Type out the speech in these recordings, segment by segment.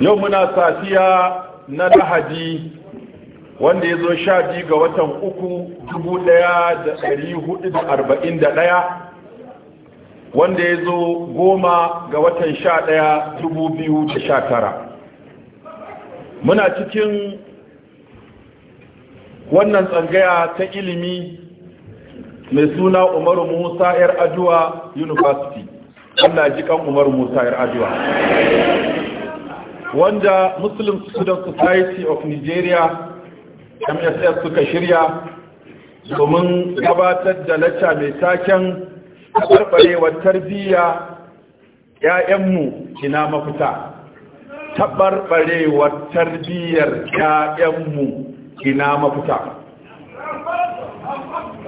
yau muna safiya na lahadi wanda ya zo sha biyu ga watan uku dubu ɗaya da ɗari hudu da arba'in da ɗaya wanda ya zo goma ga watan sha ɗaya dubu biyu da sha tara muna cikin wannan tsangaya ta ilimi mai suna umaru musa yar aduwa university allah ji kan umaru musa yar aduwa wanda muslim student society of nigeria mss suka shirya domin gabatar da lacca mai taken taɓarɓarewar tarbiyya ‘ya'yanmu ina mafita taɓarɓarewar tarbiyyar ‘ya'yanmu ina mafita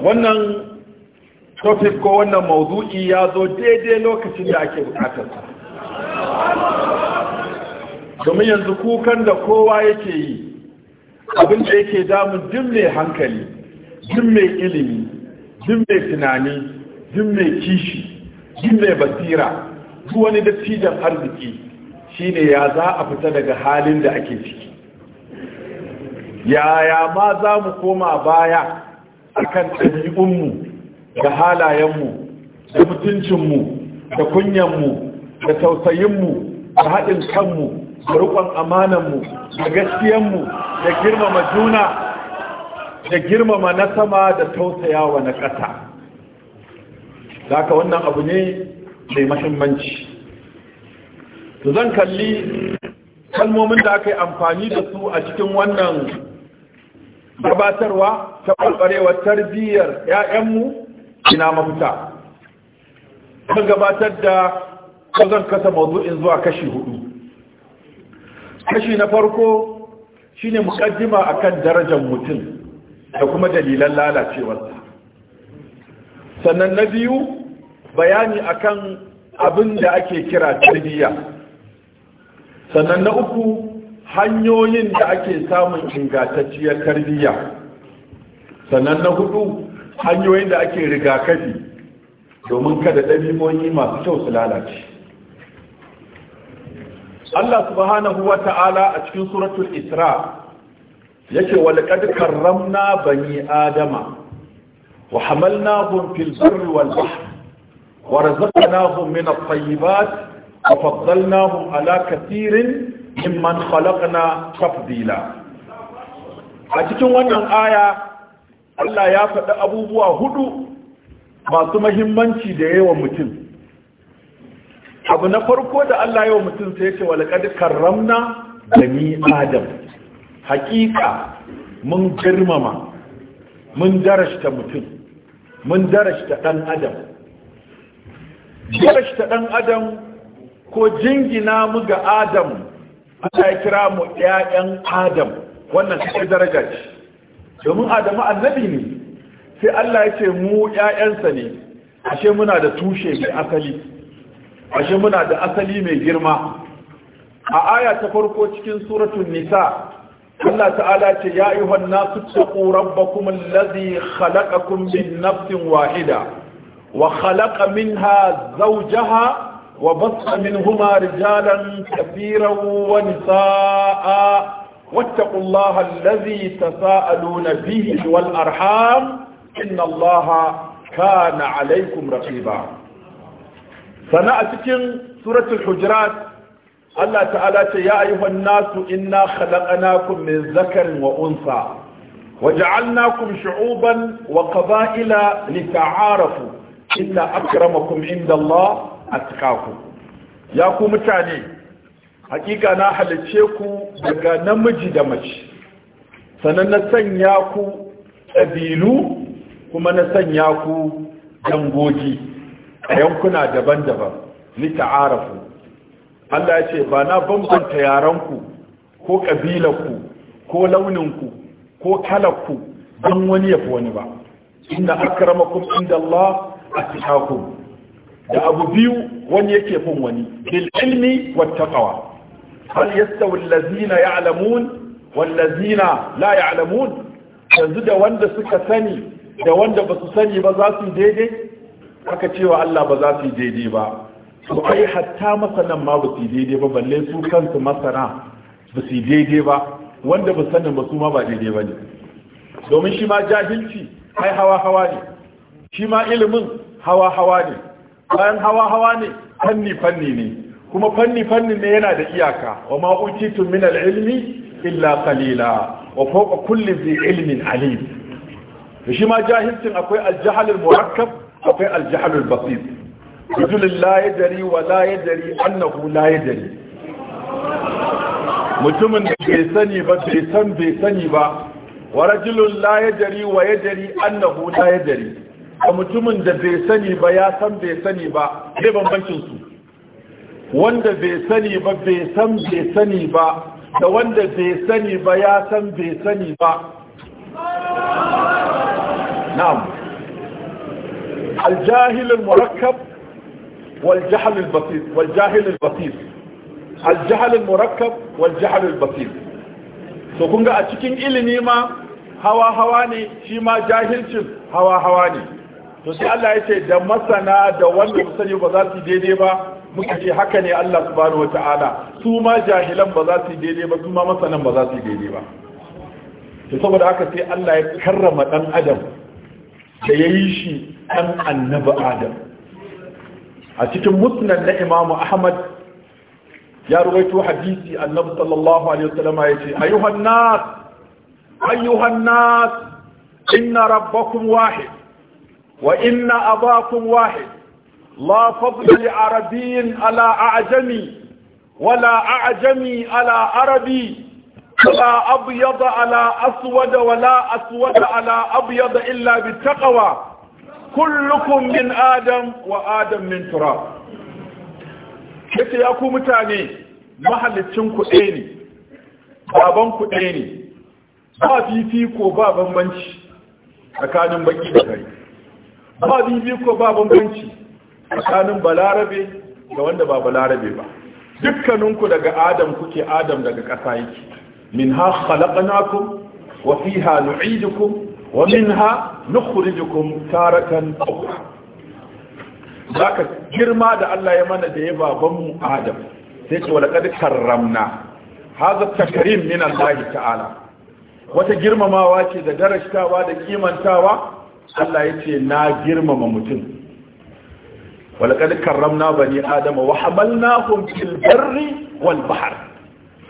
wannan topic ko wannan mawudu'i ya zo daidai lokacin da ake bukatarsa domin yanzu kukan da kowa yake yi abin da yake damu jin mai hankali jin mai ilimi jin mai tunani jin mai kishi jin mai basira duk wani dattijan arziki shine ya za a fita daga halin da ake ciki yaya ma za mu koma baya a kan ɗabi'unmu da halayenmu da mutuncinmu da kunyanmu da tausayinmu da haɗin kanmu da rukon amananmu da gaskiyanmu da girmama juna da girmama na sama da tausayawa na ƙasa daga wannan abu ne mai mahimmanci to zan kalli kalmomin da aka yi amfani da su a cikin wannan gabatarwa ta ɓarɓarewar tarbiyyar 'ya'yanmu ina mafita zan gabatar da ko zan kasa mazu'in zuwa kashi hudu kashi na farko shi shine mukaddima kan darajar mutum da kuma dalilan lalacewarsa sannan na biyu bayani akan abin da ake kira tarbiyya sannan na uku hanyoyin da ake samun ingantacciyar tarbiyya sannan na hudu hanyoyin da ake rigakafi domin kada ɗabi'o'i masu kyau su lalace Allah subhanahu wa ta'ala a cikin suratul Isra yake walƙad karramna bani Adama wa hamalnahum fil barri wal bahr wa razaqnahum min at-tayyibat wa faddalnahum ala katirin mimman khalaqna tafdila a cikin wannan aya Allah ya faɗi abubuwa hudu masu mahimmanci da yawa mutum abu na farko da Allah yau mutum sai ce walaqad karramna bani adam hakika mun girmama mun darashta mutum mun darashta dan adam darashta dan adam ko jingina mu ga adam Allah ya kira mu ƴaƴan adam wannan shi daraja ce domin adamu annabi ne sai Allah ya ce mu ƴaƴansa ne ashe muna da tushe mai asali ashe muna da asali mai girma a aya ta farko cikin suratul nisa Allah ta'ala ce ya ayyuhan nasu taqu rabbakum allazi khalaqakum min nafsin wahida wa khalaqa minha zawjaha وبص منهما رجالا كثيرا ونساء واتقوا الله الذي تساءلون به والأرحام إن الله كان عليكم رقيبا sana a cikin suratul hujurat Allah ta'ala ce ya ayyuhan nasu inna khalaqnakum min zakarin wa unsa waja'alnakum shu'uban wa qaba'ila lita'arafu inna akramakum indallahi atqakum ya ku mutane hakika na halice ku daga namiji da mace sana na sanya ku ƙabilu kuma na sanya ku dangogi a yankuna daban-daban lita'arafu Allah ya ce ba na bambanta yarenku, ko ƙabilarku ko launinku ko ku, don wani yafi wani ba inna akramakum inda Allah atqakum da abu biyu wani yake fin wani bil ilmi wat taqwa hal yastawi allazina ya'lamun wal la ya'lamun yanzu da wanda suka sani da wanda basu sani ba za su daidai aka cewa Allah ba za su yi daidai ba to ai hatta masanan ma ba su yi daidai ba balle su kansu masana ba su yi daidai ba wanda ba sanin ba su ma ba daidai ba ne domin shi ma jahilci ai hawa hawa ne shi ma ilimin hawa hawa ne bayan hawa hawa ne fanni fanni ne kuma fanni fanni ne yana da iyaka wa ma utitu min al-ilmi illa qalila wa fawqa kulli dhi ilmin alim shi ma jahilcin akwai al-jahl al-murakkab akwai aljahalul basir rajulun la yadari wa annahu mutumin da bai sani ba bai san bai sani ba wa rajulun la wa yadari annahu a mutumin da bai sani ba ya san bai sani ba zai bambancin su wanda bai sani ba bai san bai sani ba da wanda bai sani ba ya san bai sani ba na'am الجاهل المركب والجهل البسيط والجاهل البسيط الجهل المركب والجهل البسيط so kun ga a cikin ilimi ma hawa hawa ne shi ma jahilcin hawa hawa ne to sai Allah ya ce da masana da wanda ba sani ba za su daidai ba muka ce haka ne Allah subhanahu wataala su ma jahilan ba za su daidai ba su ma masanan ba za su daidai ba to saboda haka sai Allah ya karrama dan adam da ya yi shi ɗan annabi adam a cikin musnad na imamu ahmad ya ruwaito hadisi annabi sallallahu alaihi wasallama ya ce ayyuhan nas ayyuhan nas inna rabbakum wahid wa inna abakum wahid la fadla li arabiyyin ala a'jami wala a'jami ala arabi لا أبيض على أسود ولا أسود على أبيض إلا بالتقوى كلكم من آدم وآدم من تراب كيف يكون متاني محل تنكو إيني بابنكو إيني ba fifiko ba bambanci tsakanin baki da gari ba fifiko ba bambanci tsakanin balarabe da wanda ba balarabe ba dukkaninku daga adam kuke adam daga ƙasa yake منها خلقناكم وفيها نعيدكم ومنها نخرجكم تارة أخرى ذاك جرما دا الله يمانا ديبا بمو آدم سيك ولقد كرمنا هذا التكريم من الله تعالى wata girmamawa ce da darashtawa da kimantawa Allah ya ce na girmama mutum walakadu karamna bani adama wa hamalna hun filbarri wal bahari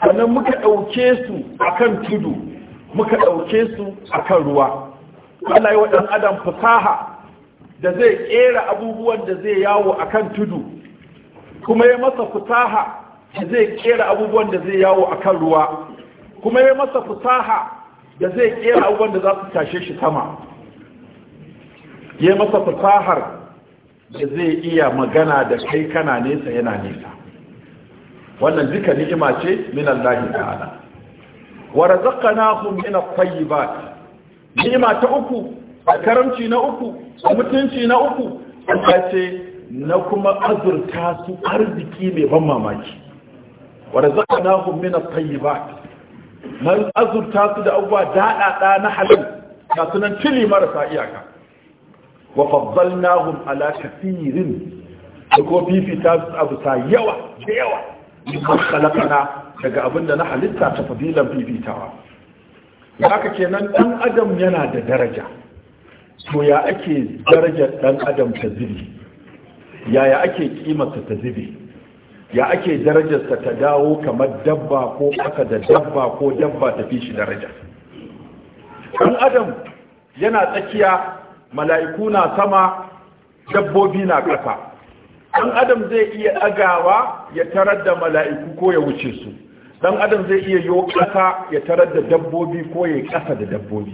sannan muka ɗauke su akan tudu muka ɗauke su kan ruwa Allah yi waɗan adam fasaha da zai ƙera abubuwan da zai yawo akan tudu kuma ya masa fasaha da zai ƙera abubuwan da zai yawo akan ruwa kuma ya masa fasaha da zai ƙera abubuwan da za su tashe shi sama ya masa fasahar da zai iya magana da kai kana nesa yana nesa wannan duka ni'ima ce min Allah ta'ala wa razaqnahum min at-tayyibat ni'ima ta uku karamci na uku mutunci na uku ce na kuma azurta su arziki mai ban mamaki wa razaqnahum min at-tayyibat man azurta su da abuwa daɗaɗa na halal ga sunan cili marasa iyaka wa faddalnahum ala kathirin da ko fifita su abu sa yawa da yawa mimman khalaqana daga abin da na halitta ta fadilan fifitawa haka kenan dan adam yana da daraja to ya ake darajar dan adam ta zibi yaya ake kimarsa ta zibi ya ake darajarsa ta dawo kamar dabba ko aka da dabba ko dabba ta fi shi daraja dan adam yana tsakiya mala'iku na sama dabbobi na ƙasa dan adam zai iya agawa ya tarar da mala'iku ko ya wuce su dan adam zai iya yo kasa ya tarar da dabbobi ko ya kasa da dabbobi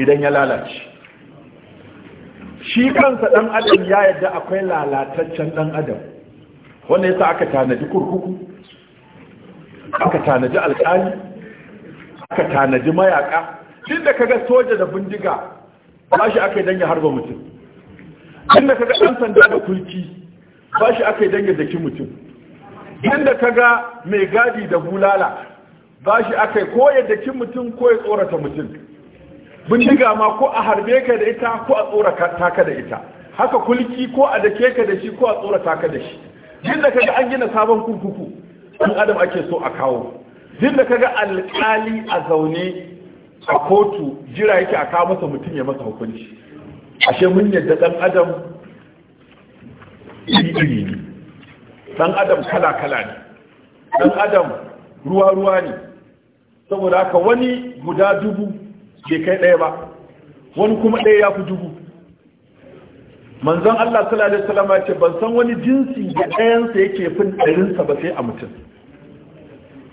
idan ya lalace shi kansa dan adam ya yadda akwai lalataccen dan adam wanda yasa aka tanaji kurkuku aka tanaji alƙali aka tanaji mayaka duk kaga soja da bindiga ba shi aka yi dan ya harba mutum inda kaga ɗan sanda da kulki ba shi aka yi mutum inda ka ga mai gadi da bulala ba shi aka yi ko ya mutum ko ya tsorata mutum bindiga ma ko a harbe ka da ita ko a tsorata ka da ita haka kulki ko a dake ka da shi ko a tsorata ka da shi inda ka ga an gina sabon kurkuku ɗan adam ake so a kawo inda ka ga alƙali a zaune a kotu jira yake a kawo masa mutum ya masa hukunci ashe mun yadda ɗan adam iri ne Ɗan adam kala kala ne Ɗan adam ruwa ruwa ne saboda haka wani guda dubu bai kai ɗaya ba wani kuma ɗaya ya fi dubu manzon Allah sallallahu alaihi wasallam ya ce ban san wani jinsi da ɗayansa yake fin ɗarinsa ba sai a mutum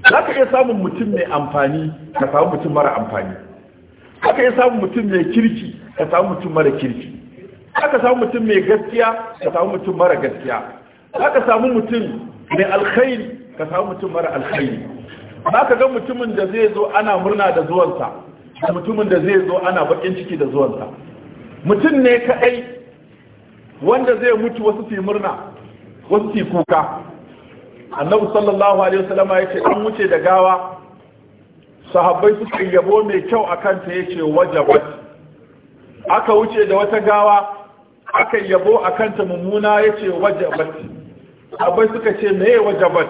za ka iya samun mutum mai amfani ka samu mutum mara amfani za iya samun mutum mai kirki ka samu mutum mara kirki aka samu mutum mai gaskiya ka samu mutum mara gaskiya aka samu mutum mai alkhairi ka samu mutum mara alkhairi ba ka ga mutumin da zai zo ana murna da zuwansa da mutumin da zai zo ana bakin ciki da zuwansa mutum ne kaɗai wanda zai mutu wasu fi murna wasu fi kuka annabi sallallahu alaihi wasallama ya ce an wuce da gawa sahabbai suka yabo mai kyau a kanta ya ce wajabat aka wuce da wata gawa aka yabo a kanta mummuna ya ce wajabat abai suka ce yi wajabat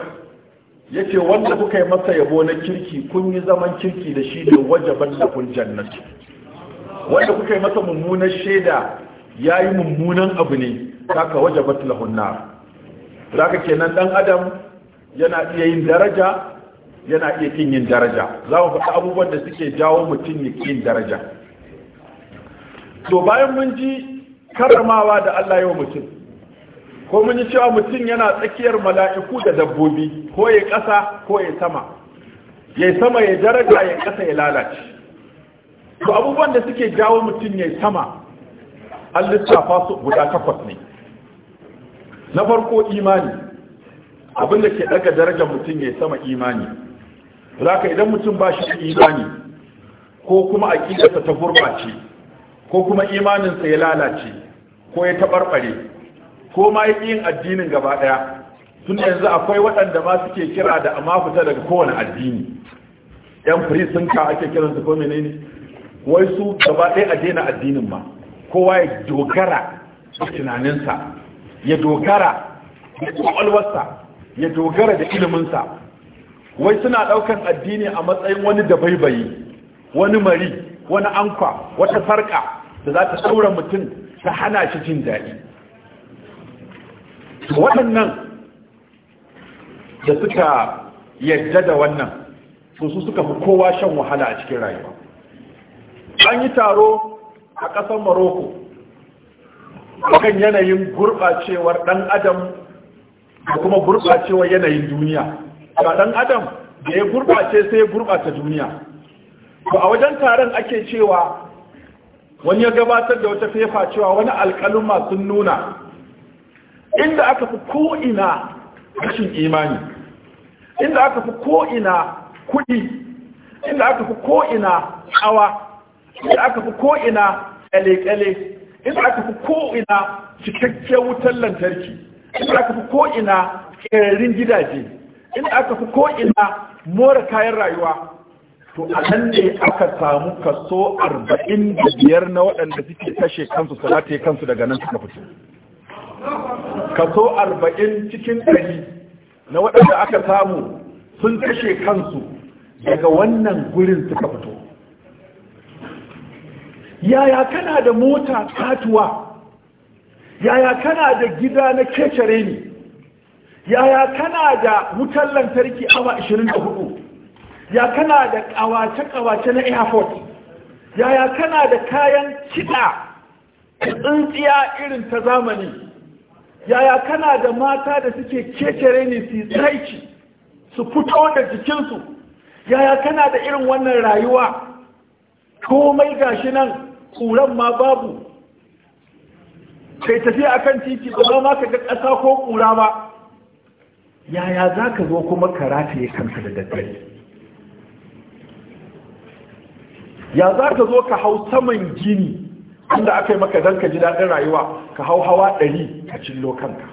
ya ce wanda kuka yi masa yabo na kirki kun yi zaman kirki da shi da wajabat da kun jannat wanda kuka yi masa mummunan shaida ya yi mummunan abu ne kaka wajabat lahun nar ke kenan dan adam yana iya yin daraja yana iya kin yin daraja za mu faɗi abubuwan da suke jawo mutum ya kin daraja to bayan mun ji karamawa da Allah yau mutum ko mun yi cewa mutum yana tsakiyar mala'iku da dabbobi ko ya ƙasa ko ya sama ya sama ya daraja ya ƙasa ya lalace to abubuwan da suke jawo mutum ya sama an faso su guda takwas ne na farko imani abin da ke ɗaga darajar mutum ya sama imani zaka idan mutum ba shi imani ko kuma aƙidarsa ta gurɓace ko kuma imaninsa ya lalace ko ya taɓarɓare ko ma ya yin addinin gaba daya tun yanzu akwai waɗanda ma suke kira da amma fita daga kowane addini yan free sun ka ake kiran su ko menene wai su gaba daya a daina addinin ma kowa ya dogara da tunaninsa ya dogara da kwakwalwarsa ya dogara da iliminsa wai suna ɗaukan addini a matsayin wani dabaibayi wani mari wani ankwa wata sarka da za ta ɗaura mutum ta hana shi jin daɗi waɗannan da suka yadda da wannan su su suka fi kowa shan wahala a cikin rayuwa an yi taro a ƙasar maroko kan yanayin gurɓacewar ɗan adam da kuma gurɓacewar yanayin duniya ba ɗan adam da ya gurɓace sai ya gurɓata duniya ba a wajen taron ake cewa wani ya gabatar da wata fefa cewa wani alƙaluma sun nuna inda aka fi ko'ina rashin imani inda aka fi ko'ina kuɗi inda aka fi ko'ina hawa inda aka fi ko'ina ƙale-ƙale inda aka fi ko'ina cikakken wutar lantarki inda aka fi ko'ina ƙerarin gidaje inda aka fi ko'ina more kayan rayuwa to a nan ne aka samu kaso arba'in da biyar na waɗanda suke kashe kansu ya kansu daga nan suka fito kaso arba'in cikin ɗari na waɗanda aka samu sun kashe kansu daga wannan gurin suka fito yaya kana da mota katuwa yaya kana da gida na kecare ne yaya kana da wutar lantarki awa 24 ya kana da kawace-kawace na airport yaya kana da kayan kiɗa tsintsiya irin ta zamani yaya kana da mata da suke kekere ne su tsaiki su fito da jikinsu yaya kana da irin wannan rayuwa komai gashi nan ƙuran ma babu kai a akan titi ba ma ka ga ƙasa ko kura ba yaya za ka zo kuma ka ya kanka da daddare ya za ka zo ka hau saman gini inda aka yi maka zanka ka ji daɗin rayuwa ka hau hawa ɗari a cillo kanka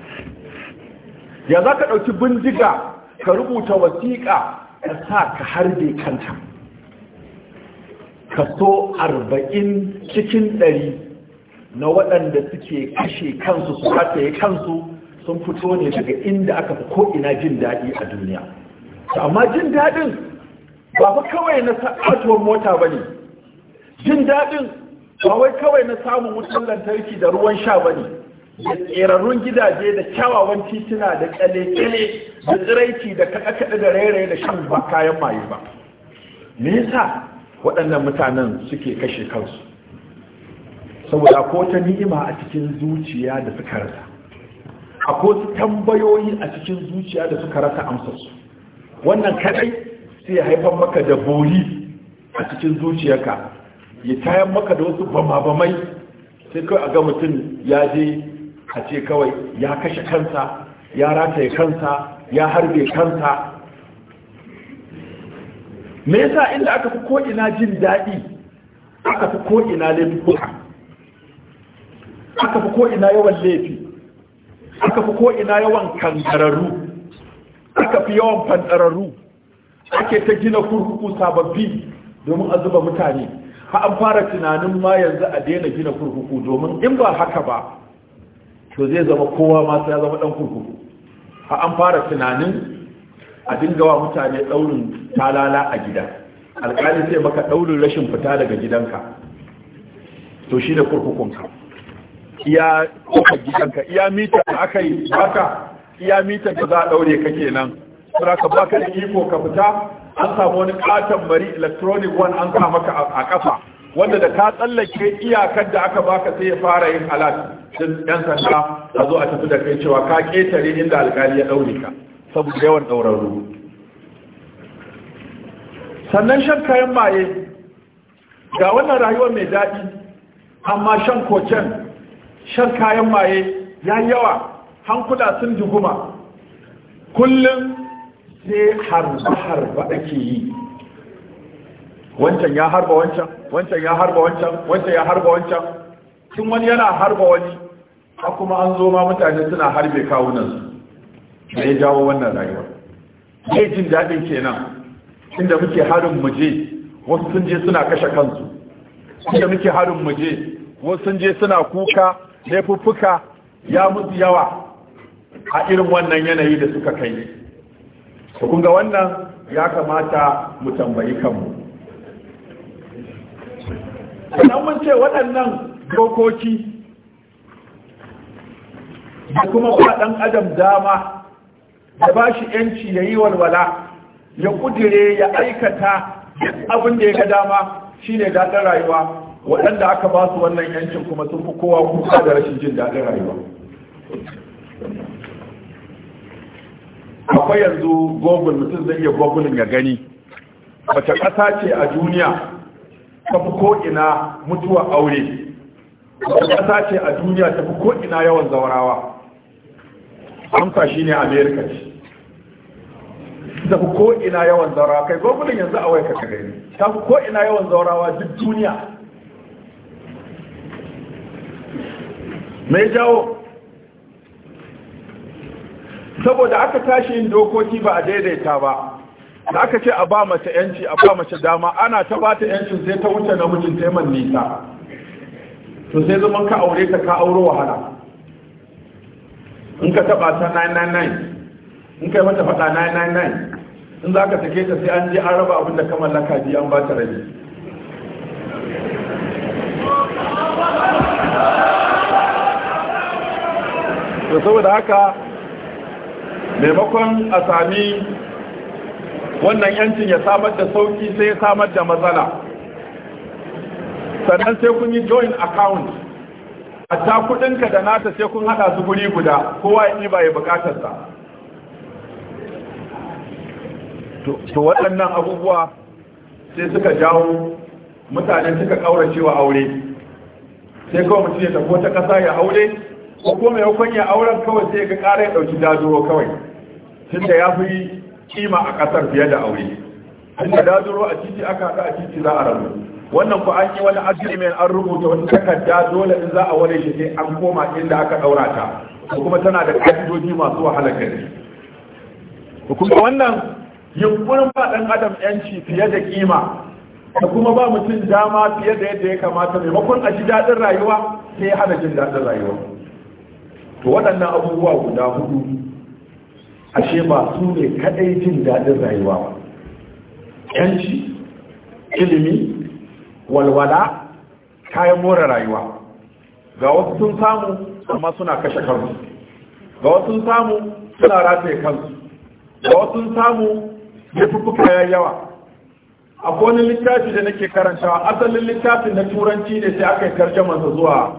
ya za ka ɗauki bindiga ka rubuta wasiƙa ka sa ka harbe kanta Ka so arba'in cikin ɗari na waɗanda suke kashe kansu su rataye kansu sun fito ne daga inda aka fi ko'ina jin daɗi a duniya amma jin daɗin ba fa kawai na sa'atuwar mota ba ne jin daɗin ba wai kawai na samun wutar lantarki da ruwan sha ba ne da tserarrun gidaje da kyawawan tituna da kyale-kyale da tsiraici da kaɗe-kaɗe da rairaye da shan ba kayan maye ba me yasa waɗannan mutanen suke kashe kansu saboda ko ta ni'ima a cikin zuciya da suka rasa a ko su tambayoyi a cikin zuciya da suka rasa amsarsu wannan kaɗai sai haifar maka da bori a cikin zuciyarka ya tayan maka da wasu bama-bamai sai kawai a ga mutum ya je a ce kawai ya kashe kansa ya rataye kansa ya harbe kansa me yasa inda aka fi ko'ina jin daɗi aka fi ko'ina laifuka aka fi ko'ina yawan laifi aka fi ko'ina yawan kankararru aka fi yawan fanɗararru ake ta gina kurkuku sababbi domin a zuba mutane ha an fara tunanin ma yanzu a daina gina kurkuku domin in ba haka ba to zai zama kowa masu ya zama dan kurkuku ha an fara tunanin a dingawa mutane daurin talala a gida alƙali sai maka daurin rashin fita daga gidanka to shi da kurkukunka iya kuka gidanka iya mita da aka yi baka iya mita da za a daure ka kenan saboda ka baka da iko ka fita an samu wani katon mari electronic one an sa maka a kafa wanda da ka tsallake iyakar da aka baka sai ya fara yin alat din yan sanda a zo a tafi da kai cewa ka ketare inda alkali ya daure ka saboda yawan daurarru sannan shan kayan maye ga wannan rayuwar mai daɗi amma shan kocen shan kayan maye ya yawa hankula sun duguma kullum sai harba-harba ake yi wancan ya harba wancan wancan ya harba wancan wancan ya harba wancan tun wani yana harba wani a kuma an zo ma mutane suna harbe kawunansu da ya jawo wannan rayuwa sai jin daɗin kenan inda muke harin muje wasu sun je suna kashe kansu inda muke harin muje wasu sun je suna kuka laifuffuka ya mutu yawa a irin wannan yanayi da suka kai Hukun kun ga wannan ya kamata mu tambayi kanmu idan mun ce waɗannan dokoki da kuma kwaɗan adam dama da ba shi ‘yanci ya yi walwala ya ƙudire ya aikata abin da ya ga dama shi ne daɗin rayuwa waɗanda aka ba su wannan ‘yancin kuma sun fi kowa kuka da rashin jin daɗin rayuwa akwai yanzu google mutum zai iya google ya gani wace ƙasa ce a duniya ta fi ko'ina mutuwa aure wace ƙasa ce a duniya ta fi ko'ina yawan zaurawa amsa shi ne amerika ce ta fi ko'ina yawan zaurawa kai google yanzu a waika ka gani ta fi ko'ina yawan zaurawa duk duniya mai jawo saboda aka tashi yin dokoki ba a daidaita ba da aka ce a ba mace yanci a ba mace dama ana ta ba ta yancin sai ta wuce namijin taiman nisa to sai zaman ka aure ta ka auro wahala in ka taba ta 999 in kai mata faɗa 999 in za ka take ta sai an ji an raba abinda kamar laka ji an ba ta rabi to saboda haka maimakon a sami wannan yancin ya samar da sauki sai ya samar da matsala sannan sai kun yi join account a ta kudinka da nata sai kun hada su guri guda kowa ya ba ya bukatarsa to waɗannan abubuwa sai suka jawo mutane suka ƙauracewa aure sai kawai mutum ya tafi wata ƙasa ya aure ko kuma ya ya auren kawai sai ga ƙara ya ɗauki dajuro kawai tunda ya fi kima a kasar fiye da aure tunda zuro a titi aka haɗa a titi za a rabu wannan ku an yi wani mai an rubuta wani takarda dole in za a ware shi an koma inda aka ɗaura ta ko kuma tana da ka'idoji masu wahalar gari kuma wannan yunkurin ba ɗan adam yanci fiye da kima da kuma ba mutum dama fiye da yadda ya kamata maimakon a ji daɗin rayuwa sai hana jin daɗin rayuwa to waɗannan abubuwa guda hudu ashe ba su ne kadai jin daɗin rayuwa ba yanci ilimi walwala kayan more rayuwa ga wasu sun samu amma suna kashe kansu ga wasu sun samu suna rataye kansu ga wasu sun samu laifuka ya yawa a wani littafi da nake karantawa asalin littafin na turanci ne sai aka yi tarjamansa zuwa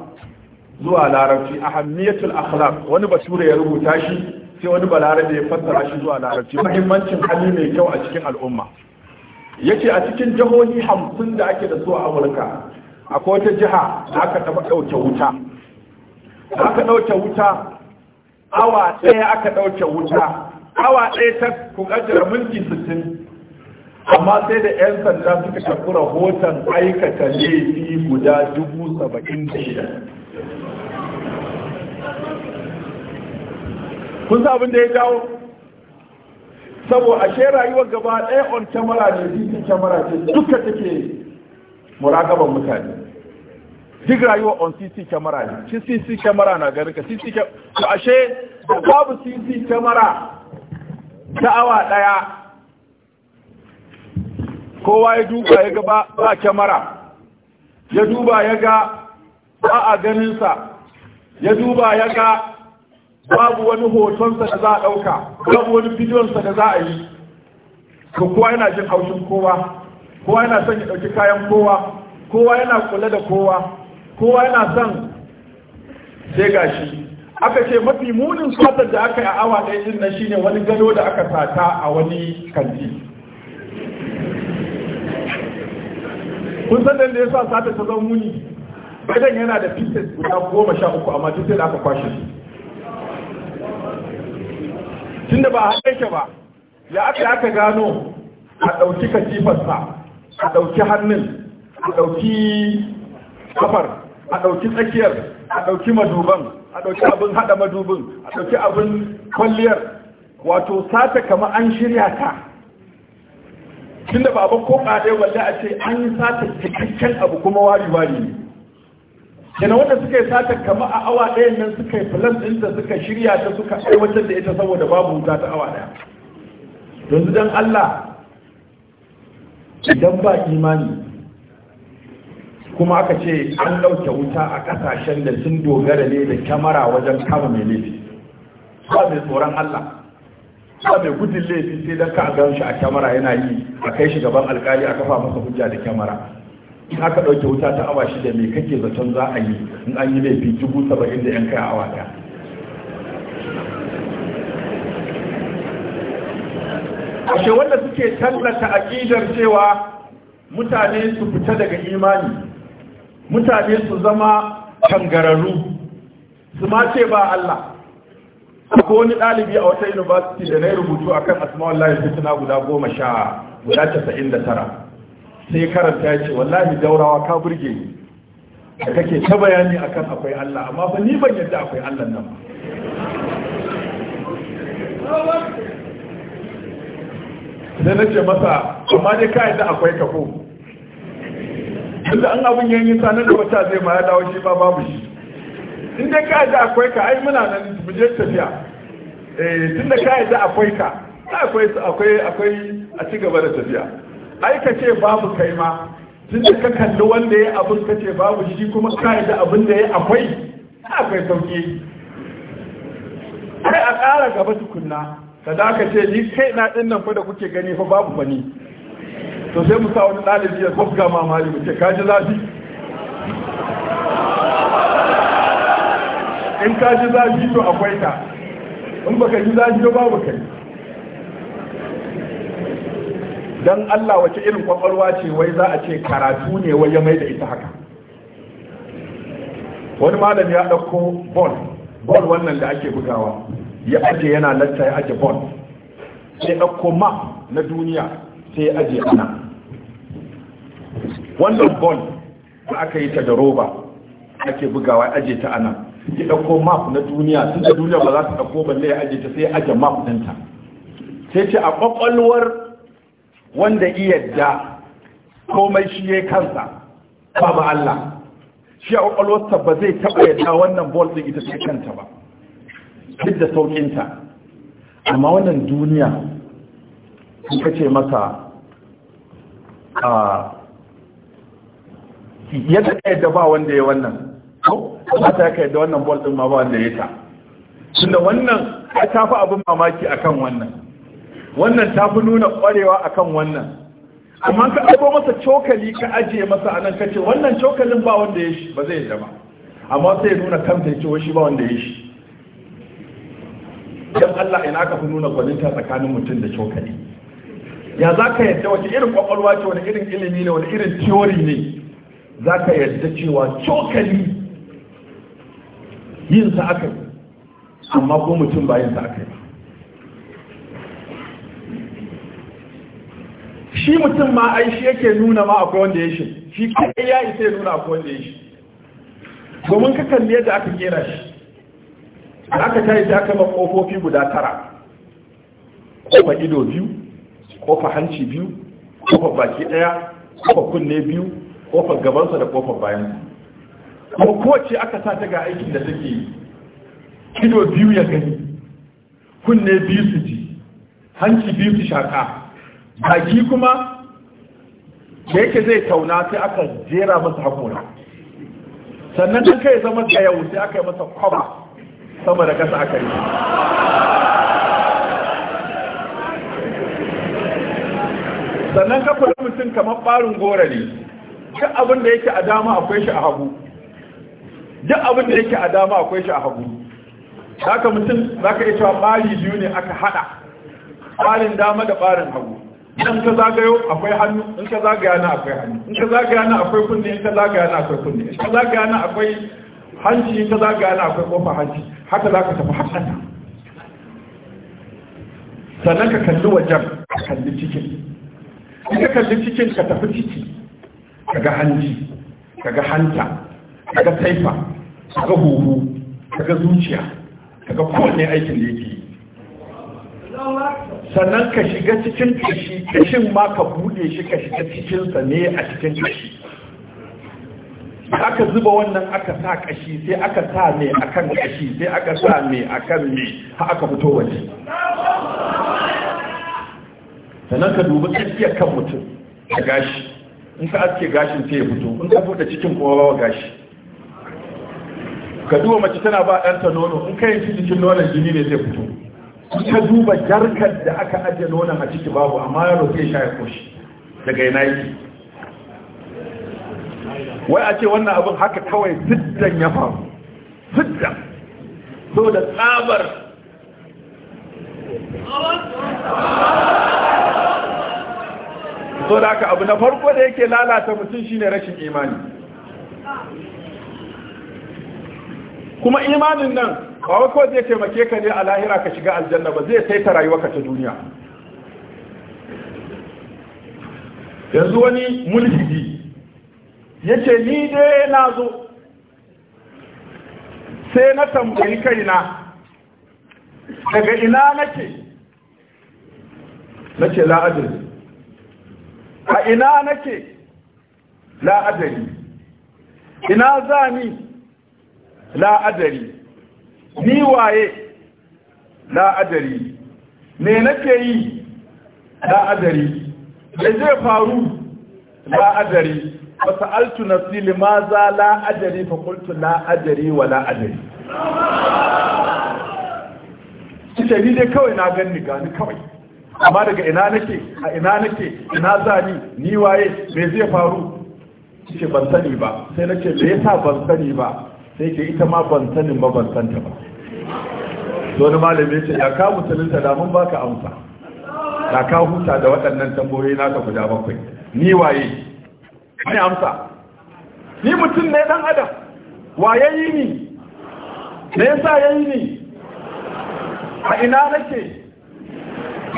zuwa larabci ahammiyatul akhlaq wani bature ya rubuta shi sai wani balarabe ya fassara shi zuwa larabci muhimmancin hali mai kyau a cikin al'umma yace a cikin jihohi hamsin da ake da su a amurka akwai wata jiha da aka taɓa ɗauke wuta da aka ɗauke wuta awa ɗaya aka ɗauke wuta awa ɗaya ta kukajar minti sittin amma sai da 'yan sanda suka tafi rahoton aikata laifi guda dubu saba'in da shida kun sa abin da ya jawo a ashe rayuwar gaba ɗaya on kyamara ne bitin kyamara ce duka take muragaban mutane duk rayuwa on cc kyamara ne shi cc kyamara na garin ka cc kyamara ashe da babu cc kyamara ta awa ɗaya kowa ya duba ya ga ba kyamara ya duba ya ga ba a ganinsa ya duba ya ga babu wani hotonsa da za a ɗauka babu wani bidiyonsa da za a yi to kowa yana jin haushin kowa kowa yana son ya ɗauki kayan kowa kowa yana kula da kowa kowa yana son sai gashi aka ce mafi munin satar da aka yi a awa ɗaya din na shine wani gado da aka sata a wani kanti kun san da ya sa sata ta zama muni gadon yana da pieces guda goma sha uku amma duk sai da aka kwashe su tunda ba haɗe shi ba ya aka aka gano a ɗauki katifarsa a ɗauki hannun a ɗauki kafar a ɗauki tsakiyar a ɗauki maduban a ɗauki abin haɗa madubin a ɗauki abin kwalliyar wato sata kama an shirya ta tunda ba ba ko ɓaɗe wanda a ce an sata cikakken abu kuma wari-wari ne yana wanda suka yi sata kama a awa ɗayan nan suka yi filan da suka shirya ta suka aiwatar da ita saboda babu wuta ta awa ɗaya yanzu don Allah idan ba imani kuma aka ce an ɗauke wuta a ƙasashen da sun dogara ne da kyamara wajen kama mai laifi ba mai tsoron Allah ba mai gudun laifi sai don ka gan shi a kyamara yana yi a kai shi gaban alkali a kafa masa hujja da kyamara in aka ɗauke wuta ta awa shida mai kake zaton za a yi in an yi laifi dubu saba'in da yan kai awa ɗaya ashe wanda suke tallata aƙidar cewa mutane su fita daga imani mutane su zama kangararru su ma ce ba Allah ko wani ɗalibi a wata university da na yi rubutu akan asma'ul lahi fitna guda goma sha guda casa'in da tara sai karanta ya ce wallahi daurawa ka burge ni da kake ta bayani akan akwai Allah amma fa ni ban yadda akwai Allah nan ba sai na ce masa amma dai ka yadda akwai kafo Inda an abin yanyi sanar da wata zai ma ya dawo shi ba babu shi in dai ka yadda akwai ka ai muna nan mu je tafiya eh tunda ka yadda akwai ka akwai akwai akwai a cigaba da tafiya ai ka ce babu kai ma tun da ka kalli wanda ya abin ka ce babu shi kuma ka da abin da ya akwai akwai sauki Kai a ƙara gaba tukunna ka da ka ce ni kai na ɗin nan fa da kuke gani fa babu fa ni to sai mu sa wani ɗalibi ya ma mali mu ce ka ji zafi in ka ji zafi to akwai ka in baka ji zafi to babu kai dan Allah wace irin kwakwalwa ce wai za a ce karatu ne wai ya mai da ita haka wani malam ya ɗauko bol bol wannan da ake bugawa ya aje yana latta ya aje bol sai ɗauko map na duniya sai ya aje ana wannan bol da aka yi ta da roba ake bugawa ya aje ta ana ya ɗauko map na duniya tun da duniya ba za ta ɗauko balle ya aje ta sai ya aje map ɗinta sai ce a kwakwalwar wanda iyadda komai shi ya kansa babu Allah shi a ƙwaƙwalwarsa ba zai taɓa yadda wannan bol ɗin ita ce kanta ba duk da sauƙinta amma wannan duniya suka ce masa a yadda ka yadda ba wanda ya wannan ba ta ka yadda wannan bol ɗin ma ba wanda ya ta tunda wannan ta tafi abin mamaki a kan wannan wannan ta fi nuna ƙwarewa kan wannan amma ka ɗauko masa cokali ka ajiye masa anan ka ce wannan cokalin ba wanda ya shi ba zai yi ba amma sai nuna kamta ya ce wa shi ba wanda ya shi dan Allah ina ka fi nuna gwaninta tsakanin mutum da cokali ya za ka yadda wace irin kwakwalwa ce wani irin ilimi ne wani irin teori ne za ka yadda cewa cokali yin sa aka yi amma ko mutum ba yin sa aka yi shi mutum ma ai shi yake nuna ma akwai wanda ya shi shi kai ya isa ya nuna akwai wanda ya shi domin ka kalli yadda aka kera shi aka tayi ta kama kofofi guda tara kofa ido biyu kofa hanci biyu kofa baki daya kofa kunne biyu kofa gabansa da kofa bayan. kuma kowace aka sa ta ga aikin da take yi ido biyu ya gani kunne biyu su ji hanci biyu su shaka baki kuma da yake zai tauna sai aka jera masa haƙora sannan kan kai zama yau sai aka yi masa kwaba sama da ƙasa aka yi sannan kafin mutum kamar ɓarin gora ne duk abin da yake a dama akwai shi a hagu duk abin da yake a dama akwai shi a hagu ka mutum za ka iya cewa ɓari biyu ne aka haɗa ɓarin dama da ɓarin hagu idan ka zagayo akwai hannu in ka zagaya na akwai hannu in ka zagaya na akwai kunne in ka zagaya na akwai kunne in ka zagaya na akwai hanci in ka zagaya na akwai kofar hanci haka za ka tafi hasana sannan ka kalli wajen ka kalli cikin in ka kalli cikin ka tafi ciki ka ga hanci, ka ga hanta ka ga taifa ka ga huhu ka ga zuciya ka ga kowane aikin da yake sannan ka shiga cikin kashi kashin ma ka bude shi ka shiga cikinsa ne a cikin kashi aka zuba wannan aka sa kashi sai aka sa ne akan kashi sai aka sa ne akan ne ha aka fito waje sannan ka dubi tsakiyar kan mutum a gashi in ka aske gashin sai ya fito in ka buɗe cikin kuma bawa gashi ka duba mace tana ba ɗanta nono in ka yanki cikin nonon jini ne zai fito ta duba jarkar da aka ajiye nonon a ciki babu amma ya roƙe sha ya koshi daga yana wai a ce wannan abin haka kawai siddan ya faru siddan so da tsabar so da aka abu na farko da yake lalata mutum shine rashin imani kuma imanin nan ba wai ko zai taimake ka ne a lahira ka shiga aljanna ba zai saita rayuwarka ta duniya yanzu wani mulhidi yace ni dai na zo sai na tambayi kaina daga ina nake nake la'adari a ina nake la'adari ina zami la'adari ni waye la adari na nake yi la adari da zai faru la adari fa sa'altu nafsi limaza la adari fa qultu la adari wa la adari kike ni dai kawai na ganni gani kawai amma daga ina nake a ina nake ina zani ni waye me zai faru kike ban sani ba sai nake me yasa ban sani ba sai ke ita ma ban sanin ba ban santa ba wani malami ce ya ka musulunta damun ba ka amsa ya ka huta da waɗannan na ka guda bakwai ni waye ni amsa ni mutum ne dan adam waye yi ni me yasa yi ni a ina nake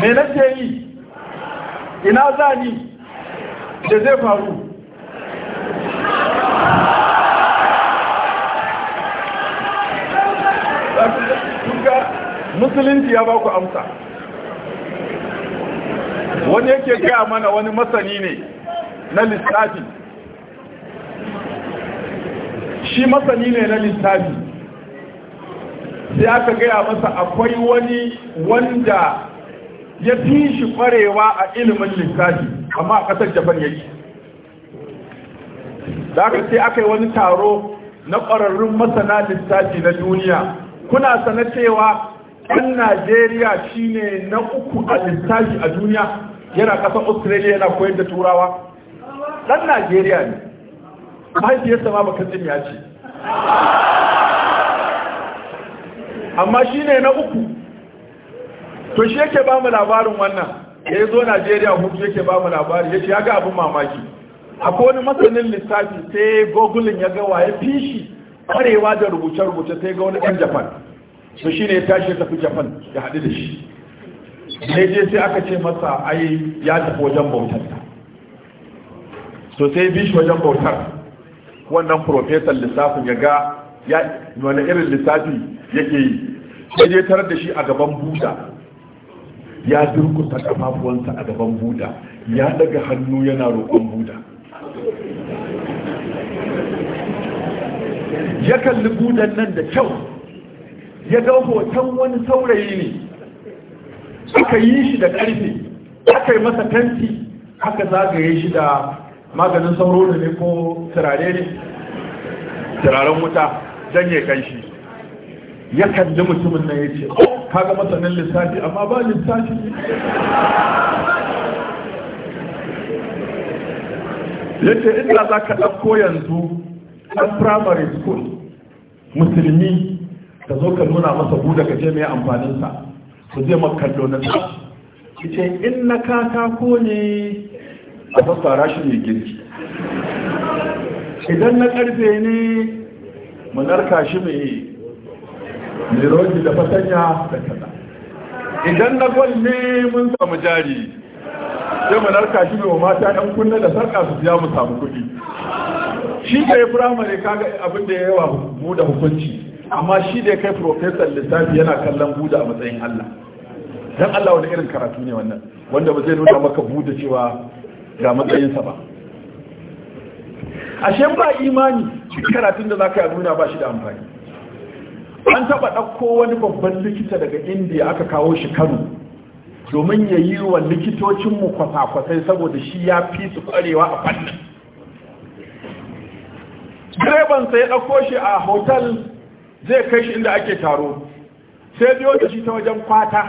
me nake yi ina za ni da zai faru musulunci ya ba ku amsa wani yake gaya mana wani masani ne na lissafi shi masani ne na lissafi sai aka gaya masa akwai wani wanda ya fi shi kwarewa a ilimin lissafi amma a ƙasar japan yake da aka sai aka yi wani taro na ƙwararrun masana lissafi na duniya kuna sanatewa ɗan najeriya shi ne na uku a littafi a duniya yana ƙasar australia yana koyar da turawa ɗan najeriya ne mahaifiyarsa ma bakatsin ya ce amma shi ne na uku to shi yake ba mu labarin wannan ya yi zo najeriya hutu yake ba mu labarin, ya ce ya ga abin mamaki akwai wani masanin lissafi sai gogulin ya ga waye fishi kwarewa da rubuce-rubuce sai ga wani ɗan japan so ne ya tashi ya tafi japan ya haɗu da shi ne je sai aka ce masa ai ya tafi wajen bautar so sai bi shi wajen bautar wannan profesan lissafin ya ga ya wani irin lissafi yake yi sai je tarar da shi a gaban buda ya durkuta kafafuwansa a gaban buda ya daga hannu yana roƙon buda ya kalli budan nan da kyau ya ga hoton wani saurayi ne suka yi shi da ƙarfe aka yi masa tanti aka zagaye shi da maganin sauro da ne ko turare ne turaren wuta don ya kan shi ya kalli mutumin nan ya ce oh, kaga masanin lissafi amma ba lissafi ya ce inda za ka ɗauko yanzu ɗan firamare school musulmi ka zo ka nuna masa buda ka ce mai amfanin sa su zai maka kallo na ta ce in na ko ne a fassara shi ne girki idan na karfe ne mu narka shi mai roji da fatanya da kaza idan na gwal ne mun samu jari sai mu narka shi mai mata yan kunna da sarka su biya mu samu kuɗi shi ka yi firamare kaga abin da ya yawa mu da hukunci amma shi da ya kai professor lissafi yana kallon buda a matsayin Allah dan Allah wani irin karatu ne wannan wanda ba zai nuna maka buda cewa ga matsayinsa ba ashe ba imani karatun da zaka nuna ba shi da amfani an taba ɗauko wani babban likita daga indiya aka kawo shi kano domin ya yi wa likitocinmu kwasa-kwasai saboda shi ya fi su kwarewa a fannin direban sai ɗauko shi a hotel zai kai shi inda ake taro sai biyo da shi ta wajen kwata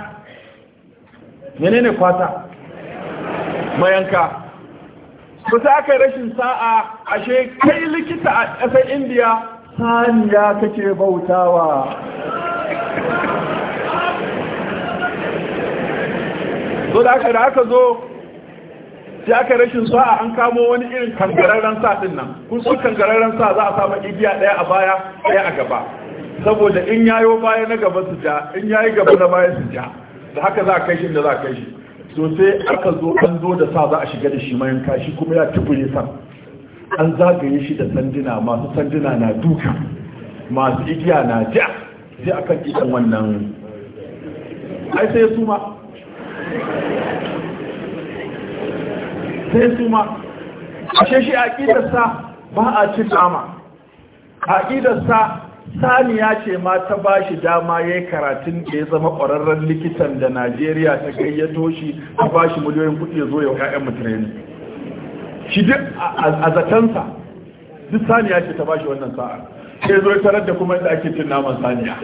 menene kwata mayanka Ku sai aka rashin sa'a ashe kai likita a ƙasar indiya saniya kake bautawa so da aka da aka zo sai aka rashin sa'a an kamo wani irin kangararren sa din nan kun san kangararren sa za a samu igiya ɗaya a baya ɗaya a gaba saboda in yayo baya na gaba su ja in yayi gaba na baya su ja da haka za a kai shi da za a kai shi so sai aka zo an zo da sa za a shiga da shi mayanka shi kuma ya tubure sa an zagaye shi da sanduna masu sanduna na duka masu igiya na ja sai aka kitan wannan ai sai su ma sai su ma ashe shi a sa ba a cin a aƙidarsa Sani ya ce ma ta ba shi dama ya yi karatun da ya zama ƙwararren likitan da najeriya ta gayyato shi ta ba shi miliyoyin kuɗi ya zo yau 'ya'yan mutane shi duk a zatansa duk Sani ya ce ta ba shi wannan sa'a ya zo tarar da kuma yadda ake cin naman saniya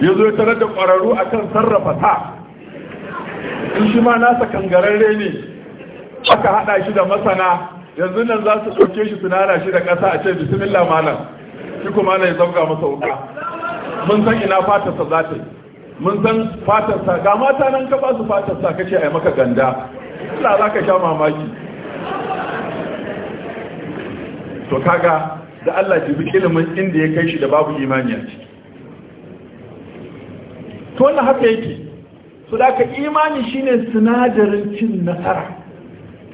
ya zo tarar da ƙwararru a kan sarrafa ta in shi ma nasa kangararre ne aka haɗa shi da masana yanzu nan za su ɗauke shi su nana shi da ƙasa a ce bismillah malam shi kuma ya zauka masa wuka mun san ina fatarsa za ta yi mun san fatarsa ga mata nan ka ba su fatarsa ka ce a yi maka ganda ina za ka sha mamaki to kaga da Allah ji bi ilimin inda ya kai shi da babu imani a ciki to wannan haka yake su da ka imani shine sinadarin cin nasara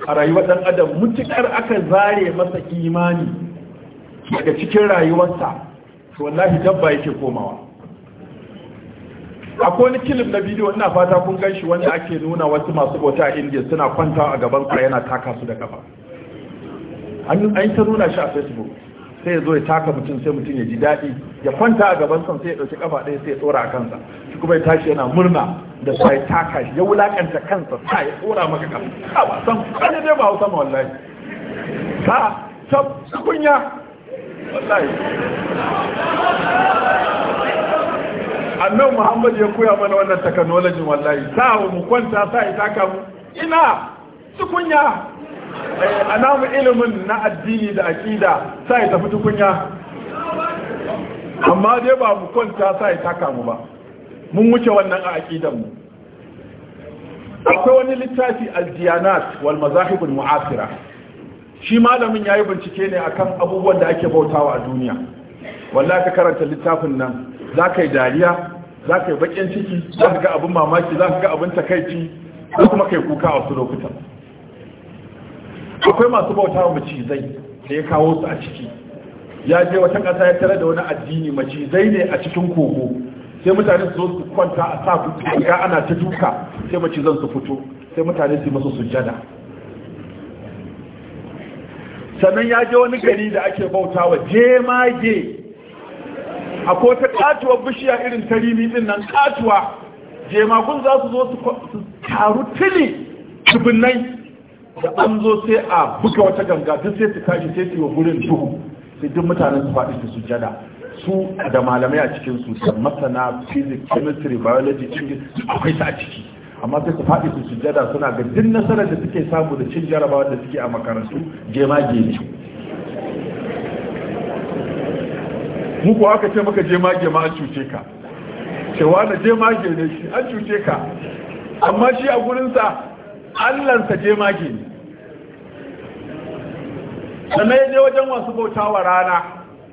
a rayuwar ɗan adam mutukar aka zare masa imani daga cikin rayuwarsa to wallahi dabba yake komawa akwai wani kilif na bidiyo ina fata kun gan shi wanda ake nuna wasu masu bauta a indiya suna kwanta a gaban sa yana taka su da kafa an ta nuna shi a facebook sai ya zo ya taka mutum sai mutum ya ji daɗi ya kwanta a gaban son sai ya ɗauki kafa ɗaya sai ya tsora a kansa shi kuma ya tashi yana murna da sai taka shi ya wulakanta kansa sa ya tsora maka kafa a ba san kane dai ba hausa ma wallahi Ka ta kunya wallahi annan muhammad ya koya mana wannan technology wallahi sa mu kwanta sa ya taka mu ina tukunya? a namu ilimin na addini da aƙida sa ya tafi tukunya amma dai ba mu kwanta sa ya taka mu ba mun wuce wannan a aƙidan mu akwai wani littafi aljiyanat wal mazahibul mu'asira shi malamin ya yi bincike ne akan abubuwan da ake bautawa a duniya wallahi ka karanta littafin nan za ka yi dariya za ka yi bakin ciki za ka ga abin mamaki za ka ga abin takaici za kuma kai kuka a wasu lokutan akwai masu bauta wa macizai da ya kawo su a ciki ya je wata ƙasa ya tare da wani addini macizai ne a cikin kogo sai mutane su zo su kwanta a sa kuka ana ta duka sai macizan su fito sai mutane su yi masu sujada. sannan ya je wani gari da ake bauta wa jemage a kota katuwar bishiya irin ta din nan katuwa jemagun za su zo su taru tili tubinnai da an zo sai a buga wata ganga duk sai su kashi sai su yi wa gurin duhu sai duk mutanen su faɗi su sujada su da malamai a cikin su da masana physics chemistry biology akwai su a ciki amma sai su faɗi su sujada suna ga duk nasarar da suke samu da cin jarabawa da suke a makarantu jemage ne mu ko aka ce maka jemage ma an cuce ka cewa na jemage ne shi an cuce ka amma shi a gurinsa allansa jemage ne sannan ya je wajen wasu bautawa rana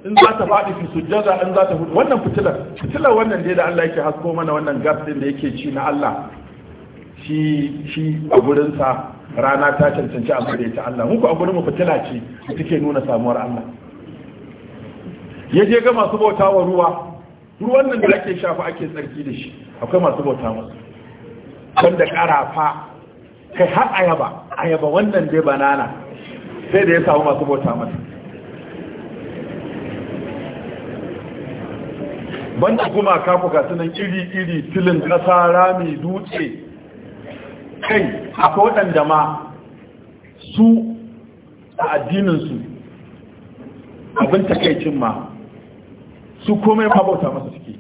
in za ta faɗi fi sujjada in za ta hudu wannan fitilar fitilar wannan dai da Allah yake hasko mana wannan gas din da yake ci na Allah shi shi a gurinsa rana ta cancanci a da ta Allah muku a gurin mu fitila ce da take nuna samuwar Allah ya je ga masu bautawa ruwa ruwan nan da ake shafa ake tsarki da shi akwai masu bauta masu wanda karafa kai har ayaba ayaba wannan dai banana sai da ya samu masu bauta mata banda kuma gasu sunan iri-iri tilin ƙasa rami dutse kai a waɗanda ma su a addininsu abin takaicin ma su komai ma bauta masu suke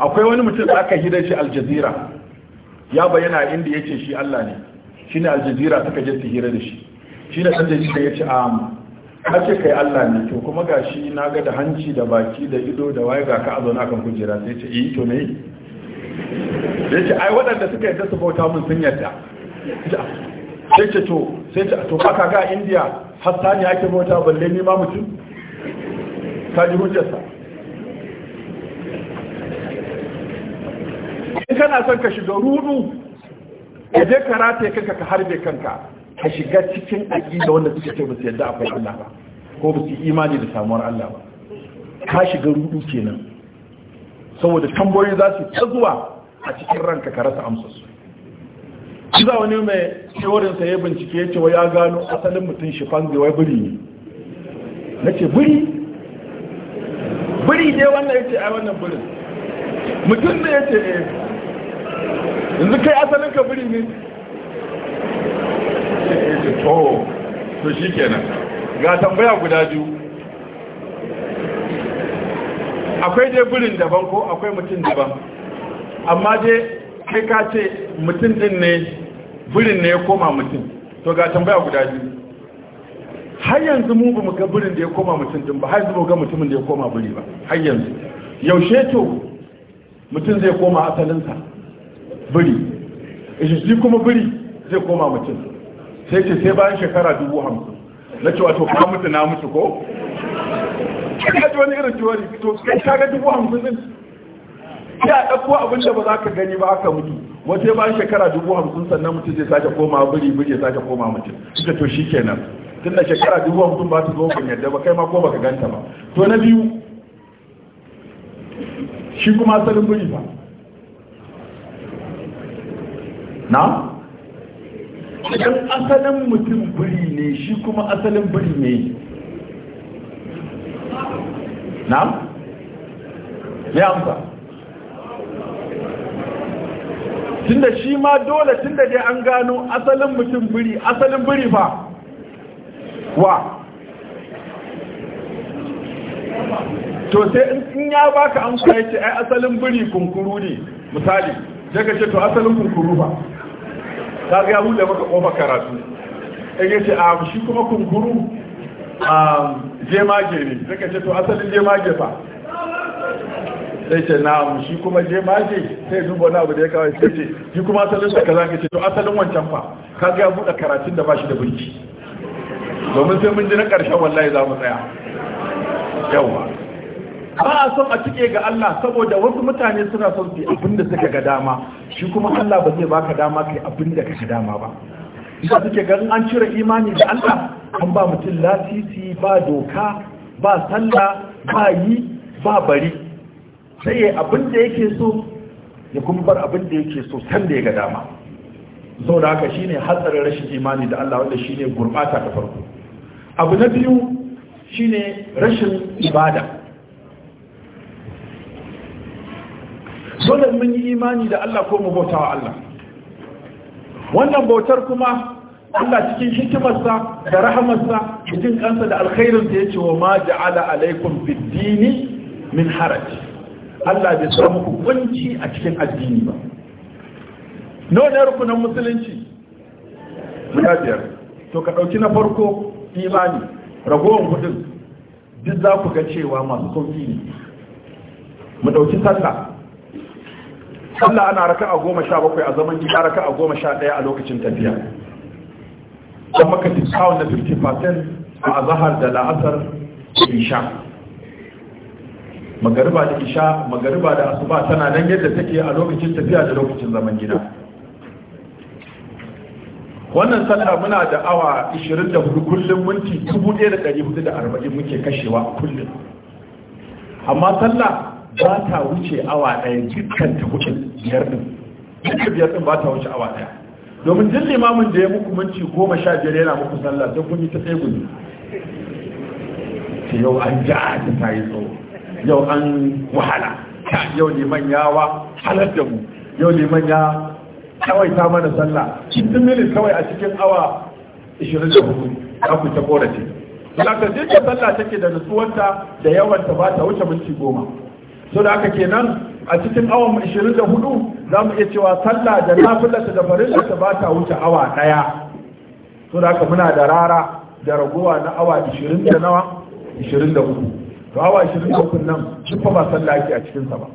akwai wani mutum da aka hidar shi aljazira ya bayyana inda ce shi Allah ne shi ne aljazira suka je su hira da shi shi dan ya ce a ka ake kai Allah ne to kuma shi na ga da hanci da baki da ido da waye ga ka a zaune akan kujera sai ce eh to ne ce ai waɗanda suka yadda su bauta mun sun yadda sai ce to sai ce to ka ga India hassani ake bauta balle ni ma mutum ka ji hujjarsa kana son ka shiga rudu ka je ka rataye kanka ka harbe kanka ka shiga cikin aƙida wanda suka ce musu yadda akwai Allah ba ko basu imani da samuwar Allah ba ka shiga rudu kenan saboda tambayoyi za su ta zuwa a cikin ranka ka rasa amsa su za wani mai tsaworin sa ya bincike ya ce wa ya gano asalin mutum shi fanzai wai biri ne na ce biri biri ne wannan ya ce ai wannan birin mutum ne ya ce eh yanzu kai asalin ka biri ne to to shi kenan ga tambaya guda biyu akwai dai birin daban ko akwai mutum daban amma dai kai ka ce mutum din ne birin ne ya koma mutum to ga tambaya guda biyu har yanzu mu ba mu ga birin da ya koma mutum din ba har yanzu ba ga mutumin da ya koma biri ba har yanzu yaushe to mutum zai koma asalinsa biri shi kuma biri zai koma mutum sai ce sai bayan shekara dubu hamsin na ce wato ka mutu na mutu ko ka wani irin ciwari to kai ka ga dubu hamsin din sai a ɗauko abin da ba za ka gani ba aka mutu wace bayan shekara dubu hamsin sannan mutum zai sake koma biri biri zai sake koma mutum suka to shi kenan tun da shekara dubu hamsin ba su zo ban yadda ba kai ma ko baka ganta ba to na biyu shi kuma asalin biri ba na idan asalin mutum biri ne shi kuma asalin biri ne na ya amsa tunda shi ma dole tunda dai an gano asalin mutum biri asalin biri fa wa to sai in ya baka amsa ya ce ai asalin biri kunkuru ne misali sai ka ce to asalin kunkuru ba ta ga bude maka kofar karatu sai ce a shi kuma kunkuru a jemage ne sai ka ce to asalin jemage ba sai ce na shi kuma jemage sai duba na abu da ya kawai sai ce shi kuma asalin sa kaza ka ce to asalin wancan fa ka ga bude karatun da ba shi da bulki domin sai mun ji na ƙarshen wallahi za mu tsaya yawa ba a son a cike ga Allah saboda wasu mutane suna son su abin da suka ga dama shi kuma Allah ba zai baka dama kai abin da kake dama ba isa suke ganin an cire imani da Allah an ba mutum lasisi ba doka ba sallah ba yi ba bari sai ya abin da yake so ya kuma bar abin da yake so san da ya ga dama zau da haka shine hatsarin rashin imani da Allah wanda shine gurbata ta farko abu na biyu shine rashin ibada dole mun yi imani da Allah ko mu bauta wa Allah wannan bautar kuma Allah cikin hikimarsa da rahamarsa cikin kansa da alkhairin da yake wa ma ja'ala alaikum fid-dini min haraj Allah bai sa muku kunci a cikin addini ba nawa ne rukunan musulunci guda biyar to ka dauki na farko imani ragowar kudin duk za ku ga cewa masu sauki ne mu dauki sallah Allah ana raka a goma sha bakwai a zaman gida raka a goma sha ɗaya a lokacin tafiya don maka discount na 50% a zahar da la'asar isha magariba da isha magariba da asuba tana nan yadda take a lokacin tafiya da lokacin zaman gida wannan sallah muna da awa 24 kullum minti 1440 muke kashewa kullum amma sallah ba ta wuce awa ɗaya dukkan ta wuce biyar ɗin dukkan biyar ɗin ba ta wuce awa ɗaya domin jin limamin da ya muku minti goma sha biyar yana muku sallah don kun yi ta tsegumi yau an ja ta ta yi tsawo yau an wahala yau liman ya wa halar da mu yau liman ya kawai ta mana sallah cikin minit kawai a cikin awa 24 za ku ta korace. Lakar jirgin sallah take da nutsuwanta da yawanta ba ta wuce minti goma. so da aka kenan a cikin awon 24 za mu iya cewa sallah da nafila da farillarta ba ta wuce awa daya. so da aka muna da rara da ragowa na awa 20 da nawa 24 to awa 23 nan duk ba sallah ke a cikinsa ba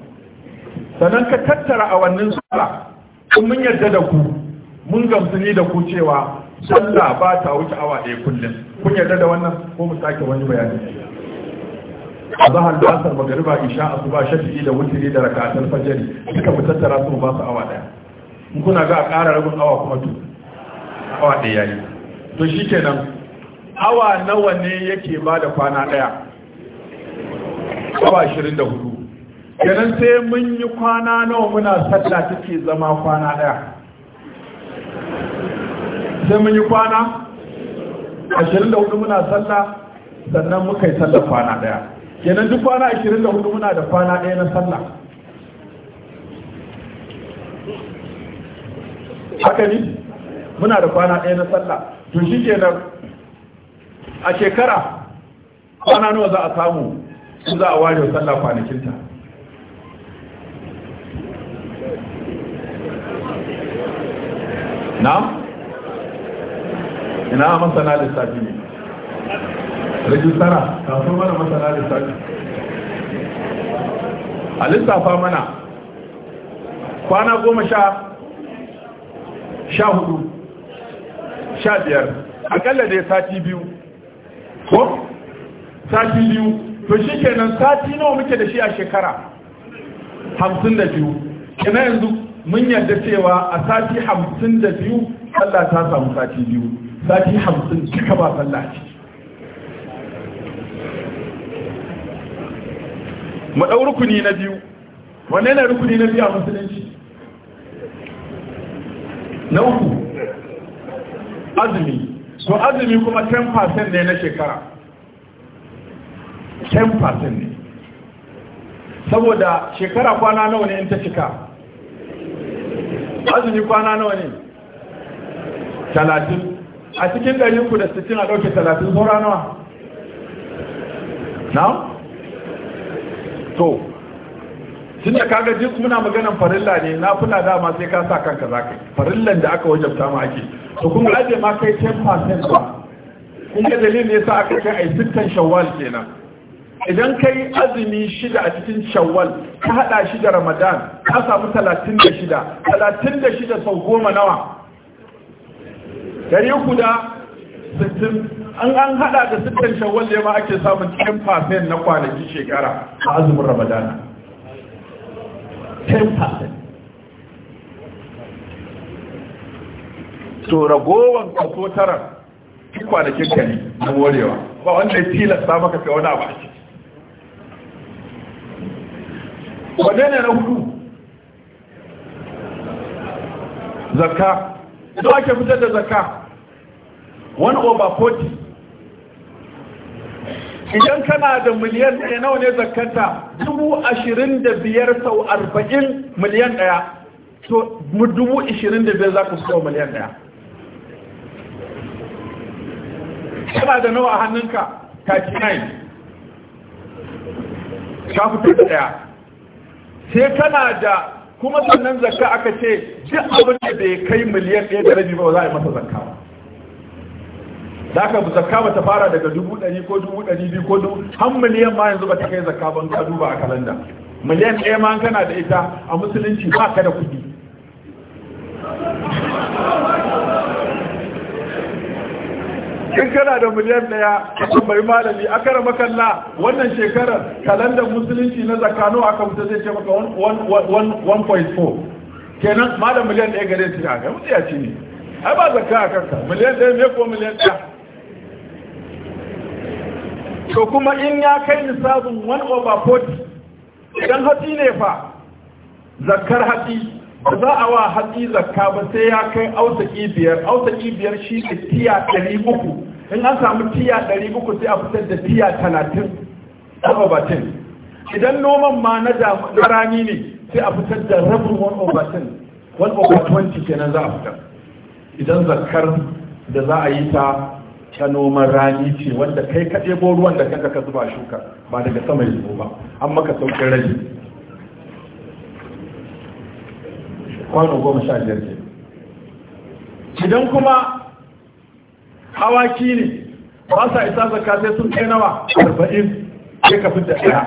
sannan ka tattara awannin sallah kun mun yarda da ku mun gamsu ni da ku cewa sallah ba ta wuce awa ɗaya kullum kun yarda da wannan ko mu sake wani bayani a zahar da asar magariba isha asuba shafi'i da wutiri da rakatar fajari Suka mu tattara su ba su awa daya in kuna ga a ƙara ragun awa kuma tu awa ɗaya yi. to shi kenan awa nawa ne yake ba da kwana ɗaya awa ashirin da hudu kenan sai mun yi kwana nawa muna sallah take zama kwana ɗaya sai mun yi kwana ashirin da hudu muna sallah sannan muka yi sallah kwana ɗaya kenan duk kwana 24 muna da kwana ɗaya na sallah haka ne muna da kwana ɗaya na sallah to shi kenan a shekara kwana nawa za a samu su za a ware sallah kwanakinta na ina masana lissafi ne rajistara kafin mana masana lissafi a lissafa mana kwana goma sha sha hudu sha biyar akalla da ya sati biyu ko? sati biyu to shi kenan sati nawa muke da shi a shekara hamsin da biyu kina yanzu mun yarda cewa a sati hamsin da biyu Allah ta samu sati biyu sati hamsin cika ba sallah ce mu ɗau rukuni na biyu wanne ne rukuni na biyu a musulunci na uku azumi so azumi kuma 10% ne na shekara 10% ne saboda shekara kwana nawa ne in ta cika azumi kwana nawa ne 30 a cikin 360 a ɗauke 30 sauranawa nawa na'am to tun da kaga duk muna maganan farilla ne na fula dama sai ka sa kanka za ka farillan da aka wajabta ma ake to kun aje ma kai 10% ba kun ga dalilin ne sa aka kai ai sittan shawwal kenan idan kai azumi shida a cikin shawwal ka hada shi da ramadan ka samu 36 36 sau goma nawa 360 an an hada da sittan shawwal ne ma ake samun fasen na kwanaki shekara a azumin ramadana 10% to ragowan kaso tara ki kwanakin ka ne na morewa ba wanda ya tilasta maka fi wani abu a ciki wane ne na hudu zakka ido ake fitar da zaka? 1 over 40 idan kana da miliyan ɗaya nawa ne zakanta dubu ashirin da biyar sau arba'in miliyan ɗaya to mu dubu ashirin da biyar za ku sau miliyan ɗaya kana da nawa a hannunka 39 ka fito da ɗaya sai kana da kuma sannan zakka aka ce duk abin da bai kai miliyan ɗaya da rabi ba za a yi masa zakka ba Za ka zakka ba ta fara daga dubu ɗari ko dubu ɗari biyu ko dubu har miliyan ma yanzu ba ta kai zakka ba, ka duba a kalanda miliyan ɗaya ma kana da ita a musulunci ba ka da kuɗi in kana da miliyan ɗaya a tambayi malami a kara makalla wannan shekarar kalandar musulunci na zakano a kamta zai ce maka 1.4 kenan malam miliyan ɗaya gare ta ga mutu ya ci ne ai ba zakka a kanka miliyan ɗaya ne ko miliyan ɗaya to kuma in ya kai nisabin one over forty idan hatsi ne fa zakar hatsi ba za a wa hatsi zakka ba sai ya kai auta biyar auta biyar shi ne tiya ɗari uku in an samu tiya ɗari uku sai a fitar da tiya talatin one over ten. idan noman ma na rani ne sai a fitar da rabin one over ten. One over twenty kenan za a fitar idan zakkar da za a yi ta ta noman rani ce wanda kai ka ɗebo ruwan da kanka ka zuba shuka ba daga sama yanzu ba an maka sauƙin rage kwano goma sha biyar ke idan kuma hawaki ne ba sa isa zaka sai sun kai nawa arba'in sai ka fita ɗaya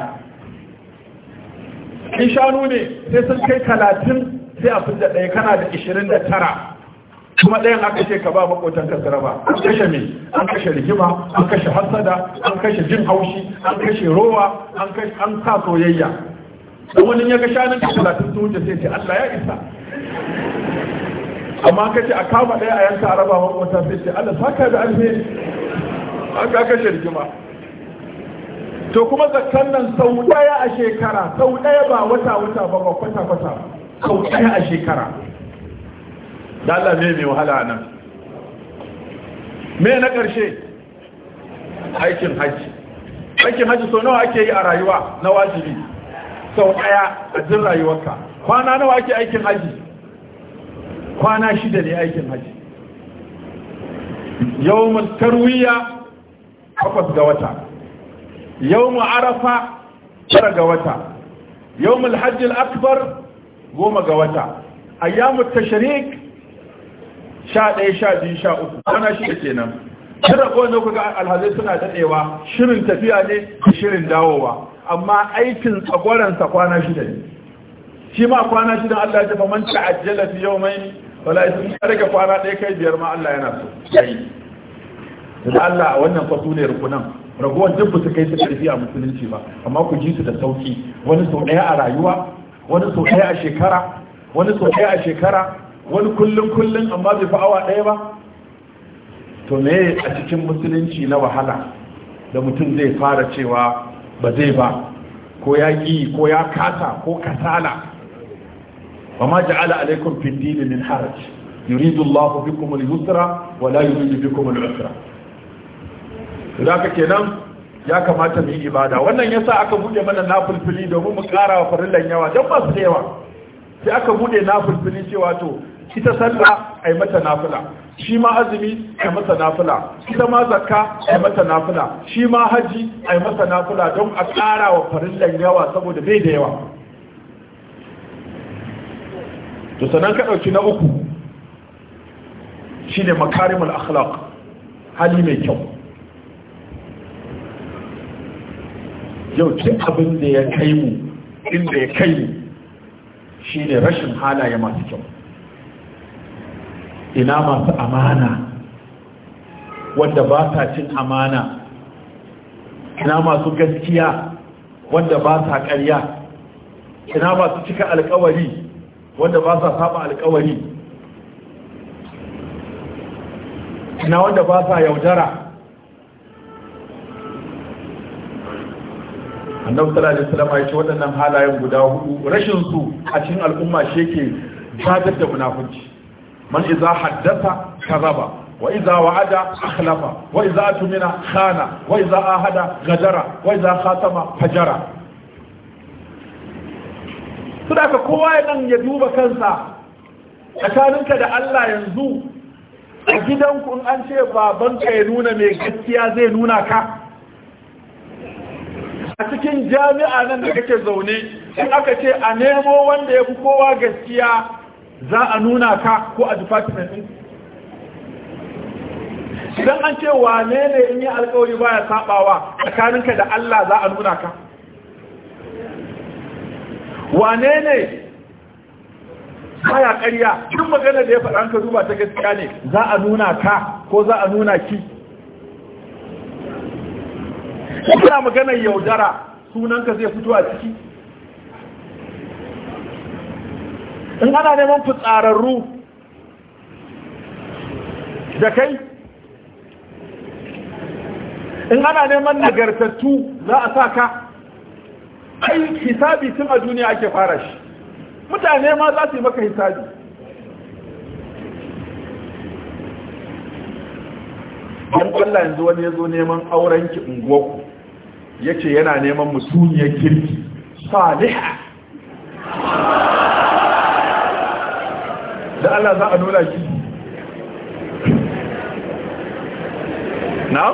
in shanu ne sai sun kai talatin sai a fita ɗaya kana da ishirin da tara kuma ɗayan aka ce ka ba makotan kankara ba an kashe mai an kashe rigima an kashe hasada an kashe jin haushi an kashe rowa an kashe an sa soyayya da wani ya ga shanin ka talatin sun wuce sai ce Allah ya isa amma ka ce a kama ɗaya a yanka a raba makota sai ce Allah saka da alheri an ka kashe rigima to kuma zakkan nan sau ɗaya a shekara sau ɗaya ba wata wata ba ba kwata kwata sau ɗaya a shekara da Allah ne mai wahala nan me na ƙarshe aikin hajji aikin hajji sau nawa ake yi a rayuwa na wajibi sau ɗaya a jin rayuwarka kwana nawa ake aikin hajji kwana shida ne aikin hajji mu tarwiya takwas ga wata yau mu arafa tara ga wata yau mu hajjil akbar goma ga wata ayyamun tashrik sha ɗaya sha biyu sha uku kwana shida kenan kuka alhazai suna daɗewa shirin tafiya ne shirin dawowa amma aikin tsagwaransa kwana shida ne shi ma kwana shida Allah ya tafa man ta'ajjala fi yawmayn wala yasmi kwana ɗaya kai biyar ma Allah yana so yayi da Allah wannan fasu ne rukunan raguwan duk su kai su karfi a musulunci ba amma ku ji su da sauki wani sau ɗaya a rayuwa wani sau ɗaya a shekara wani sau ɗaya a shekara wani kullum kullum amma bai fi awa ɗaya ba to me a cikin musulunci na wahala da mutum zai fara cewa ba zai ba ko ya ƙi ko ya kasa ko kasala wa ma ja'ala alaikum fid min haraj yuridu Allah bikum al-yusra wa la yuridu bikum al-usra zaka kenan ya kamata mu yi ibada wannan yasa aka bude mana nafilfili domin mu ƙara wa farillan yawa dan masu yawa sai aka bude nafilfili cewa to ita sallah ai mata nafila shi ma azumi ai mata nafila ita ma zakka ai mata nafila shi ma haji ai mata nafila don a ƙara wa farillan yawa saboda bai da yawa to sanan ka ɗauki na uku shine makarimul akhlaq hali mai kyau yau duk abin da ya kai mu inda ya kai mu shine rashin halaye masu kyau ina masu amana wanda ba sa cin amana ina masu gaskiya wanda ba sa karya? ina masu cika alkawari wanda ba sa saba alkawari ina wanda ba sa yaudara annabi sallallahu alaihi wasallam ya ce waɗannan halayen guda hudu rashin su a cikin al'umma shi yake gadar da munafunci man idza haddatha kadhaba wa idza wa'ada akhlafa wa idza tumina khana wa idza ahada gadara wa idza khatama fajara saboda kowa ya ya duba kansa tsakaninka da Allah yanzu a gidanku in an ce babanka ya nuna mai gaskiya zai nuna ka a cikin jami'a nan da kake zaune in aka ce a nemo wanda ya fi kowa gaskiya za a nuna ka ko a department ɗin idan an ce wane ne in yi alkawari baya sabawa tsakaninka da Allah za a nuna ka wane ne baya ƙarya cikin magana da ya faɗa ka zuba ta gaskiya ne za a nuna ka ko za a nuna ki kuna maganar yaudara sunanka zai fito a ciki in ana neman fitsararru da kai in ana neman nagartattu za a sa ka ai hisabi tun a duniya ake fara shi mutane ma za su yi maka hisabi an ƙwallo yanzu wani ya zo neman aurenki unguwarku ya ce yana neman musuniyar kirki saliha da Allah za a nuna shi na?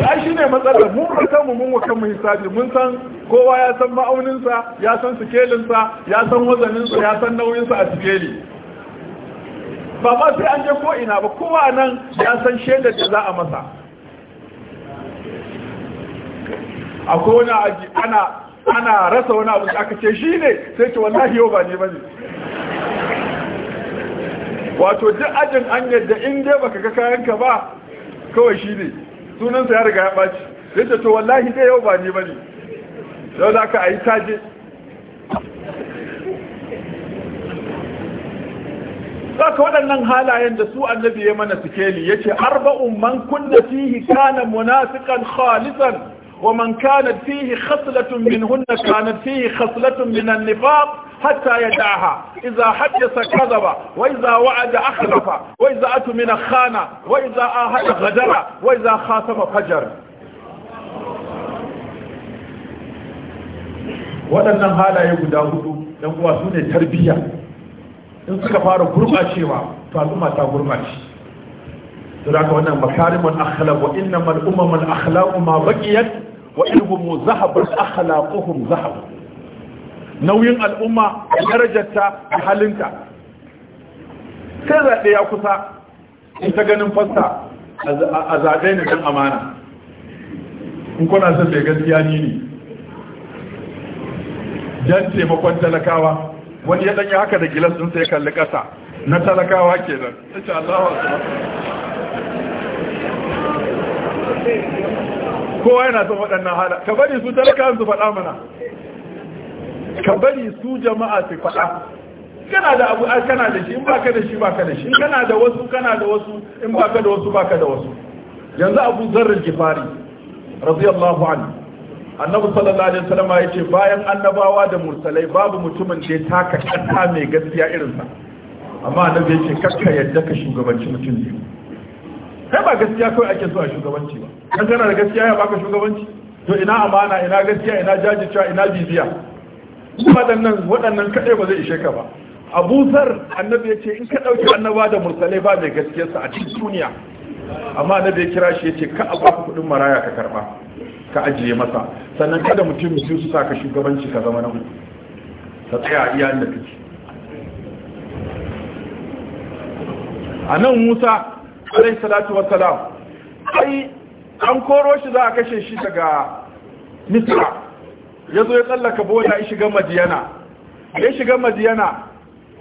ta shi ne matsalar mun mu mun wa kanmu hisabi mun san kowa ya san ma'auninsa ya san sikelinsa ya san wazaninsa ya san nauyinsa a sikeli ba ma sai an je ko'ina ina ba kowa nan ya san shaidar da za a masa a kona aji ana ana rasa wani abu aka ce shi ne sai ce wallahi yau ba ne ba ne wato duk ajin an yadda in dai baka ga kayanka ba kawai shi ne sunansa ya riga ya ɓaci sai ce to wallahi dai yau ba ne ba ne yau za ka a yi taje saka waɗannan halayen da su annabi ya mana sikeli ya ce arba'un man kunna fihi kana munafiqan khalisan ومن كانت فيه خصلة منهن كانت فيه خصلة من النفاق حتى يدعها إذا حدث كذب وإذا وعد أخلف وإذا أتمن خان وإذا آهد غدر وإذا خاتم فجر waɗannan halaye guda hudu ɗan uwa su ne tarbiyya in suka fara gurɓacewa to al'umma ta gurɓace to da wannan makarimun akhlaq wa innamal umamal akhlaq ma baqiyat wa ilmuhum zahabun akhlaquhum zahab nauyin al'umma darajarta da halinta sai zaɓe ya kusa in ta ganin fasta a zaɓe ne don amana in son gaskiya ni ne taimakon talakawa wani ya ɗanya haka da gilas ɗin sai kalli ƙasa na talakawa ke nan. Allah wa kowa yana son waɗannan hala ka bari su talaka su faɗa mana ka bari su jama'a su faɗa kana da abu kana da shi in baka da shi baka da shi kana da wasu kana da wasu in baka da wasu baka da wasu yanzu abu zarrul gifari radiyallahu anhu annabi sallallahu alaihi wasallam ya ce bayan annabawa da mursalai babu mutumin da ya taka kanta mai gaskiya irin sa. amma annabi ya ce kakka yadda ka shugabanci mutum ne kai ba gaskiya kawai ake so a shugabanci ba kan kana da gaskiya ya baka shugabanci to ina amana ina gaskiya ina jajircewa ina bibiya waɗannan waɗannan kaɗai ba zai ishe ka ba abu zar annabi ya ce in ka ɗauki annaba da mursalai ba mai gaskiyarsa a cikin duniya amma annabi ya kira shi ya ce ka a baka kuɗin maraya ka karɓa ka ajiye masa sannan kada mutum biyu su sa ka shugabanci ka zama na ka tsaya a iya ka kake a nan musa alaihi salatu wassalam ai an koro shi za a kashe shi daga misra ya zo ya tsallaka bola ya shiga madiyana ya shiga madiyana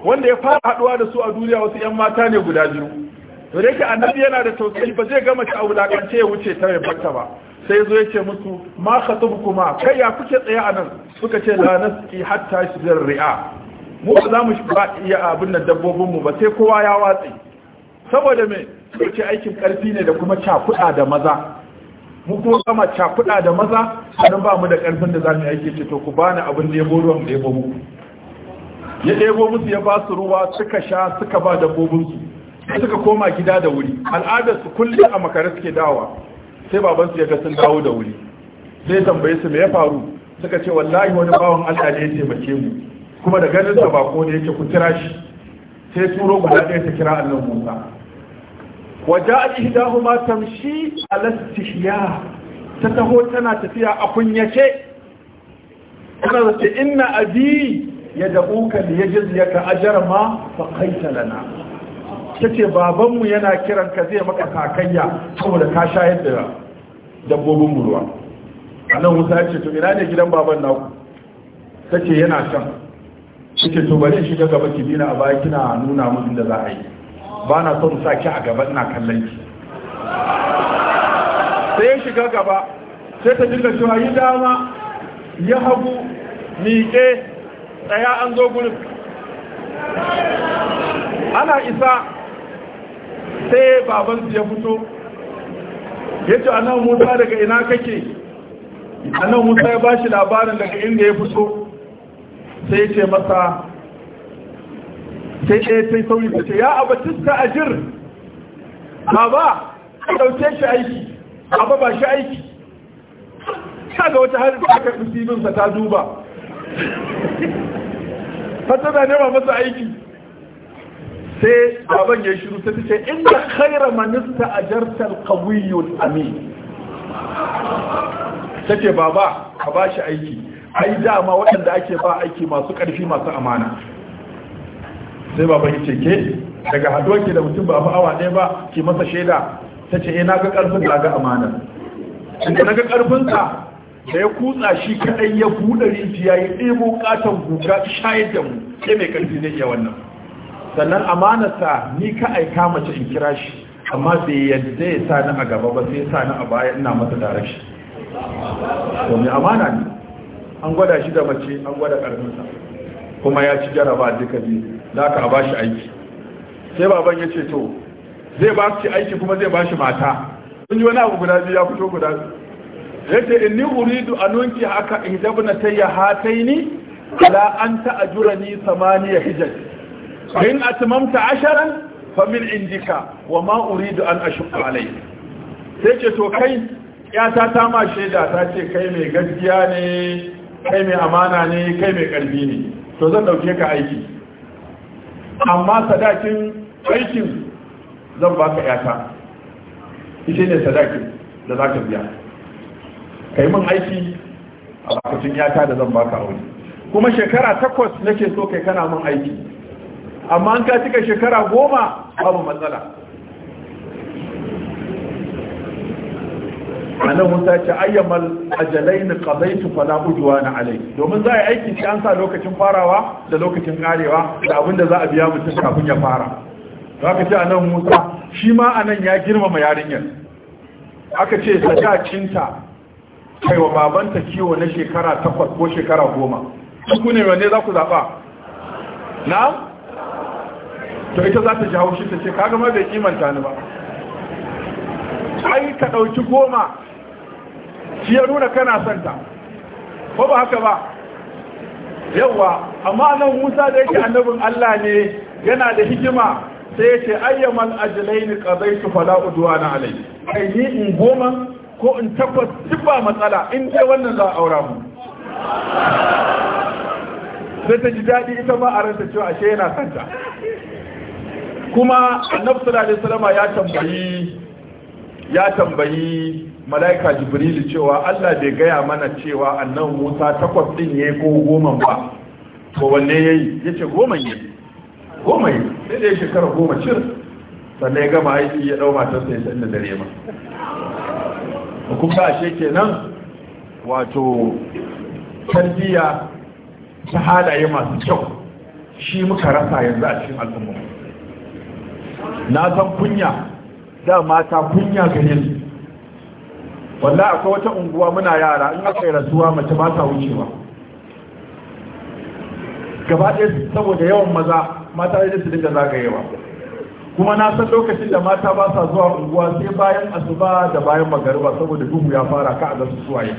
wanda ya fara haduwa da su a duniya wasu 'yan mata ne guda biyu to da yake annabi yana da tausayi ba zai gama ta wulakance ya wuce ta ya barta ba sai zo ya ce musu ma kuma kai ya kuke tsaye a nan suka ce la nasqi hatta shidar ri'a mu ba za mu ba iya abin nan dabbobin mu ba sai kowa ya watsi saboda mai ce aikin karfi ne da kuma cakuɗa da maza mu kuma kama cakuɗa da maza sannan ba mu da karfin da za mu aiki ce to ku bani abin da ya boro da ya ya ɗebo musu ya ba su ruwa suka sha suka ba Su suka koma gida da wuri al'adarsu kullu a makare suke dawa sai babansu ya ga sun dawo da wuri Zai tambaye su me ya faru suka ce wallahi wani bawan Allah ne ya taimake mu kuma da ganin sa bako ne yake ku kira shi sai turo guda ɗaya ta kira Allah Musa wajen a dahu ma tamshi alastihiya ta taho tana tafiya a kunyace ana zace ina abi ya dabuka da ya jizyaka ajar ma faƙaita lana ta ce babanmu yana kiran ka zai maka kakayya saboda ka shayar da dabbobin ruwa a nan ce to ina ne gidan baban naku ta ce yana can ta ce to bari shiga gaba kibina a baya kina nuna mun inda za a yi ba na son sa ki a gaba ina kallon ki sai ya shiga gaba sai ta dinga cewa yi dama ya hagu miƙe tsaya an zo gurin ana isa sai babansu ya fito ya ce nan musa daga ina kake a nan musa ya ba shi labarin daga inda ya fito sai ya ce masa sai ɗaya sai sauri ta ce ya a jir? baba ɗauke shi aiki abu ba shi aiki kaga wata harin da aka musibinsa ta duba fata da nema masa aiki sai baban ya shiru ta ce inda kaira manista a jartar kawiyyun amin ta ce baba ka ba shi aiki ai dama waɗanda ake ba aiki masu ƙarfi masu amana sai baban ya ce ke daga haduwar ki da mutum ba mu awa ɗaya ba ki masa shaida ta ce ina eh, ga karfin da ga amana inda na ga karfin sa da ya kutsa shi kadai ya buɗe rijiya ya ɗebo katon guga shayar da mu sai mai karfi zai iya wannan sannan amanarsa ni ka aika mace in kira shi amma bai yadda ya sa ni a gaba ba sai ya sa ni a baya ina masa tare shi to mai amana ne an gwada shi da mace an gwada sa kuma ya ci jaraba duka biyu da aka ba shi aiki sai baban ya ce to zai ba shi aiki kuma zai ba shi mata sun ji wani abu guda biyu ya fito guda ya ce inni uridu a nunki haka ihdabna tayya hataini ala an ta'jurani samaniya hijaj in atmamta asharan fa min indika wa ma uridu an ashqa alayhi sai ce to kai yata ta ma shaida ta ce kai mai gaskiya ne kai mai amana ne kai mai karfi ne to zan ɗauke ka aiki amma sadakin aikin zan ba ka yata ita ne sadakin da za ka biya ka yi min aiki a bakacin yata da zan ba ka aure kuma shekara takwas nake so kai kana min aiki amma an ka cika shekara goma babu matsala anan musa ce ayyamal ajalain qadaitu fala udwana alai domin za a yi aiki sai an sa lokacin farawa da lokacin karewa da abinda za a biya mutum kafin ya fara zaka ce anan musa shi ma anan ya girmama yarinyar aka ce cinta kai wa babanta kiwo na shekara takwas ko shekara goma ku ne wanne za ku zaɓa na? to ita za ta ji haushi ta ce kaga ma bai kimanta ni ba ai ka ɗauki goma shi ya nuna kana santa ta ko ba haka ba yawa amma nan Musa da yake annabin Allah ne yana da hikima sai yace ayyamal ajlaini qadaytu fala udwana alai kai ni in goma ko in tabbas ba matsala in dai wannan za a aura mu sai ta ji daɗi ita ma a ranta cewa ashe yana kanta kuma annabi sallallahu alaihi wasallam ya tambayi ya tambayi mala'ika jibrilu cewa Allah bai gaya mana cewa annan Musa takwas din yayi ko goma ba to wanne yayi yace goma yayi goma yayi sai da shekara goma cir sannan ya gama aiki ya dau matar sai sai da dare ma kun a ashe kenan wato tarbiya ta halaye masu kyau shi muka rasa yanzu a cikin al'umma na san kunya da mata kunya ga yanzu walla akwai wata unguwa muna yara in aka yi rasuwa mace ba ta wucewa gaba ɗaya saboda yawan maza mata da su dinga zagayewa kuma na san lokacin da mata ba sa zuwa unguwa sai bayan asuba da bayan magariba saboda duhu ya fara ka a ga su suwaye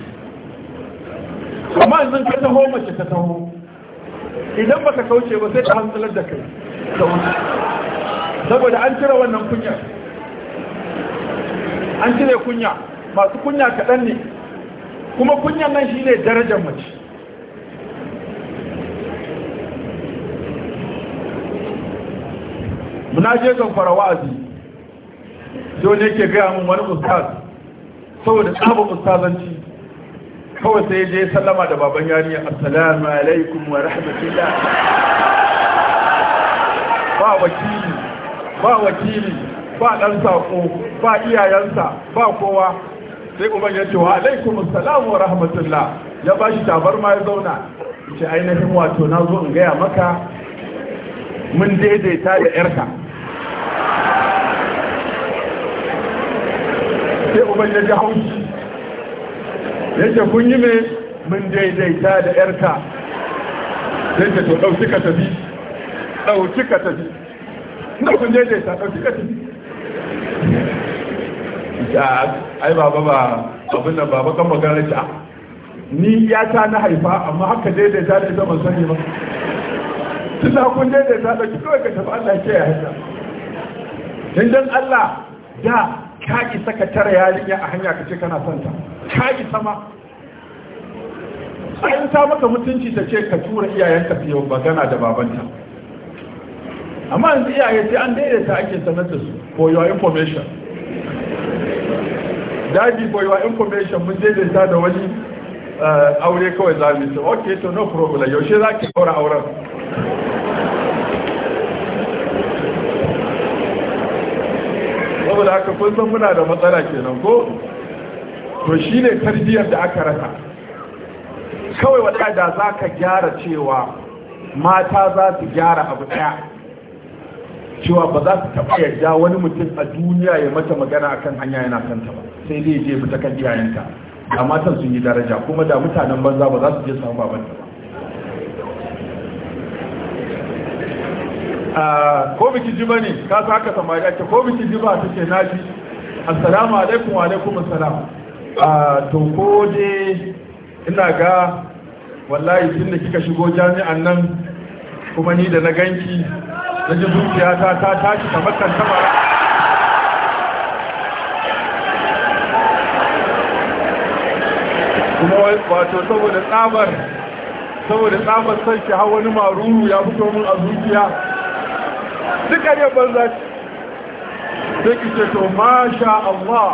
amma yanzu ka taho mace ta taho idan baka kauce ba sai ta hanzalar da kai saboda an cire wannan kunya an cire kunya masu kunya kaɗan ne kuma kunyan nan shi ne darajar mace muna je zan fara wa'azi yau ne ke gaya min wani ustaz saboda tsaba ustazanci kawai sai je sallama da baban yari, assalamu alaikum wa rahmatullah ba wakili ba wakili ba ɗan saƙo, ba iyayensa ba kowa sai uban ya ce wa alaikum assalam wa rahmatullah ya ba shi tabarma ya zauna ce ainihin wato na zo in gaya maka mun daidaita da yarka sai uban ya ji haushi ya ce kun yi me mun daidaita da yarka sai ce to ɗauki ka tafi ɗauki ka tafi na kun daidaita ɗauki ka tafi ai baba ba abin nan baba kan magana ta ah, ni ya ta na haifa amma haka daidaita da ita ban sani ba tun da kun daidaita da ki kawai ka tafi Allah ke ya haifa dan dan Allah da ka isa ka tara yarinya a hanya kace kana son ta ka isa ma an ta maka mutunci ta ce ka tura ka fiye magana da babanta amma yanzu iyaye sai an daidaita ake sanar da su for your information daji for information mun daidaita da wani eh, aure kawai za mu ce okay to no problem yaushe za ki kora auren saboda haka kun san muna da matsala kenan ko to shine tarbiyyar da aka rasa kawai wadanda za ka gyara cewa mata za su gyara abu daya cewa ba za su taɓa yarda wani mutum a duniya ya mata magana akan hanya yana kanta ba sai dai je fita kan iyayenta da matan sun yi daraja kuma da mutanen banza ba za su je samu babanta ba ko biki ji bane ka sa haka samari ake ko biki ji ba take assalamu alaikum wa alaikum assalam to ko je ina ga wallahi tun da kika shigo jami'an nan kuma ni da na ganki na ji zuciya ta ta tashi kamar kan tabara kuma wato saboda tsabar saboda tsabar son shi har wani maruru ya fito min a zuciya duka ne banza sai ki ce to masha Allah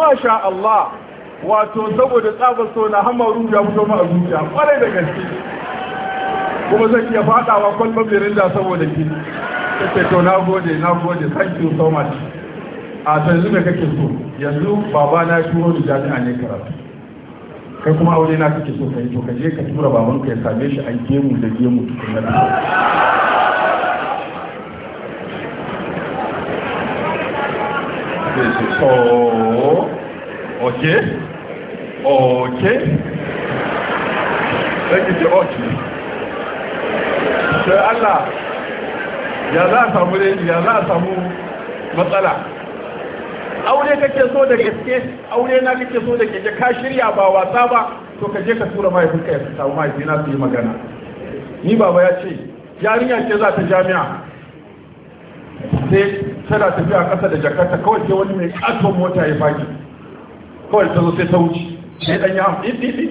masha Allah wato saboda tsabar so na hamaru ya fito min a zuciya kwarai da gaske kuma zan iya fadawa kwalbar birinda saboda ki kake to na gode na gode thank you so much a yanzu me kake so yanzu baba na shi da jami'a ne karatu kai kuma aure na kake so kai to kaje ka tura baban ka ya same shi an gemu da gemu tukun na oh, Okay. Okay. Thank you, George. don Allah ya za a samu ya za a samu matsala aure kake so da gaske aure na kake so da kake ka shirya ba wasa ba to ka je ka tura mahaifinka ya samu mahaifina su yi magana ni baba ya ce yarinya ce za ta jami'a sai tana tafiya kasa da jakarta kawai sai wani mai katon mota ya faki kawai ta zo sai ta wuce sai dan yi hamɗi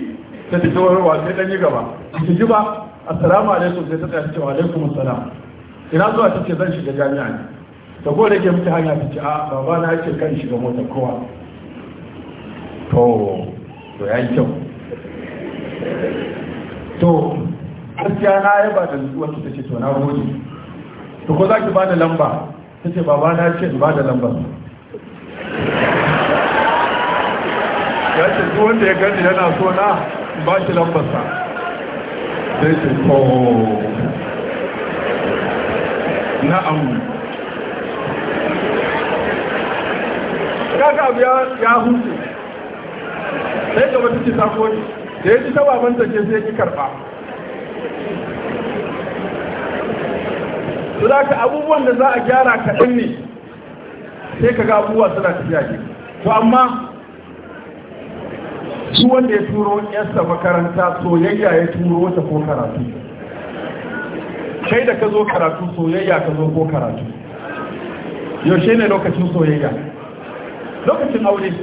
ta tafi wani wasu sai dan yi gaba ji ba assalamu alaikum sai ta tsaya ce wa alaikum assalam ina zuwa ta ce zan shiga jami'a ne ta ko da ke mutu hanya ta ce a baba na ce kan shiga motar kowa to to ya yi kyau to gaskiya na ba da wata ta ce to na gode to ko za ki ba da lamba ta ce baba na ce ba da lambar ya ce duk wanda ya gani yana so na ba shi lambarsa sai ce to na'am kaka abu ya hutu sai gaba ta ce ta koyi da ya ci ta babanta ke sai ki karba su za ka abubuwan da za a gyara kaɗan ne sai ka ga abubuwa suna tafiya ke to amma shi wanda ya turo yarsa makaranta soyayya ya turo wata ko karatu kai da ka zo karatu soyayya ka zo ko karatu yaushe ne lokacin soyayya lokacin aure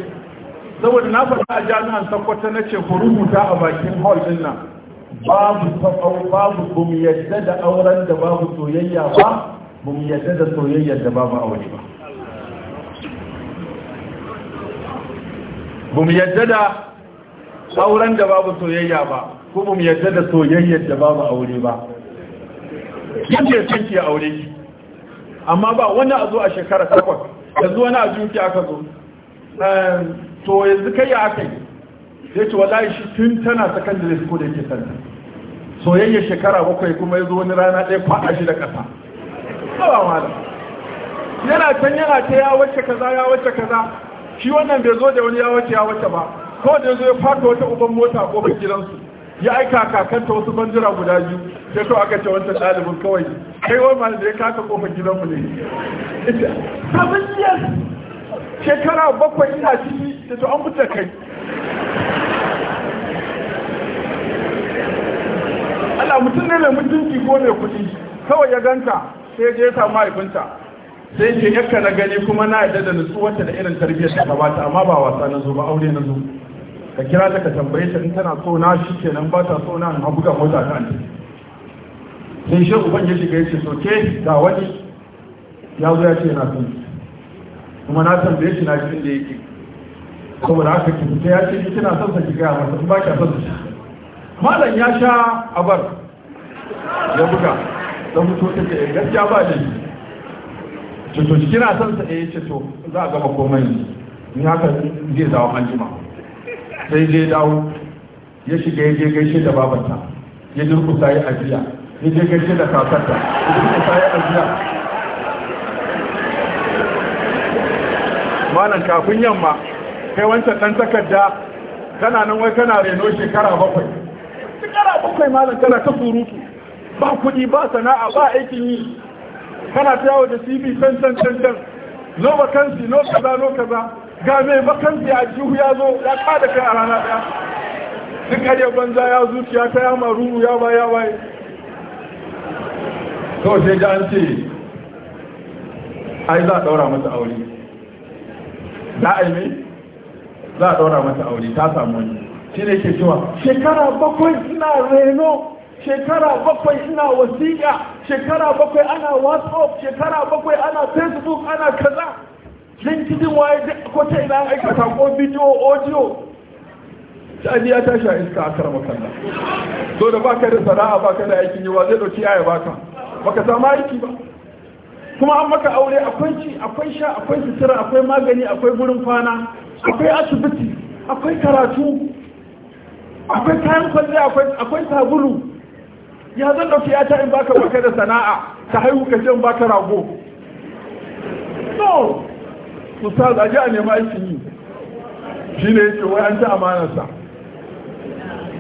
saboda na faɗa a jami'an sakwata na ce ku rubuta a bakin hall din nan babu tsakau babu bum yadda da auren da babu soyayya ba bum yadda da soyayyar da babu aure ba bum yadda da auren da babu soyayya ba ko mu yarda da soyayyar da babu aure ba kike son ki aure ki amma ba wani a zo a shekara takwas yanzu wani a jinki aka zo ehm, to yanzu kai ya aka yi sai ce wallahi shi tun tana da ko da yake santa soyayya shekara bakwai kuma yazo wani rana ɗaya kwaɗa shi da ƙasa ba da yana can yana ta ya wacce kaza ya wacce kaza shi wannan bai zo da wani ya wacce ya wacce ba kawai da ya fata wata uban mota a ba gidansu ya aika kakanta wasu banjira guda biyu sai to aka ce wancan ɗalibin kawai kai wani malam da ya kaka kofar gidanmu ne sabon jiya shekara bakwai ina ciki da to an fita kai Allah mutum ne mai mutunci ko mai kuɗi kawai ya ganta sai je ya samu mahaifinta sai ce yakka na gani kuma na yadda da nutsuwarta da irin tarbiyyar ta gabata amma ba wasa na zo ba aure na zo ka kira ta ka tambaye ta in tana so na shi ke nan ba ta so na na buga mota ne. sai shi uban ya shiga yace so ke ga wani ya zo ya ce na son kuma na tambaye shi na shi da yake da haka kifi ta ya ce kina son sa ki gaya masa ba ki son sa malam ya sha abar ya buga ta fito ta ce eh, gaskiya ba ne ce to kina son sa eh ce to za a gama komai ni haka zai zawo anjima sai dai dawo ya shiga ya je gaishe da babanta ya durkusa ya ajiya ya je gaishe da kakarta ya durkusa ya ajiya malam kafin yamma kai wancan dan takarda kana nan wai kana reno shekara bakwai shekara bakwai malam kana ta surutu ba kuɗi ba sana'a ba aikin yi kana ta yawo da cv can can can can no vacancy no kaza no kaza ga mai bakanci a jihu ya zo ya kada kai a rana ɗaya duk ariyar banza ya zuciya ta ya maru ya ba ya waye to sai da an ce ai za a ɗaura masa aure za a yi mai za a ɗaura masa aure ta samu wani shi ne ke cewa shekara bakwai suna reno shekara bakwai ina wasiƙa shekara bakwai ana whatsapp shekara bakwai ana facebook ana kaza linkidin waye ko ta ina aika ko bidiyo audio shani ya tashi a iska a karama kalla so da baka da sana'a baka da aikin yi wa zai dauki aya baka baka samu aiki ba kuma an maka aure akwai ci akwai sha akwai sutura akwai magani akwai gurin kwana akwai asibiti akwai karatu akwai kayan kwalle akwai sabulu ya zan dauki ya ta in baka baka da sana'a ta haihu ka je in baka rago no ustaz aje a nema aikin yi shi ne yake wai an ci amanarsa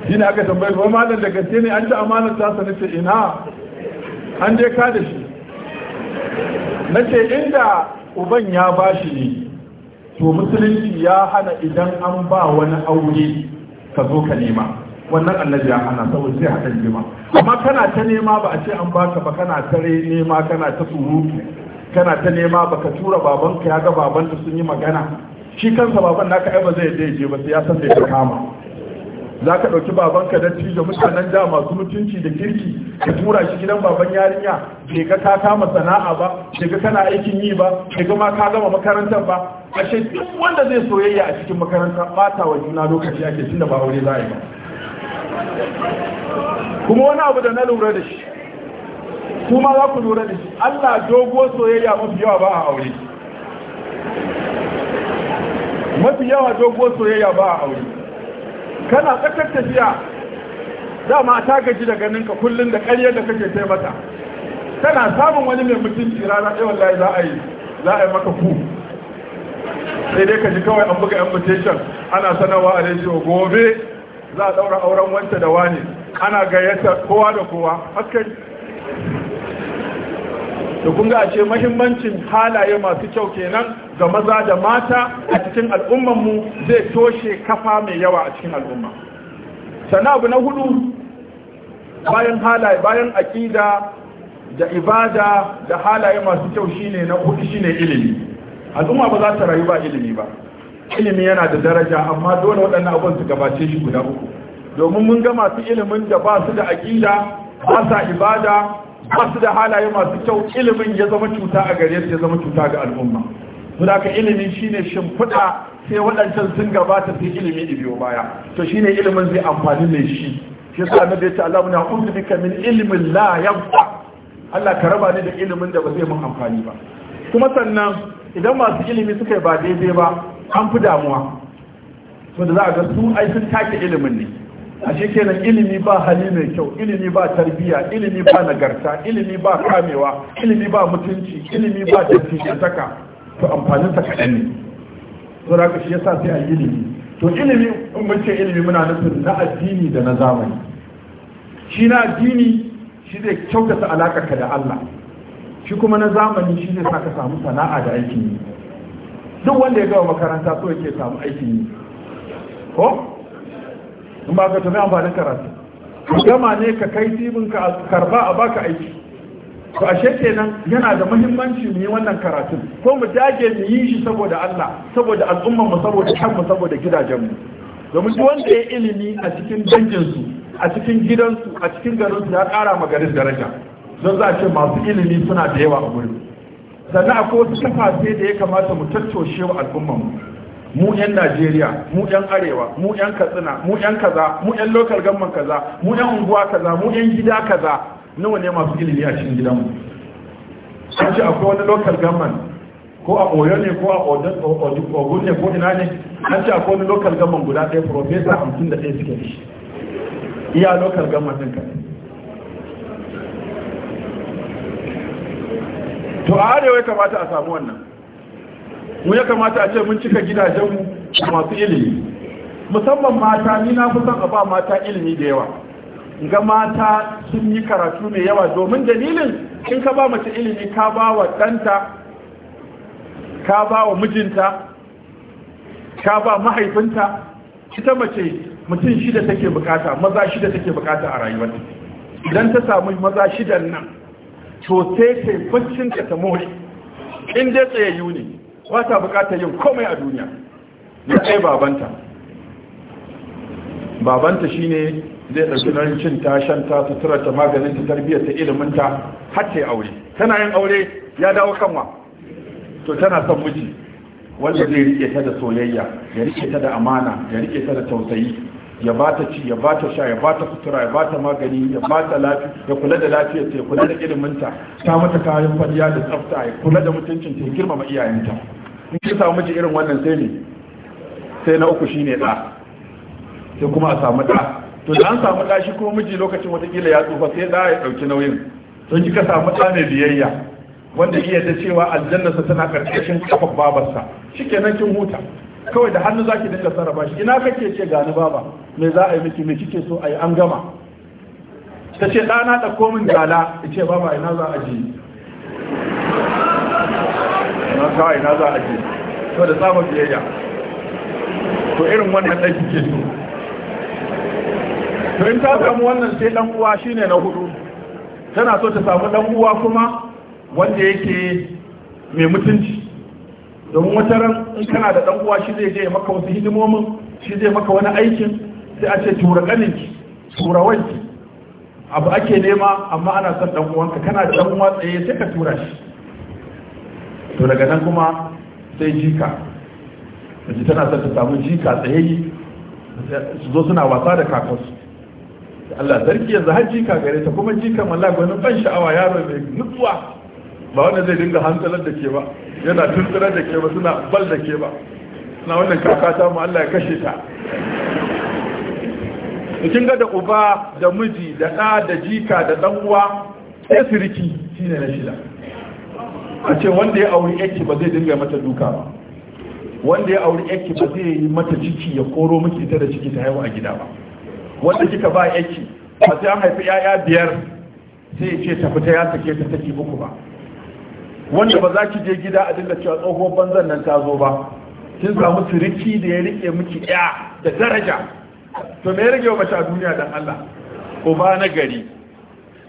shi ne aka tambayi wai ma da gaske ne an ci amanarsa sa nace ina an je ka da shi nace inda uban ya bashi ne to musulunci ya hana idan an ba wani aure ka zo ka nema wannan annabi ya hana saboda sai haɗa nema amma kana ta nema ba a ce an baka ba kana ta nema kana ta surutu kana ta nema baka tura babanka ya ga babanta sun yi magana shi kansa baban naka ai ba zai je je ba sai ya san da ya kama za ka ɗauki babanka da tijo mutanen da masu mutunci da kirki ka tura shi gidan baban yarinya bai ga ka kama sana'a ba bai ga kana aikin yi ba bai ga ma ka gama makarantar ba ashe duk wanda zai soyayya a cikin makaranta bata wa juna lokaci ake tunda ba aure za a yi ba kuma wani abu da na lura da shi kuma za ku lura da shi Allah dogo soyayya mafi yawa ba a aure mafi yawa dogo soyayya ba a aure kana tsakar tafiya dama ta gaji da ganin ka kullum da ƙaryar da kake sai mata tana samun wani mai mutunci rana ɗaya wallahi za a yi za a yi maka ku sai dai ka ji kawai an buga invitation ana sanarwa a rediyo gobe za a ɗaura auren wanta da wani ana gayyata kowa da kowa haskari Da kun ga ce mahimmancin halaye masu kyau kenan ga maza da mata a cikin al'ummar mu zai toshe kafa mai yawa a cikin al'umma sana na hudu bayan halaye bayan aƙida da ibada da halaye masu kyau shine na hudu shine ilimi al'umma ba za ta rayu ba ilimi ba ilimi yana da daraja amma dole waɗannan abubuwan su gabace shi guda uku domin mun ga masu ilimin da ba su da aƙida ba sa ibada ba su da halaye masu kyau ilimin ya zama cuta a gare su ya zama cuta ga al'umma don haka ilimi shine shimfiɗa sai waɗancan sun gabata sai ilimi ibiyo baya to shine ilimin zai amfani mai shi shi yasa annabi ya ce Allah muna uzbika min ilmin la yanfa Allah ka raba ni da ilimin da ba zai mun amfani ba kuma sannan idan masu ilimi suka yi ba daidai ba an fi damuwa to da za a ga su ai sun take ilimin ne a kenan ilimi ba hali mai kyau ilimi ba tarbiya ilimi ba nagarta ilimi ba kamewa ilimi ba mutunci ilimi ba dattijantaka to amfanin sa kaɗan ne to da shi yasa sai a ilimi to ilimi in mun ce ilimi muna nufin na addini da na zamani shi na addini shi zai kyautata ka da Allah shi kuma na zamani shi zai sa ka samu sana'a da aikin yi duk wanda ya gawa makaranta so yake samu aikin yi ko in ba ka tafi amfanin karatu gama ne ka kai tibin ka karba a baka aiki to ashe kenan yana da muhimmanci mu yi wannan karatun ko mu dage mu yi shi saboda Allah saboda al'ummar mu saboda mu saboda gidajen mu domin duk wanda ya ilimi a cikin dangin su a cikin gidansu a cikin garin su ya kara ma garin daraja don za a ce masu ilimi suna da yawa a gurin sannan akwai wasu kafafe da ya kamata mu tattoshe wa al'ummar mu mu yan Najeriya mu yan Arewa mu yan Katsina mu yan kaza mu yan local government kaza mu yan unguwa kaza mu yan gida kaza nawa ne masu ilimi a cikin gidanmu sun ce akwai wani local government ko a Oyo ne ko a Ogun ne ko ina ne an ce akwai wani local government guda ɗaya professor hamsin da ɗaya suke da shi iya local government ɗin kaɗai to a arewa ya kamata a samu wannan mu ya kamata a ce mun cika gidajenmu masu ilimi musamman mata ni na fi son a ba mata ilimi da yawa ga mata sun yi karatu mai yawa domin dalilin in ka ba mace ilimi ka ba wa ɗanta ka ba wa mijinta ka ba mahaifinta ita mace mutum shida take bukata maza shida take bukata a rayuwarta idan ta samu maza shidan nan to sai sai baccin ta more in dai tsayayyu ne ba ta bukatar yin komai a duniya ya ce babanta babanta shi ne zai ɗauki nan cin ta sutura ta maganin ta tarbiyyar ta ilimin ta har ta aure tana yin aure ya dawo kanwa to tana son miji wanda zai rike ta da soyayya ya rike ta da amana ya rike ta da tausayi ya bata ci ya bata sha ya bata kutura ya bata magani ya bata lafiya ya kula da ta, ya kula da iliminta ta mata kayan kwaliya da tsafta ya kula da mutuncin ta, ya girmama iyayenta in ki samu miji irin wannan sai ne sai na uku shine da sai kuma a samu da to da an samu da shi kuma miji lokacin kila ya tsufa sai da ya dauki nauyin to kika samu da mai biyayya wanda iya da cewa sa tana karkashin kafar babarsa shikenan kin huta kawai da hannu zaki dinga sarrafa shi ina kake ce gani baba me za a yi miki me kike so a yi an gama ta ce ɗana da komin gala ya ce baba ina za a ji na kawai ina za a ji to da tsaba biyayya to irin wannan ɗan kike so to in ta samu wannan sai ɗan uwa shine na hudu tana so ta samu ɗan uwa kuma wanda yake mai mutunci domin wata ran in kana da dan uwa shi zai je maka wasu hidimomin shi zai maka wani aikin sai a ce tura kaninki tura wanki abu ake nema amma ana son dan uwanka kana da dan uwa tsaye sai ka tura shi to daga nan kuma sai jika yanzu tana son ta samu jika tsaye su zo suna wasa da kakansu Allah sarki yanzu har jika gare ta kuma jika mallaka wani ban sha'awa yaro mai nutsuwa ba wanda zai dinga hantalar da ke ba yana tuntunar da ke ba suna bal da ke ba Suna wannan kaka ta mu Allah ya kashe ta kin ga da uba da miji da ɗa da jika da ɗan uwa sai siriki shine na shida a ce wanda ya auri yake ba zai dinga mata duka ba wanda ya auri yake ba zai yi mata ciki ya koro miki ita da ciki ta haihu a gida ba wanda kika ba yake ba sai an haifi 'ya'ya biyar sai ya ce ta fita ya sake ta take muku ba wanda ba za ki je gida a dinga cewa tsohuwar banzan nan ta zo ba kin samu siriki da ya rike miki ya da daraja to me ya rage wa a duniya dan Allah uba na gari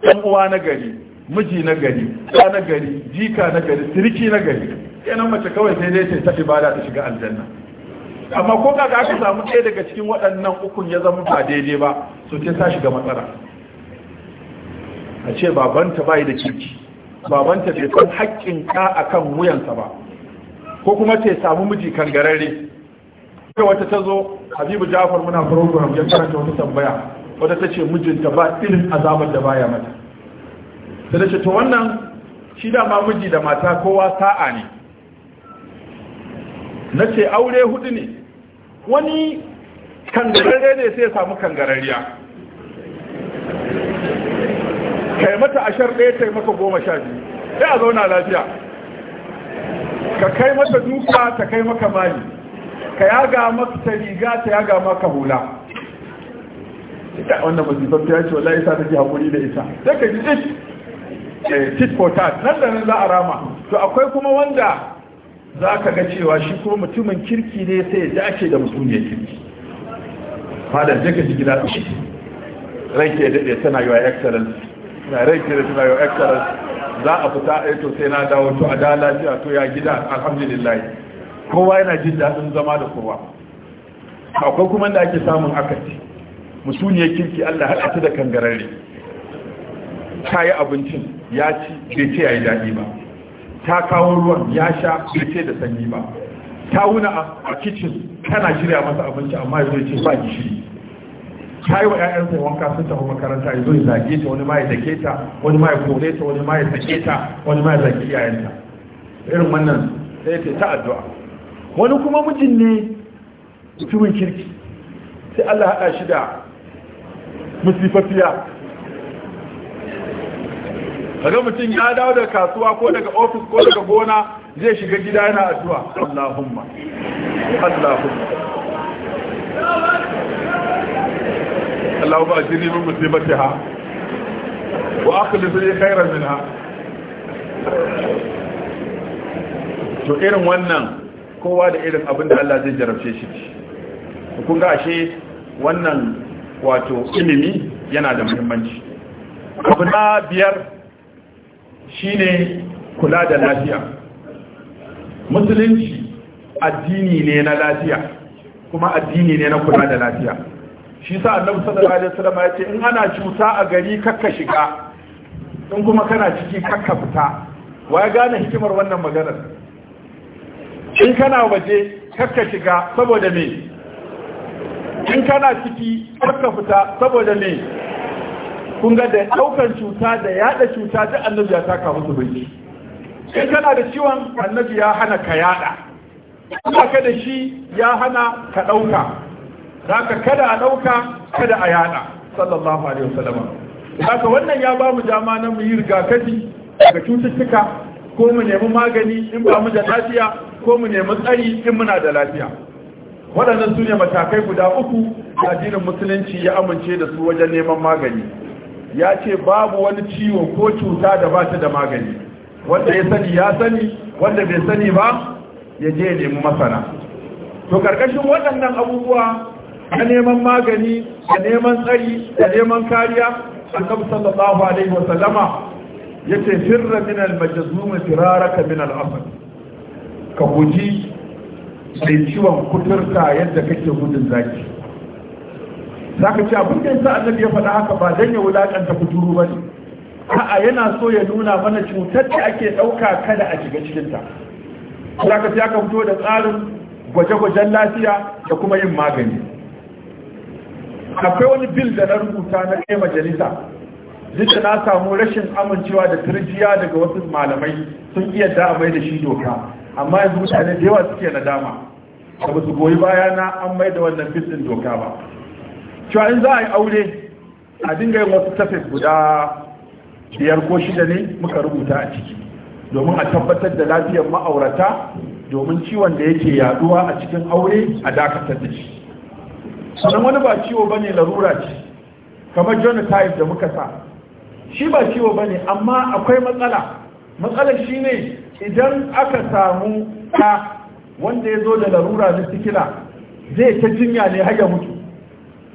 dan uwa na gari miji na gari ɗa na gari jika na gari siriki na gari kenan mace kawai sai dai ta ibada ta shiga aljanna amma ko kaga aka samu ɗaya daga cikin waɗannan ukun ya zama ba daidai ba so ta shiga matsala a ce babanta bai da kirki babanta bai san haƙƙin ka akan wuyansa ba ko kuma ce samu miji kan gararre sai wata ta zo habibu jafar muna program ya karanta wata tambaya wata ta ce mijinta ba irin azabar da baya mata sai da ce to wannan shi da ma miji da mata kowa sa'a ne na ce aure hudu ne wani kangararre ne sai ya samu kangararriya kai mata ashar ɗaya yi maka goma sha biyu ya zauna lafiya ka kai mata duka ta kai maka mali ka yaga maka ta riga ta yaga maka hula ita wannan masifar ta yace wallahi isa take hakuri da ita sai ka ji tit eh, tit for tat nan da nan za a rama to akwai kuma wanda za ka ga cewa shi ko mutumin kirki ne sai ya dace da musulmiyar kirki fadar jaka ji gida shi, ranke da daɗe tana yi wa excellence na rai kira suna yau excellence za a fita a eh, to sai na dawo to a da lafiya to ya gida alhamdulillah kowa yana jin daɗin zama da kowa akwai kuma da ake samun akasi musuniyar kirki allah haɗa ta da kangararre ta yi abincin ya ci bai ya yi daɗi ba ta kawo ruwan ya sha bai ce da sanyi ba ta wuna a kicin tana shirya masa abinci amma ya ce ba gishiri ta yi wa 'ya'yansa wanka sun tafi makaranta ya zo ya zage ta wani ma ya dake ta wani ma ya kore ta wani ma ya sake ta wani ma ya zage iyayenta irin wannan sai ta ta addu'a wani kuma mijin ne mutumin kirki sai Allah haɗa shi da musifafiya kaga mutum ya dawo daga kasuwa ko daga ofis ko daga gona zai shiga gida yana addu'a Allahumma Allahumma اللهم أجرني من مصيبتها وأخلص لي خيرا منها to irin wannan kowa da irin abin da Allah zai jarabce shi kun ga ashe wannan wato ilimi yana da muhimmanci abu na biyar shine kula da lafiya musulunci addini ne na lafiya kuma addini ne na kula da lafiya shi sa annabi sallallahu alaihi wasallam ya ce in ana cuta a gari kakka shiga in kuma kana ciki kakka fita wa ya gane hikimar wannan maganar in kana waje kakka shiga saboda me in kana ciki kakka fita saboda me kun ga da daukan cuta da yada cuta da annabi ya taka musu bai in kana da ciwon annabi ya hana ka yada in ka da shi ya hana ka dauka zaka kada a ɗauka kada a yada sallallahu alaihi wasallam zaka wannan ya ba mu dama na mu yi rigakafi ga cututtuka ko mu nemi magani in ba mu da lafiya ko mu nemi tsari in muna da lafiya waɗannan sune matakai guda uku da addinin musulunci ya amince da su wajen neman magani ya ce babu wani ciwo ko cuta da ba ta da magani wanda ya sani ya sani wanda bai sani ba ya je ya nemi masana to karkashin waɗannan abubuwa da neman magani da neman tsari da neman kariya annabi sallallahu alaihi wa sallama ce, firra min al firaraka min al ka guji sai ciwon kuturta yadda kake gudun zaki zaka ce abin da yasa annabi ya faɗa haka ba dan ya wulakanta kuturu ka a yana so ya nuna mana cutar da ake ɗauka kada a shiga cikinta za ka ce aka fito da tsarin gwaje-gwajen lafiya da kuma yin magani akwai wani bil da na rubuta na kai majalisa duk na samu rashin amincewa da turjiya daga wasu malamai sun iya da mai da shi doka amma yanzu mutane da yawa suke nadama da ba su goyi baya na an mai da wannan bil din doka ba cewa in za a yi aure a dinga yin wasu tafe guda biyar ko shida ne muka rubuta a ciki domin a tabbatar da lafiyar ma'aurata domin ciwon da yake yaduwa a cikin aure a dakatar da shi sannan wani ba ciwo ba ne larura ce kamar jonathan da muka sa shi ba ciwo ba ne amma akwai matsala matsala shi ne idan aka samu ta wanda ya zo da larura na sikila zai ta jinya ne haya mutu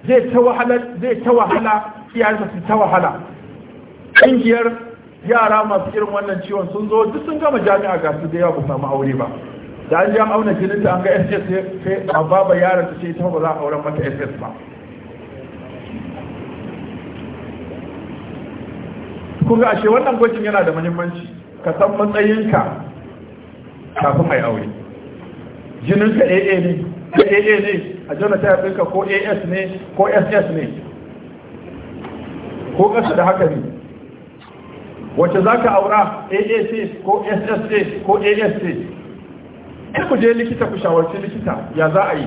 zai ta wahala zai ta wahala iyayensa su ta wahala ƙungiyar yara masu irin wannan ciwon sun zo duk sun gama jami'a ga su da yawa ba samu aure ba da an jam auna jinin ta an ga ss sai amma ba yaran ta ce ta ba za a auren mata ss ba Kun ga ashe wannan gwajin yana da muhimmanci ka san matsayinka kafin mai aure jininka aa ne ka aa ne a jana ta yafinka ko as ne ko ss ne ko ƙasa da haka ne wacce za ka aura AAC ko SSA ko ASA ku je likita ku shawarci likita ya za a yi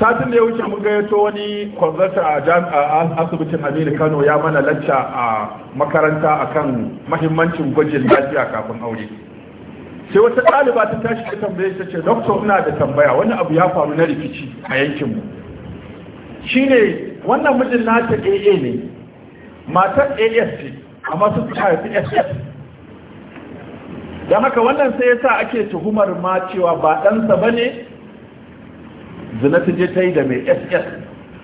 satin da ya wuce mun gayyato wani kwanzarta a asibitin aminu kano ya mana lacca a makaranta akan mahimmancin gwajin lafiya kafin aure sai wata ɗaliba ta tashi ta tambaye ta ce Dokta ina da tambaya wani abu ya faru na rikici a yankinmu shine wannan mijin nata aa ne matar as ce amma sun haifi ss don haka wannan sai yasa ake tuhumar ma cewa ba ɗansa ba ne zina ta je ta yi da mai ss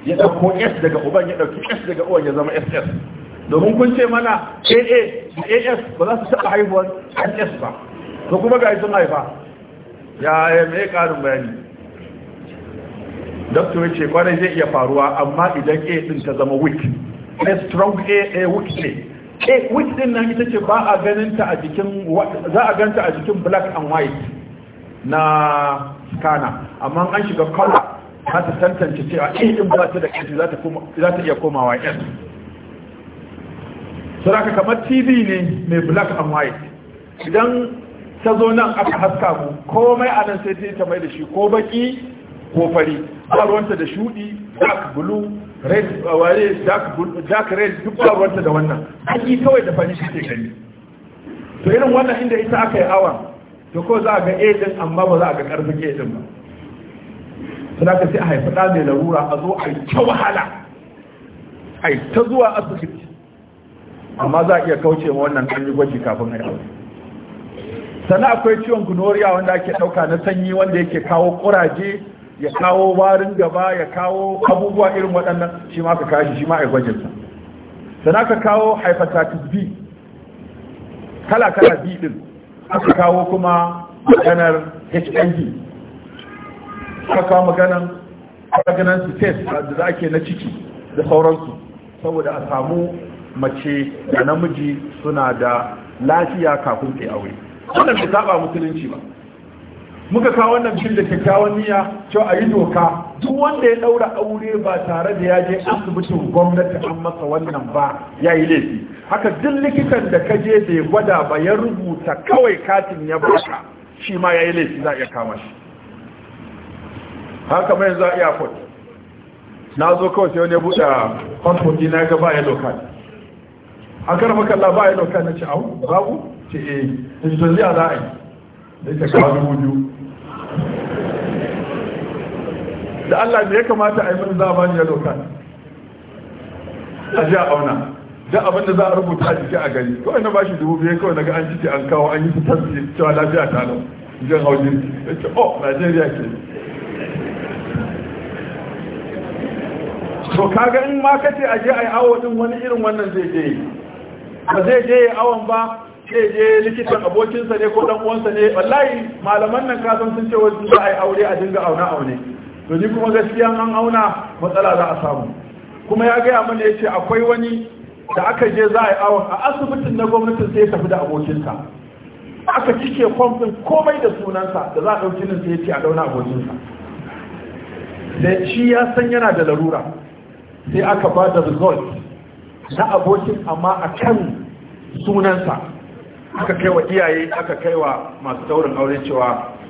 ya ɗauko s daga uban ya ɗauki s daga uwan ya zama ss domin kun ce mana aa da as ba za su taɓa haihuwar ss ba to kuma ga sun haifa ya ya mai ƙarin bayani doctor ce kwanai zai iya faruwa amma idan a ɗin ta zama weak a strong a a weak ne E which din nan ita ce ba a ganin ta a jikin za a ganta a jikin black and white na scanner amma an shiga color za ta tantance cewa eh din ba ta da kashi za ta za ta iya komawa yes saraka kamar TV ne mai black and white idan ta zo nan aka haska mu komai a nan sai ta mai da shi ko baki ko fari ba ruwanta da shudi black blue red uh, waye dark red duk babuwarta da wannan aki kawai da fani shi ke gani to irin wannan inda ita aka yi awa to ko za a ga a amma ba za a ga karfin a ba suna ka sai a haifi ɗa mai larura a zo a yi kyau wahala a yi ta zuwa asibiti amma za a iya kauce ma wannan an yi gwaji kafin a yi aure sannan akwai ciwon gunoriya wanda ake ɗauka na sanyi wanda yake kawo ƙuraje ya kawo warin gaba ya kawo abubuwa irin waɗannan shi ma ka kashi shi ma a gwajin sa sana ka kawo hepatitis b kala kala b din aka kawo kuma maganar hiv aka kawo maganar maganar su da za ke na ciki da sauransu saboda a samu mace da namiji suna da lafiya kafin tsaye aure wannan bai saba musulunci ba muka kawo wannan cikin da kyakkyawan niyya cewa a yi doka duk wanda ya daura aure ba tare da ya je asibitin gwamnati an masa wannan ba ya yi laifi haka duk likitan da ka je bai gwada ba ya rubuta kawai katin ya baka shi ma ya yi laifi za a iya kama shi haka mai za a iya kwat na zo kawai sai wani ya buɗe kwamfon dina ga ba ya lokal an karfa kalla ba ya doka na ci abu. babu ce eh in zo zai a za a yi da ita kawo dubu biyu da Allah ne ya kamata a yi mini zamani ya doka a ji a auna da abin da za a rubuta a jiki a gani kawai na bashi dubu biyu kawai daga an ciki an kawo an yi fitar da cewa lafiya ta nan jan haujin ya ce oh najeriya ke to kaga in ma kace a je a yi awo din wani irin wannan zai je ba zai je awon ba zai je likitan abokinsa ne ko dan uwansa ne wallahi malaman nan kasan sun ce wasu za a yi aure a dinga auna aune to ni kuma gaskiya an auna matsala za a samu kuma ya gaya mana ya ce akwai wani da aka je za a yi awon a asibitin na gwamnatin sai ya tafi da abokinsa aka cike kwamfin komai da sunansa da za a ɗauki nan sai ya ce a ɗauna abokinsa da shi ya san yana da larura sai aka ba da result na abokin amma a kan sunansa aka kai wa iyaye aka kai wa masu daurin aure cewa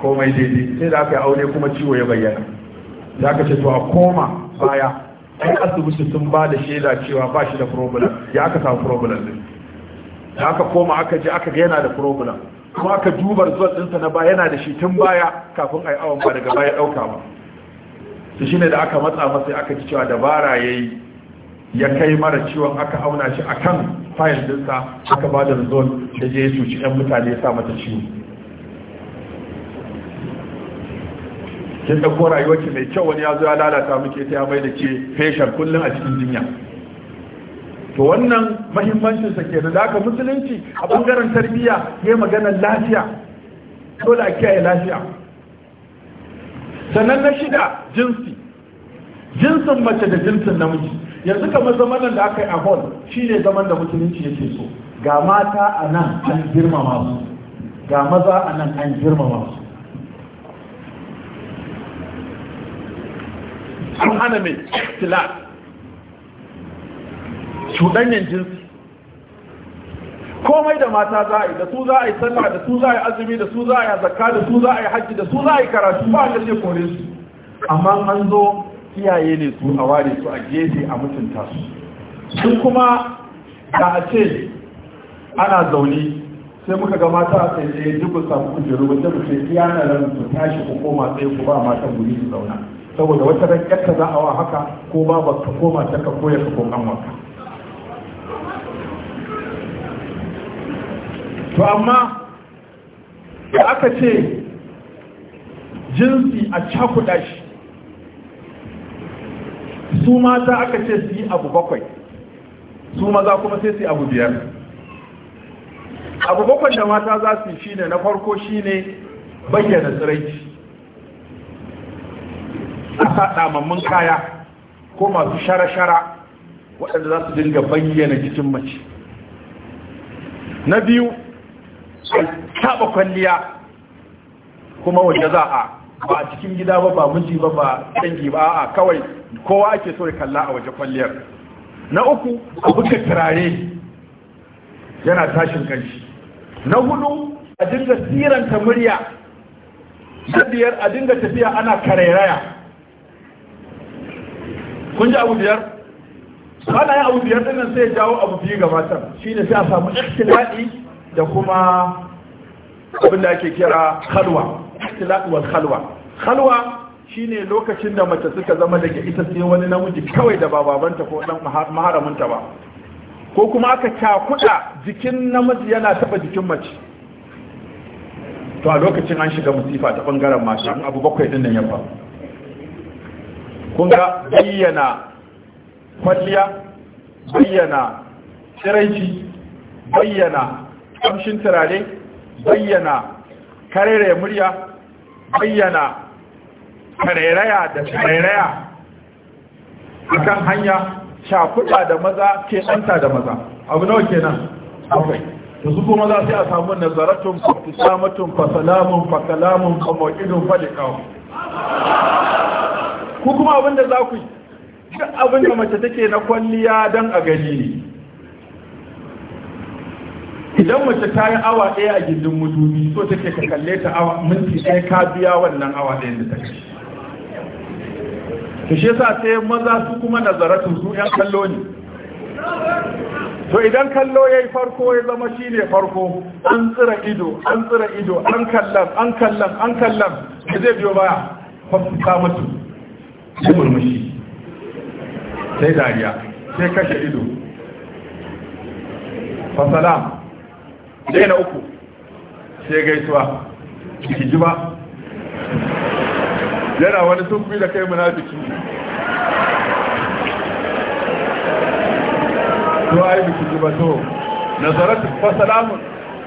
komai daidai sai da aka yi aure kuma ciwo ya bayyana da aka ce to a koma baya ai asibiti sun ba da shaida cewa ba shi da problem ya aka samu problem din da aka koma aka je aka ga yana da problem kuma aka duba result ɗinsa na baya yana da shi tun baya kafin a yi awon ba daga baya ɗauka ba su shine da aka matsa masa aka ci cewa dabara ya yi ya kai mara ciwon aka auna shi akan fayil ɗinsa aka ba da result da je ya cuci 'yan mutane ya sa mata ciwo kin rayuwar rayuwarki mai kyau wani ya zo ya lalata muke ta ya mai da ke feshan kullum a cikin jinya to wannan mahimmancin sa kenan da aka musulunci a bangaren tarbiyya ne maganar lafiya dole a kiyaye lafiya sannan na shida jinsi jinsin mace da jinsin namiji yanzu kamar zaman da aka yi a hall shi ne zaman da musulunci yake so ga mata a nan an girmama su ga maza a nan an girmama su sun hana mai ikhtilat cuɗanyen jinsi komai da mata za a yi da su za a yi sallah da su za a yi azumi da su za a yi zakka da su za a yi hajji da su za a yi karatu ba a zai kore su amma an zo iyaye ne su a ware su a gefe a mutunta su sun kuma da a ce ana zaune sai muka ga mata a tsaye eh, duk samu kujeru ba ta fi ce iya na ran su tashi ku koma tsaye ku ba mata guri su zauna saboda wata ran yarka za a wa haka ko ba ka koma ta ka koya ka kokan wanka to amma da aka ce jinsi a cakuɗa shi su mata aka ce su yi abu bakwai su maza kuma sai su yi abu biyar abu bakwai da mata za su yi shine na farko shine bayyana tsiraici a sa ɗamammun kaya ko masu shara-shara waɗanda za su dinga bayyana jikin mace na biyu a taɓa kwalliya kuma wanda za a ba a cikin gida ba ba miji ba ba dangi ba a kawai kowa ake so ya kalla a waje kwalliyar na uku a buka turare yana tashin kanshi na hudu a dinga tsiranta murya na biyar a dinga tafiya ana karairaya kun ji abu biyar kana yi abu biyar dinnan sai jawo abu biyu ga matan ne sai a samu ikhtilati da kuma abin da ake kira khalwa ikhtilati wal khalwa khalwa shine lokacin da mace suka zama daga ita sai wani namiji kawai da ba babanta ko dan maharaminta ba ko kuma aka cakuda jikin namiji yana taba jikin mace to a lokacin an shiga musifa ta bangaren mata abu bakwai din nan Kunga bayyana kwalliya bayyana tsiraici bayyana kamshin turare bayyana karere murya bayyana karairaya da karairaya a kan hanya shafuta da maza ke ɗanta da maza abu nawa kenan nan da su kuma za sai a samu nazaratun fafisamatun fasalamun fasalamun kamar idun falikawun ku kuma abin da za ku yi duk abin da mace take na kwalliya don a gani ne idan mace ta yi awa ɗaya a gindin mutumi, so take ka kalle ta awa minti ɗaya ka biya wannan awa ɗaya da ta shi sa sai maza su kuma nazaratun su yan kallo ne to idan kallo ya yi farko ya zama shi ne farko an tsira ido an tsira ido an kallan an kallan an kallan zai biyo baya kwamfuta mutum. sai murmushi sai dariya sai kashe ido fasala sai na uku sai gaisuwa ciki ji ba yana wani sunfi da kai munafiki to ai biki ji ba to nazarar fasalamun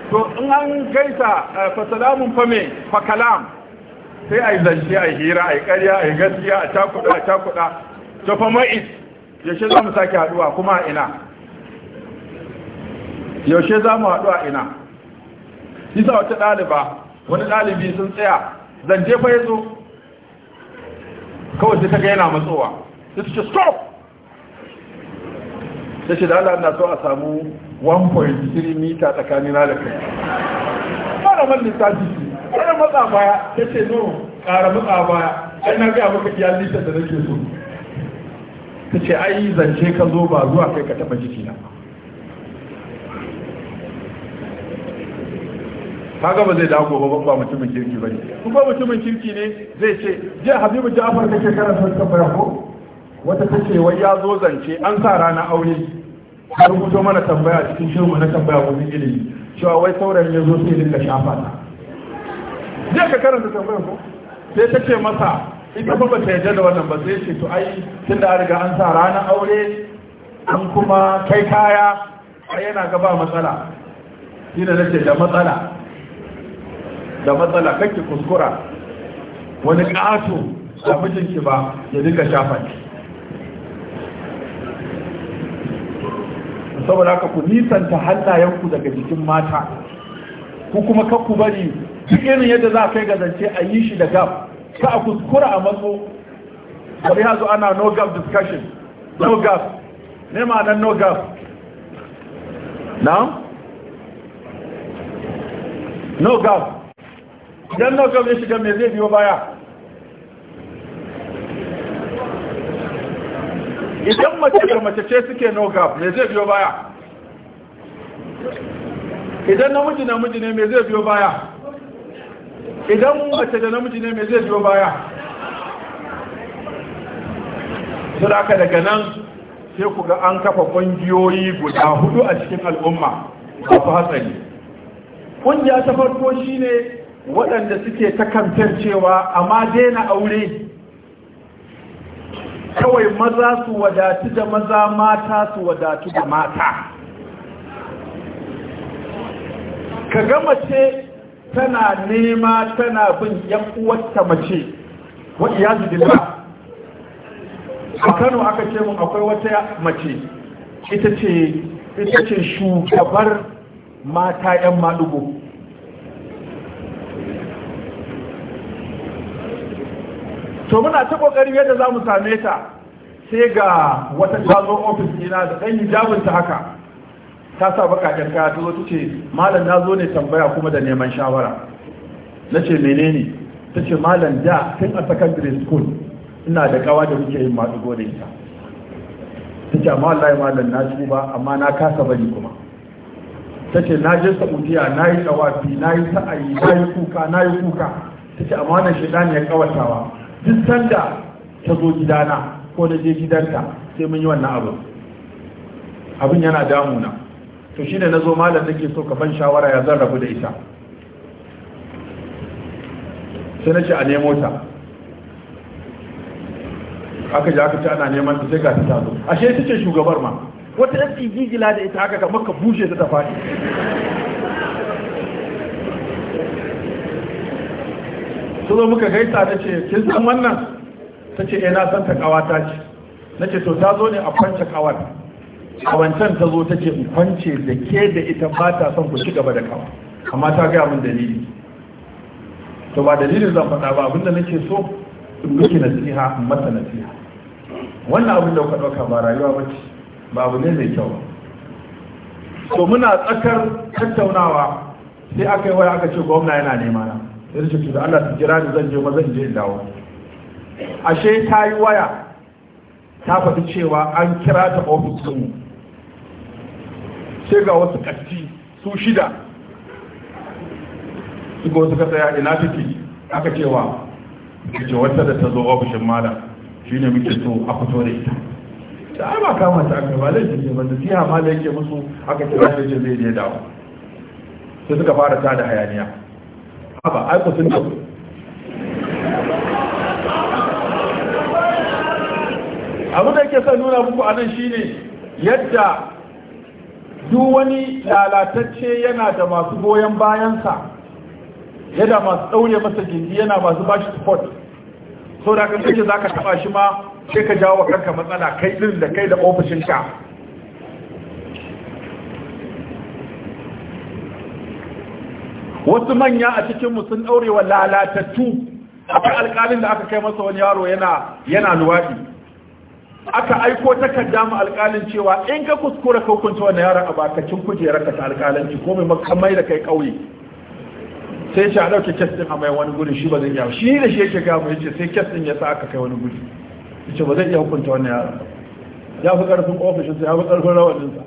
to in an gaisa eh, fasalamun fa me fa kalam sai a yi zance a hira a yi karya a yi gaskiya a cakuɗa a cakuda to fa is, yaushe za mu sake haɗuwa kuma a ina yaushe za mu haɗu a ina isa wata ɗaliba wani ɗalibi sun tsaya zance fa ya zo kawai sai ta ga yana matsowa sai ce stop sai ce da Allah na so a samu 1.3 mita tsakanina da kai ba da mallin tafi kada matsa baya ta ce no ƙara matsa baya ai na gaya maka iya lita da nake so ta ce ai zance ka zo ba zuwa kai ka taɓa jikina kaga ba zai dago ba ba mutumin kirki bane ba mutumin kirki ne zai ce je habibu ja'far kake karanta kafara ko wata ta ce wai ya zo zance an sa rana aure har rubuto mana tambaya cikin shirin na tambaya ko ilimi cewa wai saurayin ya zo sai dinka shafa ta zai ka karanta tambayar ko sai ta ce masa ita ba ta yarda da wannan ba sai ce to ai tun da riga an sa ranar aure an kuma kai kaya ai yana gaba matsala shi da nace da matsala da matsala kake kuskura wani ƙato da mijinki ba ya dinga shafa ki saboda haka ku nisanta hannayenku daga jikin mata ku kuma ka ku bari cikin yadda za a kai ga zance a yi shi da gab ta a kuskura a matso bari ya ana no gab discussion no gab ne ma'anar no gab na no gab idan no gab ya shiga mai zai biyo baya idan mace da mace ce suke no gab mai zai biyo baya idan namiji namiji ne mai zai biyo baya idan mace da namiji ne mai zai zo baya aka daga nan sai ku ga an kafa ƙungiyoyi guda hudu a cikin al'umma a ku hatsari ƙungiya ta farko shine waɗanda suke ta kamfen cewa amma daina aure kawai maza su wadatu da maza mata su wadatu da mata ka gama ce tana nema tana bin yan uwarta mace wa iyazu billah a Kano aka ce mun akwai wata mace ita ce ita ce shugabar mata yan malugo to muna ta kokari yadda za mu same ta sai ga wata tazo ofis ina da ɗan hijabinta haka ta sa bakaken kaya ta zo ta ce malam na ne tambaya kuma da neman shawara na ce menene ta ce malam da tun a secondary school ina da kawa da muke yin masu da ita ta ce amma wallahi malam na ci ba amma na kasa bari kuma ta ce na je saudiya na yi tsawafi na yi sa'ayi na yi kuka na yi kuka ta ce amma wannan shaidan ya kawatawa duk sanda ta zo gidana ko na je gidanta sai mun yi wannan abu abin yana damuna to shine nazo malam nake so ka ban shawara ya zan rabu da ita sai nace a nemo ta aka ji aka ce ana neman ta sai ga ta zo ashe ita ce shugabar ma wata yan gigila da ita haka kamar ka bushe ta ta faɗi su zo muka gaisa ta ce kin san wannan ta ce eh na san ta kawata ce na ce to ta zo ne a kwance kawar a wancan ta zo ta ce in kwance da ke da ita ba ta son ku ci gaba da kawa amma ta gaya min dalili to ba dalilin zan faɗa ba abinda nake so in miki nasiha in mata nasiha wannan abin da kuka ɗauka ba rayuwa ba ce ba abu ne mai kyau ba to muna tsakar tattaunawa sai aka yi waya aka ce gwamna yana nema na sai ce da Allah ta jira ni zan je ma zan je in dawo ashe ta yi waya ta faɗi cewa an kira ta ofis ɗinmu sai ga wasu ƙarfi su shida ga wasu kasa tsaya ina take aka cewa ce wata da ta zo ofishin malam shi ne muke so a fito da ita ta ai ba kama ta aka ba laifin ne wanda siya ma da yake musu aka kira da ce zai je dawo sai suka fara ta da hayaniya haba ai ku sun tafi abu da yake son nuna muku anan shine yadda duk wani lalatacce yana da masu goyon bayansa yana masu daure masa gindi yana masu bashi support so da kan kake za ka shi ma sai ka jawo wa kanka matsala kai din da kai da ofishin ka wasu manya a cikinmu sun daure wa lalatattu akwai alƙalin da aka kai masa wani yaro yana yana luwaɗi aka aiko takarda mu alƙalin cewa in ka kuskura ka hukunta wannan yaron a bakacin kujerar ka ta alƙalanci ko mai makamai da kai ƙauye sai ce a ɗauke kes ɗin a mai wani guri shi ba zai iya shi da shi yake gama ya ce sai kes ɗin ya sa aka kai wani guri ya ce ba zai iya hukunta wannan yaron ya fi ƙarfin ofishin ofishinsa ya fi ƙarfin sa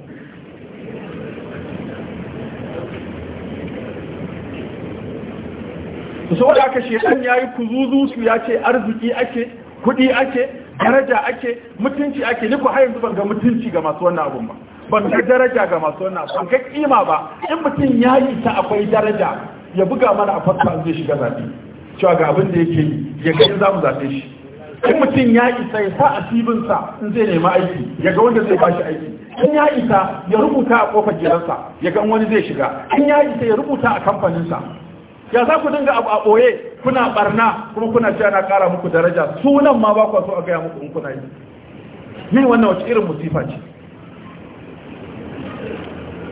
su saboda aka shi ɗan ya yi kuzuzu su ya ce arziki ake kuɗi ake daraja ake mutunci ake ni ko har yanzu ban ga mutunci ga masu wannan abun ba ban ga daraja ga masu wannan ban ga kima ba in mutum ya yi ta akwai daraja ya buga mana a fatta zai shiga zaɓe cewa ga abin da yake ya ga in zamu zaɓe shi in mutum ya isa ya sa sa in zai nemi aiki ya ga wanda zai bashi aiki in ya isa ya rubuta a kofar gidansa ya ga wani zai shiga in ya isa ya rubuta a kamfanin sa. ya za ku dinga abu a ɓoye kuna ɓarna, kuma kuna cewa na ƙara muku daraja sunan ma ba ku so a gaya muku in kuna yi min wannan wace irin musifa ce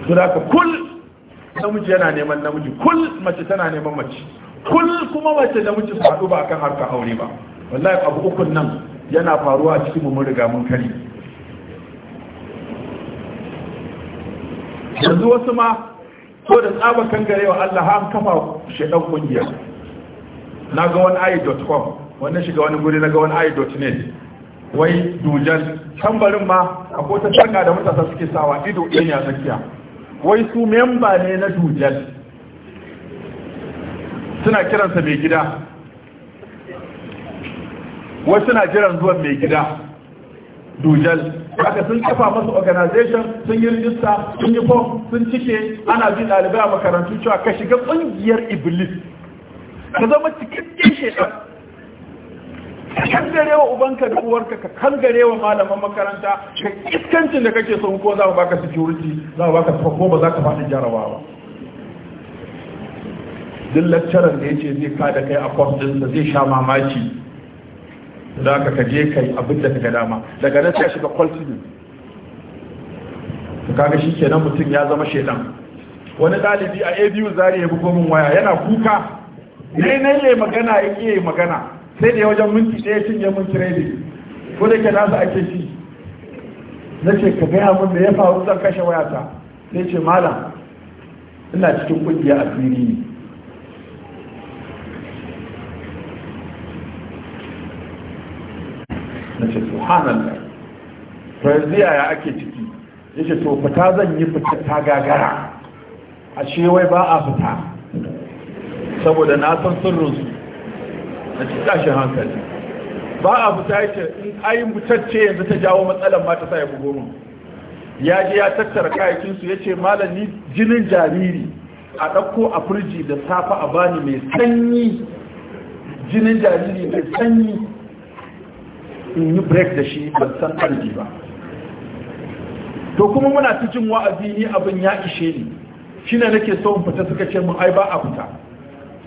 su da kul namiji yana neman namiji kul mace tana neman mace kul kuma mace da mace su haɗu ba akan harka aure ba wallahi abu ukun nan yana faruwa a cikin mun riga mun kari yanzu wasu ma ko da tsaba kan wa Allah har kafa shedan kungiya na ga wani ai.com wannan shiga wani guri na ga wani ai.net wai dujal tambarin ma akwai ta sanga da matasa suke sawa ido ɗaya ne a tsakiya wai su memba ne na dujal suna kiransa mai gida Wai suna jiran zuwan mai gida dujal haka sun kafa masu organization sun yi rijista sun yi form sun cike ana jin ɗalibai a makarantu cewa ka shiga kungiyar iblis ka zama cikakken shekar ka kangare wa ubanka da uwarka ka kangare wa malaman makaranta ka iskancin da kake son ko za mu baka security za mu baka ko ba za ka faɗi jarabawa ba duk lakcarar da ya ce zai kada kai a kwas ɗinsa zai sha mamaki za ka je kai abin da ka dama daga nan sai shiga ka kaga shi kenan mutum ya zama shaidan wani ɗalibi a abu zari ya bugo min waya yana kuka ne nai ne magana ya ke magana sai da wajen minti ɗaya cinye rai kiredi ko da ke nasa ake ci na ce ka gaya min da ya faru zan kashe wayata sai ce malam ina cikin ƙungiya asiri ne ce subhanallah to yanzu yaya ake ciki ya ce to fita zan yi fita ta gagara a shewai ba a fita saboda na san sirrinsu na ci tashin hankali ba a fita ya ce in ayin mutacce yanzu ta jawo matsalar ma ta sa ya bugo mun ya je ya tattara su ya ce malami jinin jariri a ɗauko a firji da safa a bani mai sanyi jinin jariri mai sanyi in yi break da shi ban san arziki ba to kuma muna cikin wa'azi ni abin ya ishe ni shine nake so in fita suka ce mun ai ba a fita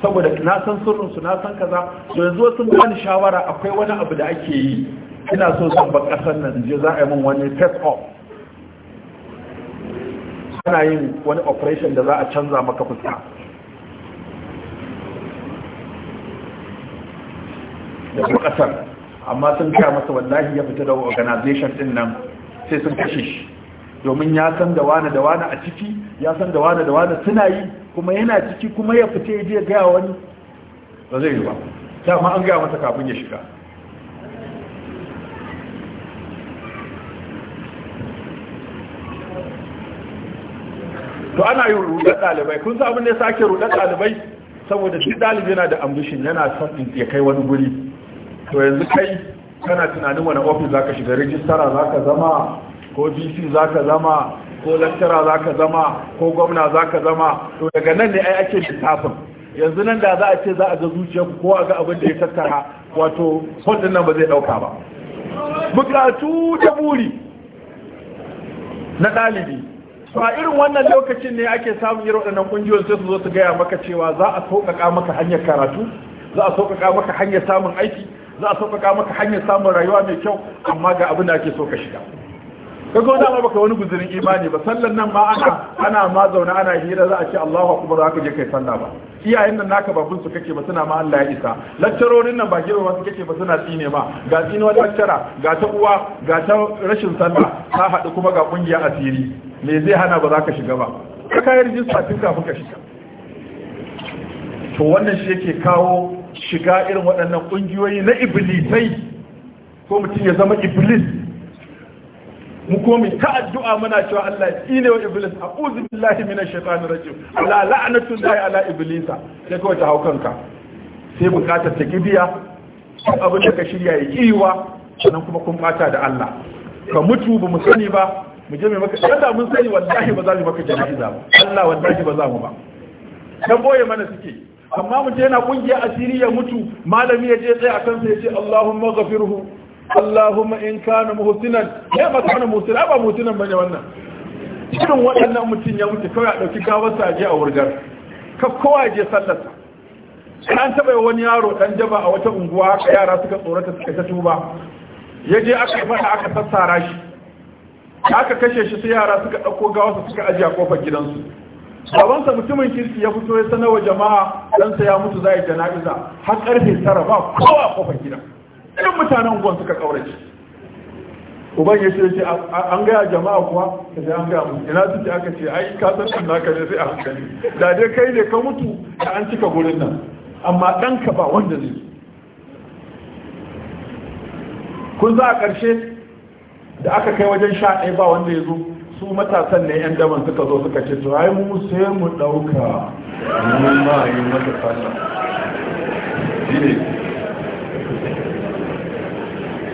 saboda na san sirrin su na san kaza to yanzu sun bani shawara akwai wani abu da ake yi ina so zan ba kasar nan je za a yi min wani test off ana yin wani operation da za a canza maka fuska da kasar amma sun kya masa wallahi ya fita da organization din nan sai sun kashe shi domin ya san da wani da wani a ciki ya san da wani da wani suna yi kuma yana ciki kuma ya fita ya je gaya wani ba zai yi ba ma an gaya masa kafin ya shiga to ana yin rudar ɗalibai kun sa abin da ya sake rudar ɗalibai saboda shi ɗalibi yana da ambishin yana son ya kai wani guri to yanzu kai kana tunanin wani ofis za ka shiga rijistara za ka zama ko dc za ka zama ko lakcara za zama ko gwamna za ka zama to daga nan ne ai ake littafin yanzu nan da za a ce za a ga zuciyarku ko a ga abin da ya tattara wato fondin nan ba zai ɗauka ba bukatu da buri na dalibi. to a irin wannan lokacin ne ake samun irin waɗannan ƙungiyoyin sai su zo su gaya maka cewa za a sauƙaƙa maka hanyar karatu za a sauƙaƙa maka hanyar samun aiki za a sauƙaƙa maka hanyar samun rayuwa mai kyau amma ga abin da ake so ka shiga kaga wani baka wani guzurin imani ba sallan nan ma ana ana ma zauna ana hira za a ce Allahu akbar zaka je kai sallah ba iyayen nan naka babun su kake ba suna ma Allah ya isa lakcarorin nan ba girma su kake ba suna tsine ma ga tsinuwar lakcara ga ta uwa ga ta rashin sallah ta haɗu kuma ga kungiya asiri me zai hana ba za ka shiga ba ka kayar a tun kafin ka shiga to wannan shi yake kawo shiga irin waɗannan ƙungiyoyi na iblisai ko mutum ya zama iblis mu komi ta addu'a muna cewa Allah ne wa iblis a uzu billahi mina shaitani rajim Allah la'anatu lahi ala iblisa sai kawai ta hau kanka sai bukatar ta gibiya abin da ka shirya ya wa sannan kuma kun bata da Allah ka mutu ba mu sani ba mu je mai maka yadda mun sani wallahi ba za mu maka jana'iza ba Allah wallahi ba za mu ba dan boye mana suke amma mu je na kungiya asiri ya mutu malami ya je tsaye a kansa ya ce Allahumma ghafirhu Allahumma in kana muhsinan ya ma kana muhsina ba muhsinan bane wannan irin waɗannan mutum ya mutu kawai a ɗauki gawar sa je a wurgar ka kowa je sallarsa an taɓa yi wani yaro ɗan jaba a wata unguwa ka yara suka tsorata suka ta tuba ya je aka fara aka sassara shi aka kashe shi sai yara suka ɗauko gawarsa suka ajiye a kofar gidansu babansa mutumin kirki ya fito ya sanar wa jama'a ɗansa ya mutu za a yi jana'iza har ƙarfe tara ba kowa a kofar gida. irin mutanen gwan suka ƙaurace uban ya ce an gaya jama'a kuwa ta ce an gaya mutu ina suke aka ce ai ka san ɗan naka ne sai a hankali da dai kai ne ka mutu da an cika gurin nan amma ɗanka ba wanda zai kun za a ƙarshe da aka kai wajen sha ɗaya ba wanda ya zo su matasan ne yan daban suka zo suka ce to ai mu sai mu dauka mu ma yi mata sallah shine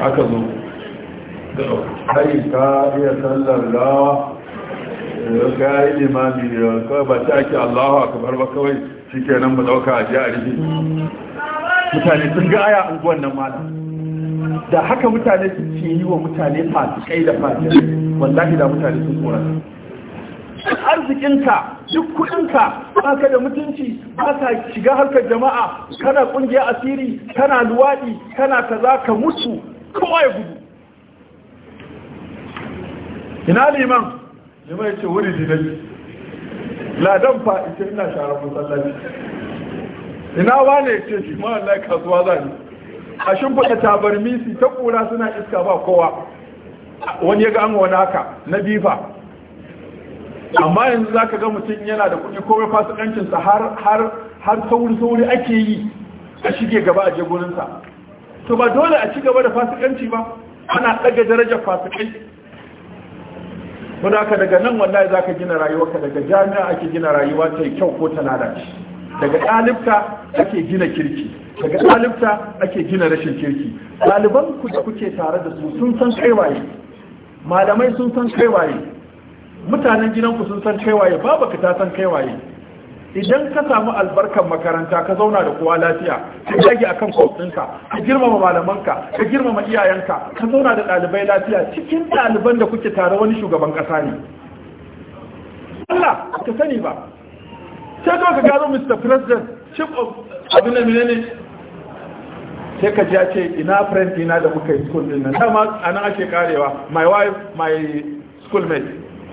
aka zo kai ka iya sallar la ga da kawai ba ta ake Allahu akbar ba kawai nan mu dauka a ji a rike mutane sun ga aya unguwan nan malam da haka mutane su ce yi wa mutane fasikai da fasikai wallahi da mutane sun tsoron arzikinka duk kudinka ka da mutunci ka shiga harkar jama'a kana kungiya asiri kana luwadi kana kaza ka mutu kowa ya gudu ina liman liman ya ce wuri jidali ladan fa ita ina sharar musallaci ina wane ce shi ma wallahi kasuwa zani a shimfiɗa tabarmi misi ta ƙura suna iska ba kowa wani ya ga an wani haka na bifa amma yanzu za ka ga mutum yana da kuɗi kowai fasikancinsa har sauri-sauri ake yi a shige gaba a jagoninsa to ba dole a ci gaba da fasikanci ba ana ɗaga darajar fasikai wadda daga nan wallahi za ka gina rayuwa ka daga jami'a ake gina rayuwa ta kyau ko ta lalace daga ɗalibta ake gina kirki daga ɗalibta ake gina rashin kirki ɗaliban ku da kuke tare da su sun san kaiwaye malamai sun san kaiwaye mutanen gidanku sun san kaiwaye babu ka ta san kaiwaye idan ka samu albarkar makaranta ka zauna da kowa lafiya ka dage akan kwatsinka ka girmama malamanka ka girmama iyayenka ka zauna da ɗalibai lafiya cikin ɗaliban da kuke tare wani shugaban ƙasa ne Allah ka sani ba sai kawai ka gano mr president chief of abin da ne sai ka ji ce ina friend ina da muka yi school din nan dama ana ake karewa my wife my schoolmate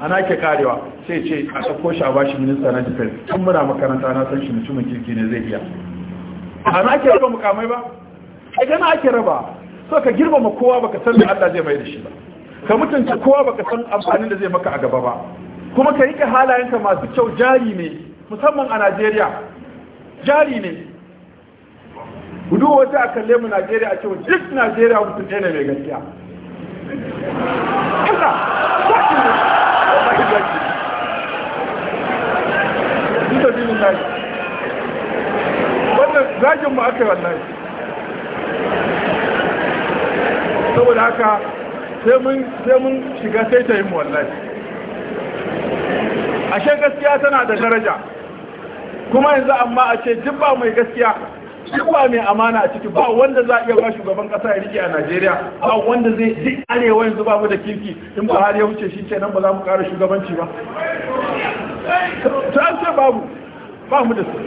ana ake karewa sai ce a ɗauko shi a bashi minista na defense tun muna makaranta na san shi mutumin kirki ne zai iya ana ake raba mukamai ba a gana ake raba so ka girmama kowa baka san da Allah zai mai da shi ba ka mutunta kowa baka san amfanin da zai maka a gaba ba kuma ka ka halayenka masu kyau jari ne musamman a najeriya jari ne hudu wata a kalle mu najeriya a cewa duk najeriya mutum ɗaya ne mai gaskiya Allah, zaki ne, Allah ya zaki. Ita Ni Wannan zagin mu aka yi wallahi. Saboda haka sai mun shiga sai ta yi mu wallahi. Ashe gaskiya tana da daraja. kuma yanzu amma a ce jibba mai gaskiya jibba mai amana a ciki ba wanda za a iya ba shugaban kasa ya rike a Najeriya ba wanda zai duk arewa yanzu ba mu da kirki in ba har ya wuce shi kenan ba za mu ƙara shugabanci ba ta ce babu ba mu da su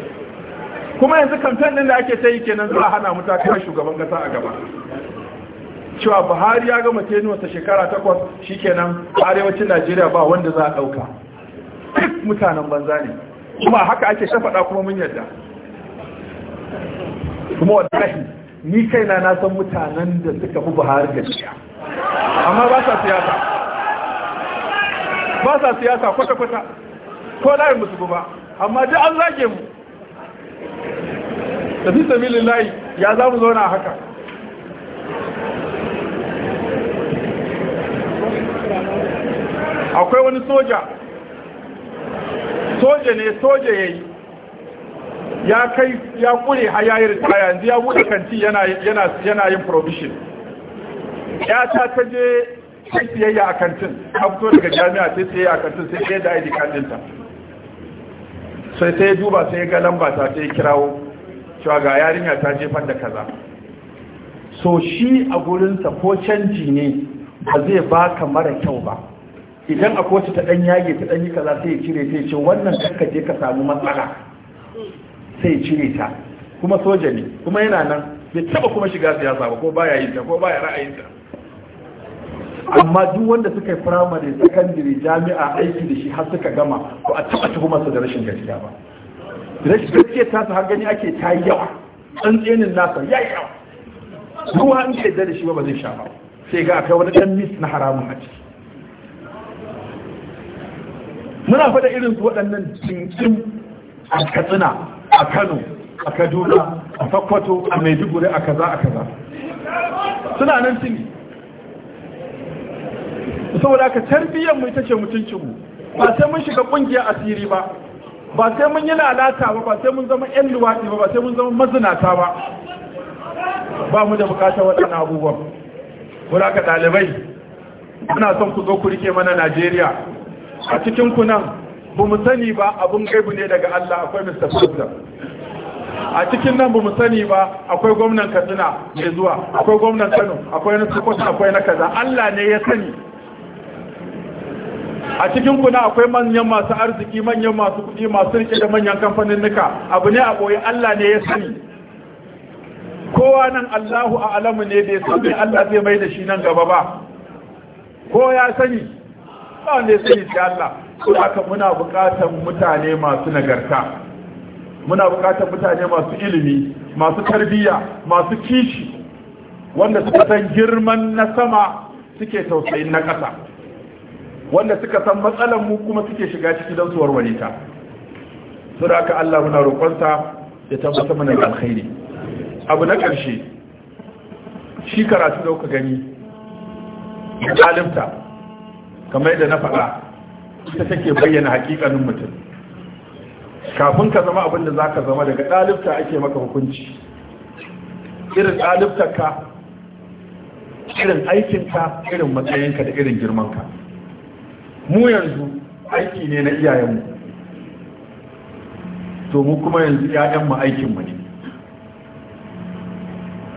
kuma yanzu kamfen din da ake ta yi kenan za a hana mu kira shugaban kasa a gaba cewa buhari ya gama wata shekara takwas shi kenan arewacin najeriya ba wanda za a ɗauka duk mutanen banza ne kuma haka ake shafaɗa kuma mun yadda kuma wallahi ni kaina na san mutanen da suka fi buhari gaskiya amma ba sa siyasa ba sa siyasa kwata-kwata ko layin musu ba amma duk an zage mu fi sabilin layi ya za mu zauna haka akwai wani soja soja ne soja ya yi ya kai ya kure a taya, yanzu ya buɗe kanti yana yin provision ya ta ta je sai siyayya a kantin ta daga jami'a sai siyayya a kantin sai ɗaya da aidi kantinta sai sai ya duba sai ya ga lamba ta sai ya kirawo cewa ga yarinya ta jefan da kaza so shi a gurinsa ko canji ne ba zai baka mara kyau ba idan a kotu ta dan yage ta dan yi kaza sai ya cire sai ce wannan kanka je ka samu matsala sai ya cire ta kuma soja ne kuma yana nan bai taba kuma shiga siyasa ba ko baya yin ta ko baya ra'ayin ta amma duk wanda suka yi firamare sakandare jami'a aiki da shi har suka gama ba a taba tuhumarsa da rashin gaskiya ba rashin gaskiya ta su har gani ake ta yi yawa tsantsenin nasa ya yi yawa ruwa an ke da shi ba ba zai sha ba sai ga akwai wani dan mis na haramun a ciki muna faɗa irin su waɗannan cincin a katsina a kano a kaduna a fakwato a maiduguri a kaza a kaza suna nan cini saboda ka tarbiyyar mu ita ce mutuncinmu ba sai mun shiga kungiya asiri ba ba sai mun yi lalata ba ba sai mun zama yan luwaɗi ba ba sai mun zama mazinata ba ba mu da bukatar waɗannan abubuwan wadda ɗalibai muna son ku zo ku rike mana najeriya a cikin kunan ba mu sani ba abin gaibu ne daga Allah akwai Mr. Fulton a cikin nan ba mu sani ba akwai gwamnan Katsina mai zuwa akwai gwamnan Kano akwai na Sokoto akwai na kaza Allah ne ya sani a cikin kuna akwai manyan masu arziki manyan masu kuɗi masu rike da manyan kamfanin nuka abu ne a ɓoye Allah ne ya sani kowa nan Allahu a alamu ne bai san Allah zai mai da shi nan gaba ba ko ya sani ba ne ya Allah haka muna buƙatan mutane masu nagarta muna buƙatan mutane masu ilimi masu tarbiyya masu kishi wanda suka san girman na sama suke tausayin na ƙasa wanda suka san matsalan mu kuma suke shiga ciki don su warware ta haka Allah muna roƙonsa ya tabbata mana da alkhairi abu na ƙarshe shi karatu da kuka gani alimta kamar yadda na faɗa ita take bayyana hakikanin mutum kafin ka zama abin da za ka zama daga ɗalibta ake maka hukunci irin ka, irin aikinka irin matsayinka da irin girmanka mu yanzu aiki ne na iyayenmu to mu kuma yanzu ‘ya'yanmu aikinmu ne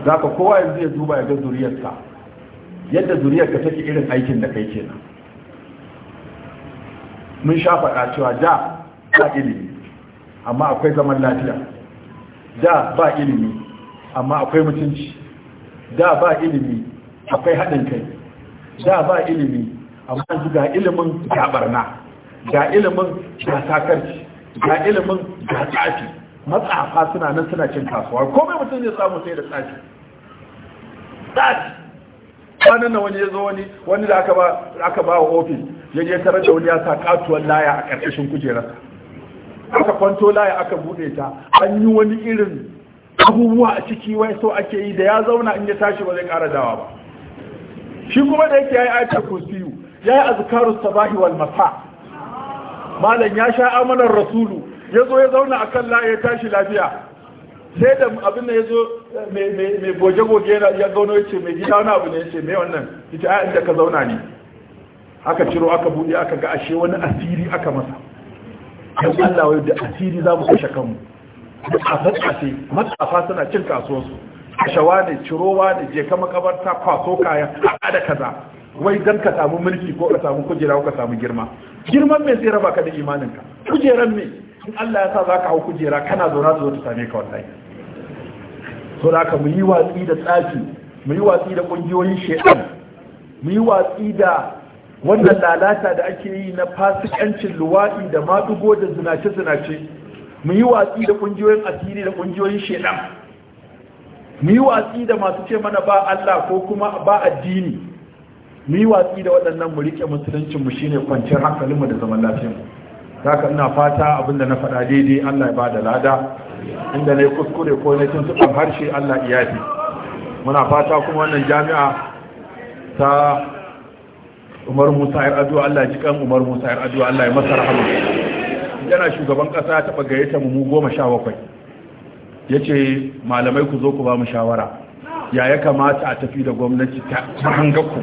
za ka kowa yanzu ya duba ya ga zuriyarsa yadda zuriyarka take irin aikin da kai kenan mun sha faɗa cewa da ba ilimi amma akwai zaman lafiya da ba ilimi amma akwai mutunci da ba ilimi akwai haɗin kai da ba ilimi amma su ga ilimin ga barna ga ilimin ga ga ilimin ga matsafa suna nan suna cin kasuwa komai mutum ne samu sai da tsafi tsafi kwanan na wani ya zo wani wani da aka ba wa ofis ya je tare da wani ya sa katuwar laya a ƙarƙashin kujerarsa aka kwanto laya aka buɗe ta an yi wani irin abubuwa a ciki wai so ake yi da ya zauna in ya tashi ba zai ƙara dawa ba shi kuma da yake yayi ayatul kursi yayi azkaru sabahi wal masa malam ya sha amanar rasulu yazo ya zauna akan laya ya tashi lafiya sai da abin da ya zo mai goge-goge ya zauna ya ce mai gida wani abu ne ya ce mai wannan ita ayan da ka zauna ne aka ciro aka buɗe aka ga ashe wani asiri aka masa don Allah wai da asiri za mu kashe kanmu a tsatsace matsafa suna cin kasuwarsu kashawa ne cirowa ne je ka makabarta kwaso kaya a da kaza wai dan ka samu mulki ko ka samu kujera ko ka samu girma girman mai tsira baka ka da imaninka kujeran me in Allah ya sa za ka hau kujera kana zauna zo ta same ka wallahi so da ka mu yi watsi da tsafi mu yi watsi da kungiyoyin shedan mu yi watsi da wannan lalata da ake yi na fasikancin luwaɗi da maɗugo da zinace-zinace mu yi watsi da ƙungiyoyin asiri da ƙungiyoyin shedan mu yi watsi da masu ce mana ba Allah ko kuma ba addini mu yi watsi da waɗannan mu riƙe musuluncin mu shine kwanciyar hankalinmu da zaman lafiyar mu ka ina fata abinda na faɗa daidai Allah ya ba da lada inda na yi kuskure ko na cin tuɓin harshe Allah iyafi muna fata kuma wannan jami'a ta umar musa ya addu'a Allah ya kan umar musa ya addu'a Allah ya masa rahama yana shugaban kasa ta taba gayyata mu mu goma sha bakwai yace malamai ku zo ku ba mu shawara ya ya kamata a tafi da gwamnati ta mahangaku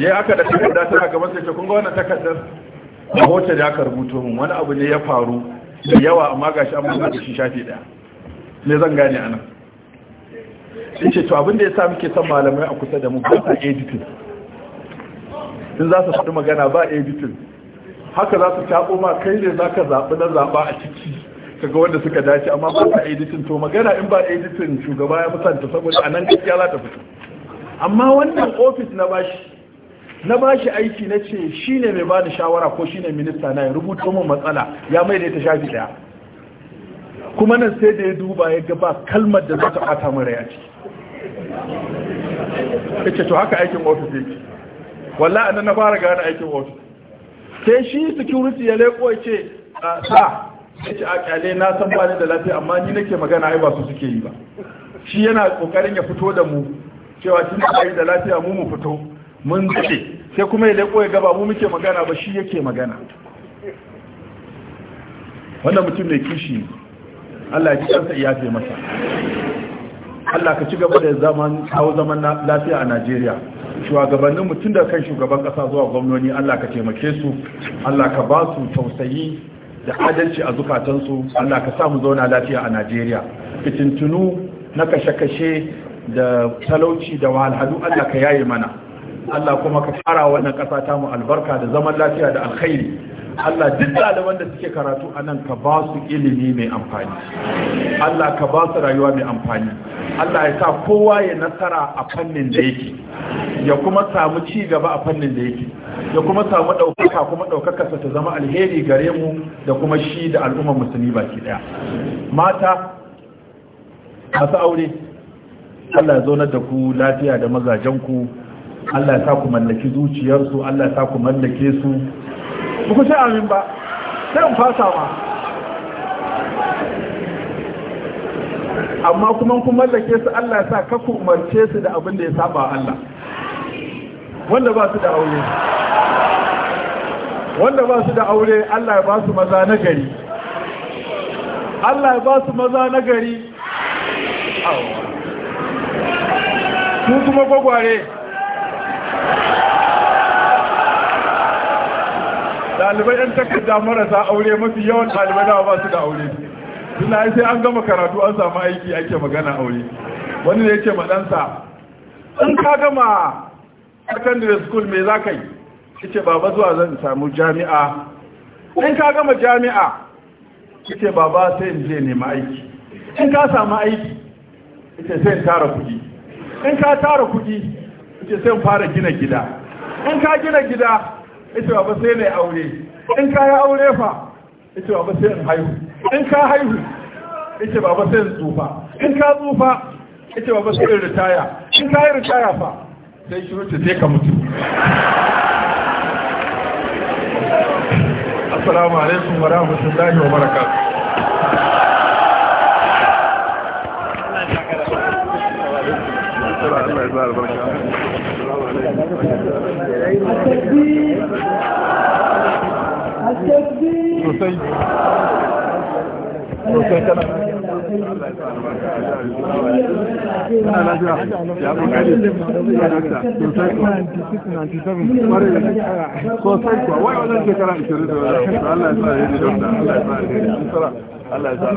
ya aka da da tana gaban sai ce kun ga wannan takardar rahoton da aka rubuto mun wani abu ne ya faru da yawa amma gashi an mutu da shi shafi daya me zan gane anan ce to abin da sa muke son malamai a kusa da mu ba a editing in za su faɗi magana ba editing haka za su taɓo ma kai ne za ka zaɓi na zaɓa a ciki kaga wanda suka dace amma ba a editing to magana in ba editing shugaba ya musanta saboda a nan gaskiya za ta fito amma wannan ofis na bashi na bashi aiki na ce shi ne mai bani shawara ko shi ne minista na ya rubuta min matsala ya mai da ta shafi daya kuma nan sai da ya duba ya ga ba kalmar da za ta ɓata mara ya ciki yace to haka aikin ofis yake wallahi annan na fara gane aikin ofis? sai shi security ya leko yace sa yace a kyale na san ba ni da lafiya amma ni nake magana ai ba su suke yi ba shi yana kokarin ya fito da mu cewa tun da da lafiya mu mu fito mun dace sai kuma ya leko ya gaba mu muke magana ba shi yake magana wannan mutum ne kishi Allah ya ji kansa masa Allah ka ci gaba da zaman kawo zaman lafiya a Najeriya shugabannin mutum da kan shugaban ƙasa zuwa gwamnoni Allah ka taimake su Allah ka ba su tausayi da adalci a zukatansu Allah ka samu zauna lafiya a Najeriya fitintunu na kashe-kashe da talauci da wahalhalu Allah ka yaye mana Allah kuma ka fara wannan kasa ta mu albarka da zaman lafiya da alkhairi Allah duk ɗaliban da suke karatu a nan ka ba su ilimi mai amfani Allah ka ba su rayuwa mai amfani Allah ya sa kowa ya nasara a fannin da yake ya kuma samu ci gaba a fannin da yake ya kuma samu ɗaukaka kuma ɗaukakarsa ta zama alheri gare mu da kuma shi da al'ummar musulmi baki ɗaya mata masu aure Allah ya zaunar da ku lafiya da mazajenku Allah ya sa ku mallaki zuciyarsu Allah ya sa ku mallake su ba ku sai amin ba sai in fasa ma amma kuma kun mallake su Allah ya sa ka ku umarce su da abin da ya saba Allah wanda ba su da aure wanda ba su da aure Allah ya ba su maza na gari Allah ya ba su maza na gari su kuma gwagware ɗalibai 'yan takarda marasa aure mafi yawan ɗalibai da ba su da aure tunda ai sai an gama karatu an samu aiki ake magana aure wani ne yake ma in ka gama secondary school me za ka yi ce baba zuwa zan samu jami'a in ka gama jami'a ce baba sai in je nema aiki in ka samu aiki ce sai in tara kuɗi in ka tara kuɗi ce sai in fara gina gida in ka gina gida ce baba sai na aure in ka yi aure fa yace ba sai in haihu in ka haihu yace ba sai tsufa in ka tsufa yace ba sai in ritaya in ka yi ritaya fa sai shi wuce sai ka mutu assalamu alaikum wa rahmatullahi wa barakatuh التكبير sosai sosai kana Ana lafiya, ya kokari, ya dokta, sosai kuwa, sosai kuwa, wai wajen shekara 20 da wajen, Allah ya sa ya ji dokta, Allah ya sa ya ji sara, Allah ya sa ya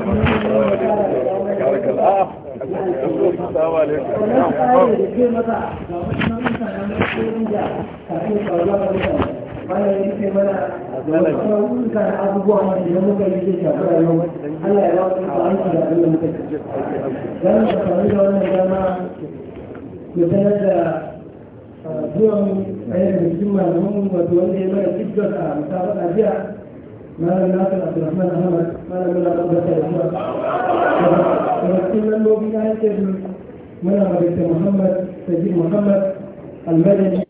ji sara, Allah ya sa wannan yake mana da wasu kan abubuwan da muka yi da shafi rayuwa Allah ya ba su aiki da abin da muka yi dan ka samu da wannan dama ya sanar da zuwan ɗaya da cikin malamin wato wanda ya mana fitgar a musabaka jiya malam nasir abdulrahman ahmad malam na ƙabbata da kuma da cikin lambobi na yankin muna magana muhammad sajid muhammad almadani